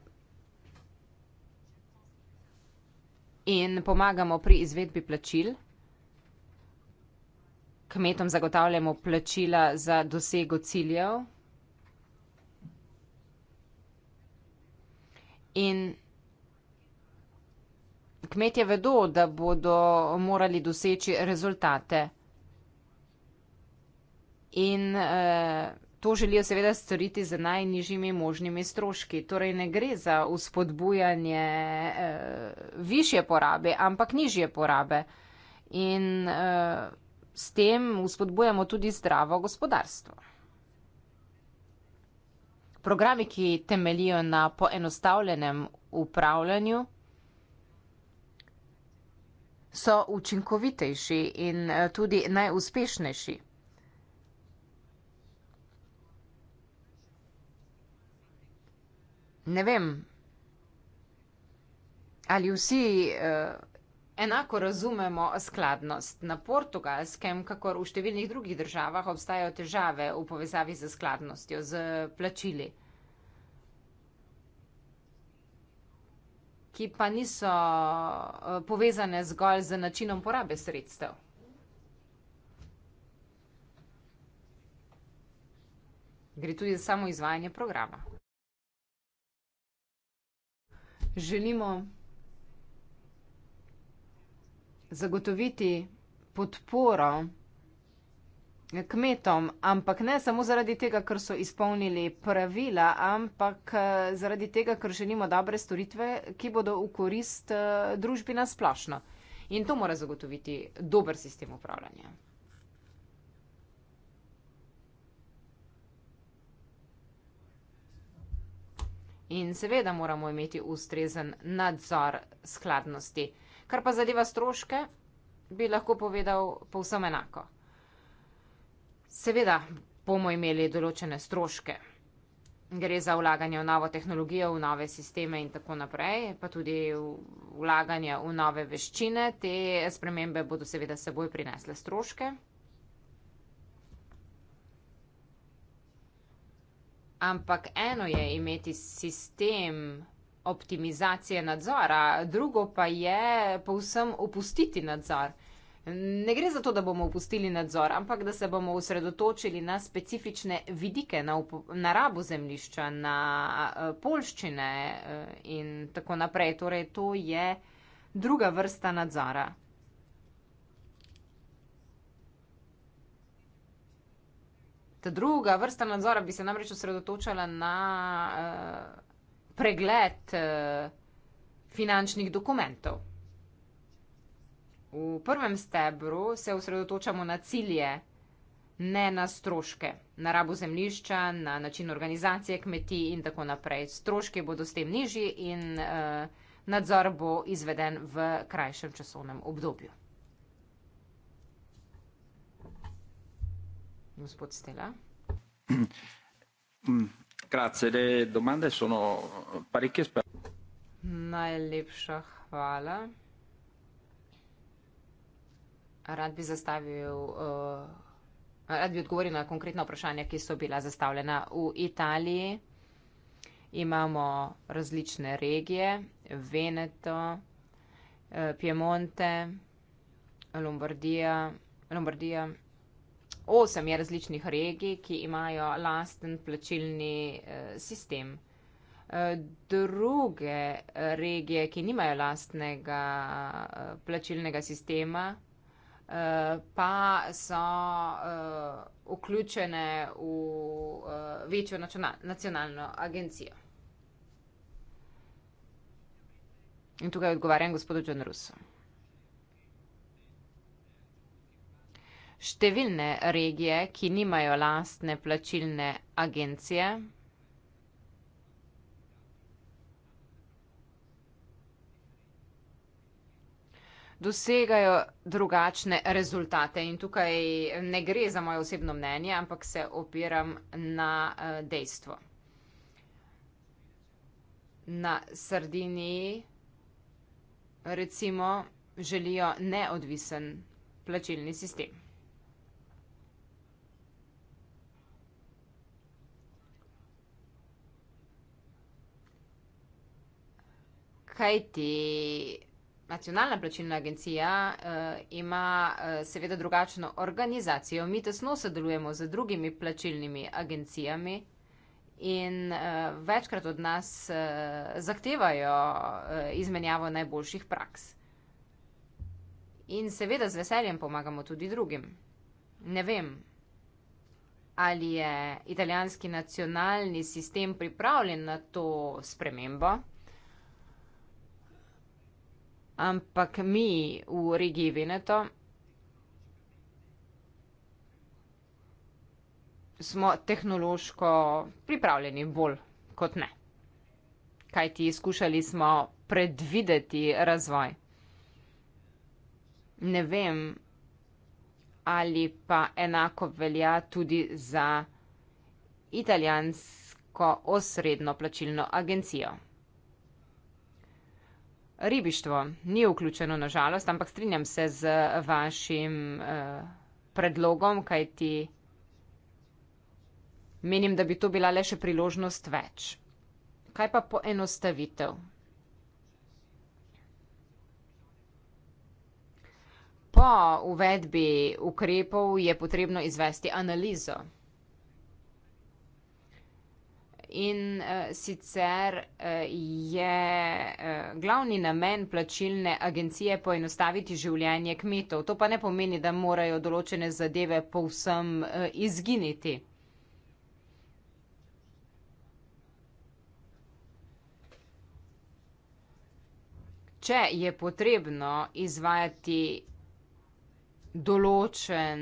in pomagamo pri izvedbi plačil. Kmetom zagotavljamo plačila za dosego ciljev. In kmetje vedo, da bodo morali doseči rezultate. In eh, to želijo seveda storiti z najnižjimi možnimi stroški. Torej ne gre za uspodbujanje eh, više porabe, ampak nižje porabe. In eh, s tem uspodbujamo tudi zdravo gospodarstvo. Programi, ki temelijo na poenostavljenem upravljanju, so učinkovitejši in eh, tudi najuspešnejši. ne vem, ali vsi uh, enako razumemo skladnost. Na portugalskem, kakor v številnih drugih državah, obstajajo težave v povezavi z skladnostjo, z plačili, ki pa niso uh, povezane zgolj z načinom porabe sredstev. Gre tudi za samo izvajanje programa želimo zagotoviti podporo kmetom, ampak ne samo zaradi tega, ker so izpolnili pravila, ampak eh, zaradi tega, ker želimo dobre storitve, ki bodo v korist eh, družbi nasplošno. In to mora zagotoviti dober sistem upravljanja. In seveda moramo imeti ustrezen nadzor skladnosti. Kar pa zadeva stroške, bi lahko povedal povsem enako. Seveda bomo imeli določene stroške. Gre za vlaganje v novo tehnologijo, v nove sisteme in tako naprej, pa tudi vlaganje v nove veščine. Te spremembe bodo seveda seboj prinesle stroške. Ampak eno je imeti sistem optimizacije nadzora, drugo pa je povsem opustiti nadzor. Ne gre za to, da bomo opustili nadzor, ampak da se bomo usredotočili na specifične vidike, na, na rabo zemljišča, na eh, polščine eh, in tako naprej. Torej, to je druga vrsta nadzora. Ta druga vrsta nadzora bi se namreč osredotočala na uh, pregled uh, finančnih dokumentov. V prvem stebru se osredotočamo na cilje, ne na stroške, na rabo zemlišča, na način organizacije kmetij in tako naprej. Stroški bodo s tem nižji in uh, nadzor bo izveden v krajšem časovnem obdobju. gospod stella mm, grazie le domande sono parecchie najlepša hvala rad bi zastavil uh, rad bi odgovoril na konkretna vprašanja ki so bila zastavljena v italiji imamo različne regije veneto eh, piemonte lombardija lombardija osem je različnih regij, ki imajo lasten plačilni eh, sistem. Eh, druge eh, regije, ki nimajo lastnega plačilnega sistema, pa so vključene v večjo nacionalno agencijo. In tukaj odgovarjam gospodu John Russo. Številne regije, ki nimajo lastne plačilne agencije, dosegajo drugačne rezultate in tukaj ne gre za moje osebno mnenje, ampak se opiram na eh, dejstvo. Na Sardiniji recimo želijo neodvisen plačilni sistem. kajti nacionalna plačilna agencija uh, ima uh, seveda drugačno organizacijo. Mi tesno sodelujemo z drugimi plačilnimi agencijami in uh, večkrat od nas uh, zahtevajo uh, izmenjavo najboljših praks. In seveda z veseljem pomagamo tudi drugim. Ne vem, ali je italijanski nacionalni sistem pripravljen na to spremembo. Ampak mi v regiji Veneto smo tehnološko pripravljeni bolj kot ne. Kaj ti izkušali smo predvideti razvoj. Ne vem, ali pa enako velja tudi za italijansko osredno plačilno agencijo ribištvo ni vključeno na žalost, ampak strinjam se z vašim uh, predlogom, kaj ti menim, da bi to bila le še priložnost več. Kaj pa poenostavitev? Po uvedbi ukrepov je potrebno izvesti analizo in uh, sicer uh, je uh, glavni namen plačilne agencije poenostaviti življenje kmetov. To pa ne pomeni, da morajo določene zadeve povsem uh, izginiti. Če je potrebno izvajati določen.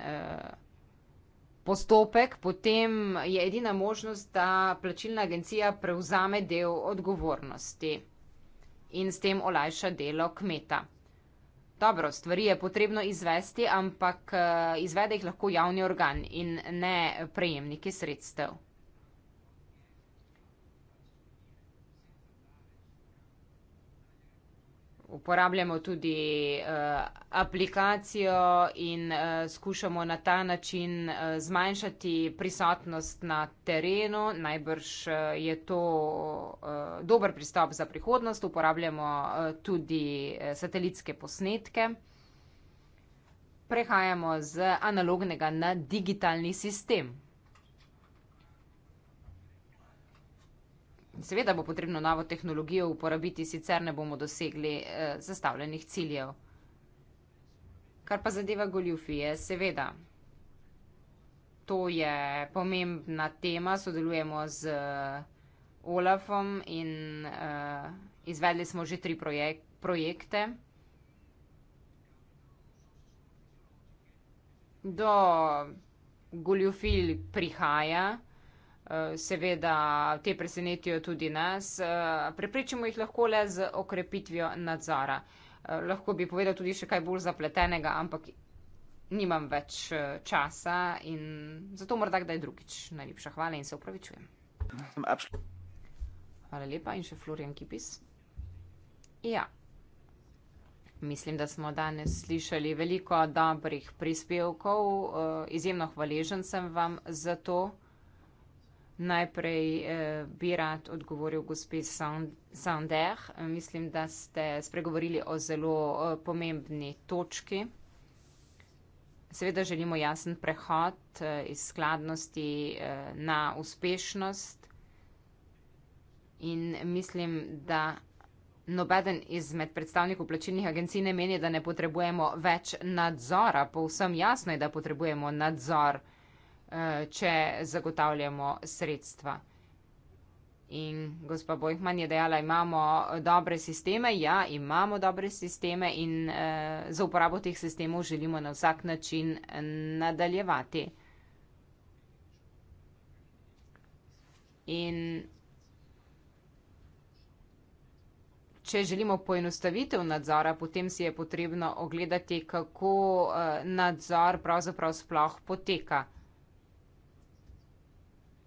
Uh, postopek, potem je edina možnost, da plačilna agencija prevzame del odgovornosti in s tem olajša delo kmeta. Dobro, stvari je potrebno izvesti, ampak eh, izvede jih lahko javni organ in ne prejemniki sredstev. uporabljamo tudi uh, aplikacijo in uh, skušamo na ta način uh, zmanjšati prisotnost na terenu. Najbrž uh, je to uh, dober pristop za prihodnost. Uporabljamo uh, tudi uh, satelitske posnetke. Prehajamo z analognega na digitalni sistem. Seveda bo potrebno novo tehnologijo uporabiti, sicer ne bomo dosegli eh, zastavljenih ciljev. Kar pa zadeva goljufije, seveda. To je pomembna tema, sodelujemo z eh, Olafom in eh, izvedli smo že tri projek projekte. Do goljufil prihaja. Eh, seveda te presenetijo tudi nas. Eh, prepričamo jih lahko le z okrepitvijo nadzora. Eh, lahko bi povedal tudi še kaj bolj zapletenega, ampak nimam več časa in zato morda kdaj drugič. Najlepša hvala in se upravičujem. Hvala lepa in še Florian Kipis. Ja. Mislim, da smo danes slišali veliko dobrih prispevkov. Izjemno hvaležen sem vam za to. Najprej eh, bi rad odgovoril gospe Sander. Mislim, da ste spregovorili o zelo eh, pomembni točki. Seveda želimo jasen prehod eh, iz skladnosti eh, na uspešnost in mislim, da nobeden izmed predstavnikov plačilnih agencij ne meni, da ne potrebujemo več nadzora. Povsem jasno je, da potrebujemo nadzor. Eh, če zagotavljamo sredstva. In gospa Bojhman je dejala, imamo dobre sisteme. Ja, imamo dobre sisteme in eh, za uporabo teh sistemov želimo na vsak način nadaljevati. In če želimo poenostavitev nadzora, potem si je potrebno ogledati, kako eh, nadzor pravzaprav sploh poteka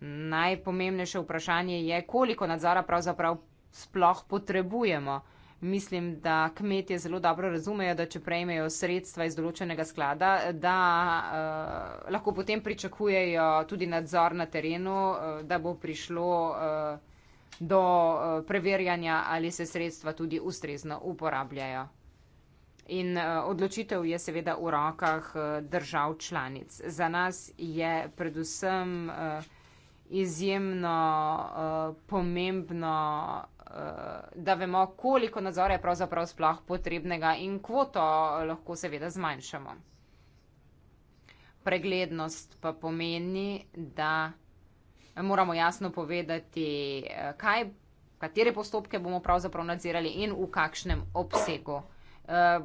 najpomembnejše vprašanje je, koliko nadzora pravzaprav sploh potrebujemo. Mislim, da kmetje zelo dobro razumejo, da če prejmejo sredstva iz določenega sklada, da eh, lahko potem pričakujejo tudi nadzor na terenu, eh, da bo prišlo eh, do eh, preverjanja, ali se sredstva tudi ustrezno uporabljajo. In eh, odločitev je seveda v rokah eh, držav članic. Za nas je predvsem. Eh, izjemno uh, pomembno, uh, da vemo, koliko nadzora je pravzaprav sploh potrebnega in kvoto eh, lahko seveda zmanjšamo. Preglednost pa pomeni, da moramo jasno povedati, kaj, katere postopke bomo pravzaprav nadzirali in v kakšnem obsegu.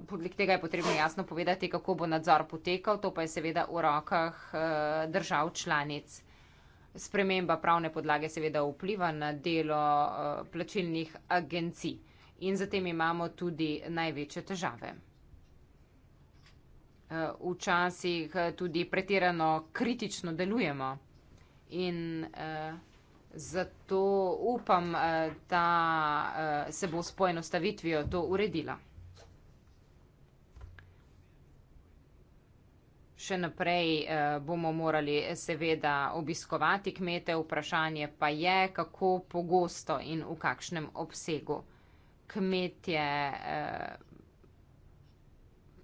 Podlik tega je potrebno jasno povedati, kako bo nadzor potekal, to pa je seveda v rokah držav članic sprememba pravne podlage seveda vpliva na delo eh, plačilnih agencij in zatem imamo tudi največje težave. Eh, včasih eh, tudi pretirano kritično delujemo in zato upam, da se bo s poenostavitvijo to uredila. še naprej eh, bomo morali seveda obiskovati kmete, vprašanje pa je, kako pogosto in v kakšnem obsegu kmetje eh,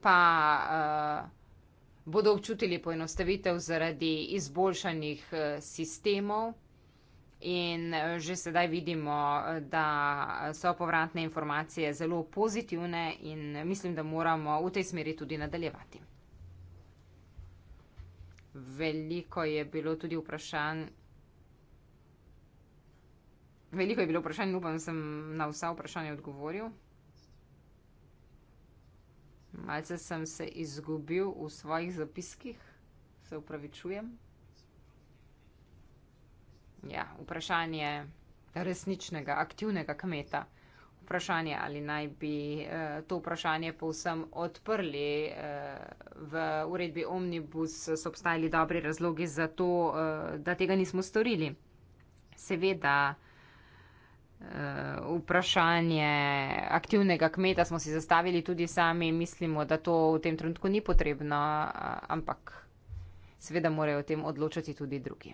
pa eh, bodo občutili poenostavitev zaradi izboljšanih sistemov. In že sedaj vidimo, da so povratne informacije zelo pozitivne in mislim, da moramo v tej smeri tudi nadaljevati veliko je bilo tudi vprašanj. Veliko je bilo vprašanj, upam, da sem na vsa vprašanja odgovoril. Malce sem se izgubil v svojih zapiskih, se upravičujem. Ja, vprašanje resničnega, aktivnega kmeta vprašanje, ali naj bi eh, to vprašanje povsem odprli. Eh, v uredbi Omnibus so obstajali dobri razlogi za to, eh, da tega nismo storili. Seveda, vprašanje aktivnega kmeta smo si zastavili tudi sami, mislimo, da to v tem trenutku ni potrebno, ampak seveda morajo o tem odločati tudi drugi.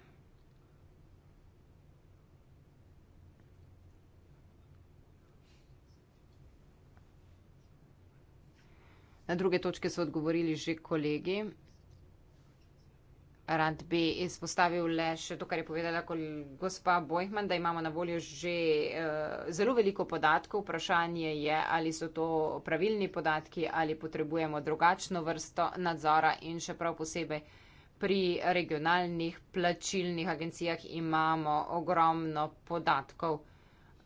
Na druge točke so odgovorili že kolegi. Rad bi izpostavil le še to, kar je povedala gospa Bojhman, da imamo na voljo že uh, zelo veliko podatkov. Vprašanje je, ali so to pravilni podatki, ali potrebujemo drugačno vrsto nadzora in še prav posebej pri regionalnih plačilnih agencijah imamo ogromno podatkov.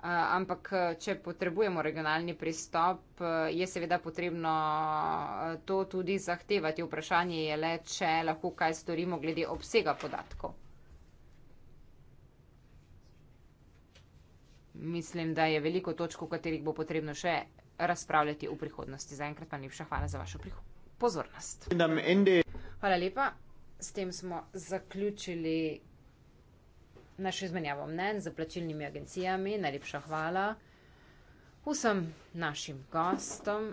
Eh, ampak eh, če potrebujemo regionalni pristop, eh, je seveda potrebno to tudi zahtevati. Vprašanje je le, če lahko kaj storimo glede obsega podatkov. Mislim, da je veliko točk, o katerih bo potrebno še razpravljati v prihodnosti. Zaenkrat pa najlepša hvala za vašo pozornost. Hvala lepa. S tem smo zaključili naš izmenjavo mnen z plačilnimi agencijami. Najlepša hvala vsem našim gostom.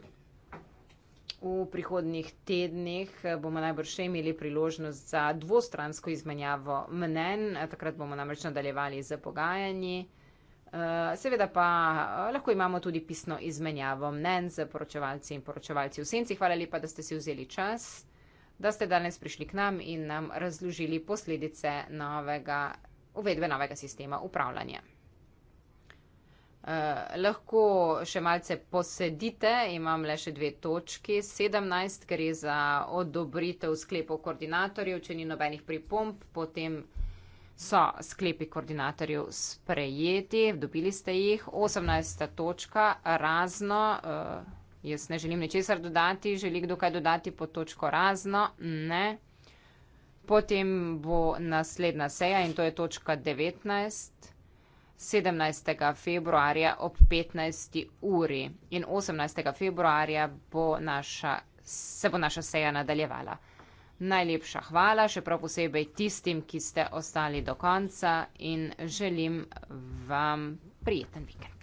V prihodnih tednih bomo najbolj še imeli priložnost za dvostransko izmenjavo mnen. Takrat bomo namreč nadaljevali z pogajanji. Eh, seveda pa eh, lahko imamo tudi pisno izmenjavo mnen z poročevalci in poročevalci v senci. Hvala lepa, da ste si vzeli čas, da ste danes prišli k nam in nam razložili posledice novega uvedbe novega sistema upravljanja. Uh, lahko še malce posedite, imam le še dve točki. 17 gre za odobritev sklepov koordinatorjev, če ni nobenih pripomp, potem so sklepi koordinatorjev sprejeti, dobili ste jih. 18. točka razno, uh, jaz ne želim ničesar dodati, želi kdo kaj dodati pod točko razno? Ne. Potem bo naslednja seja in to je točka 19. 17. februarja ob 15. uri in 18. februarja bo naša, se bo naša seja nadaljevala. Najlepša hvala, še prav posebej tistim, ki ste ostali do konca in želim vam prijeten vikend.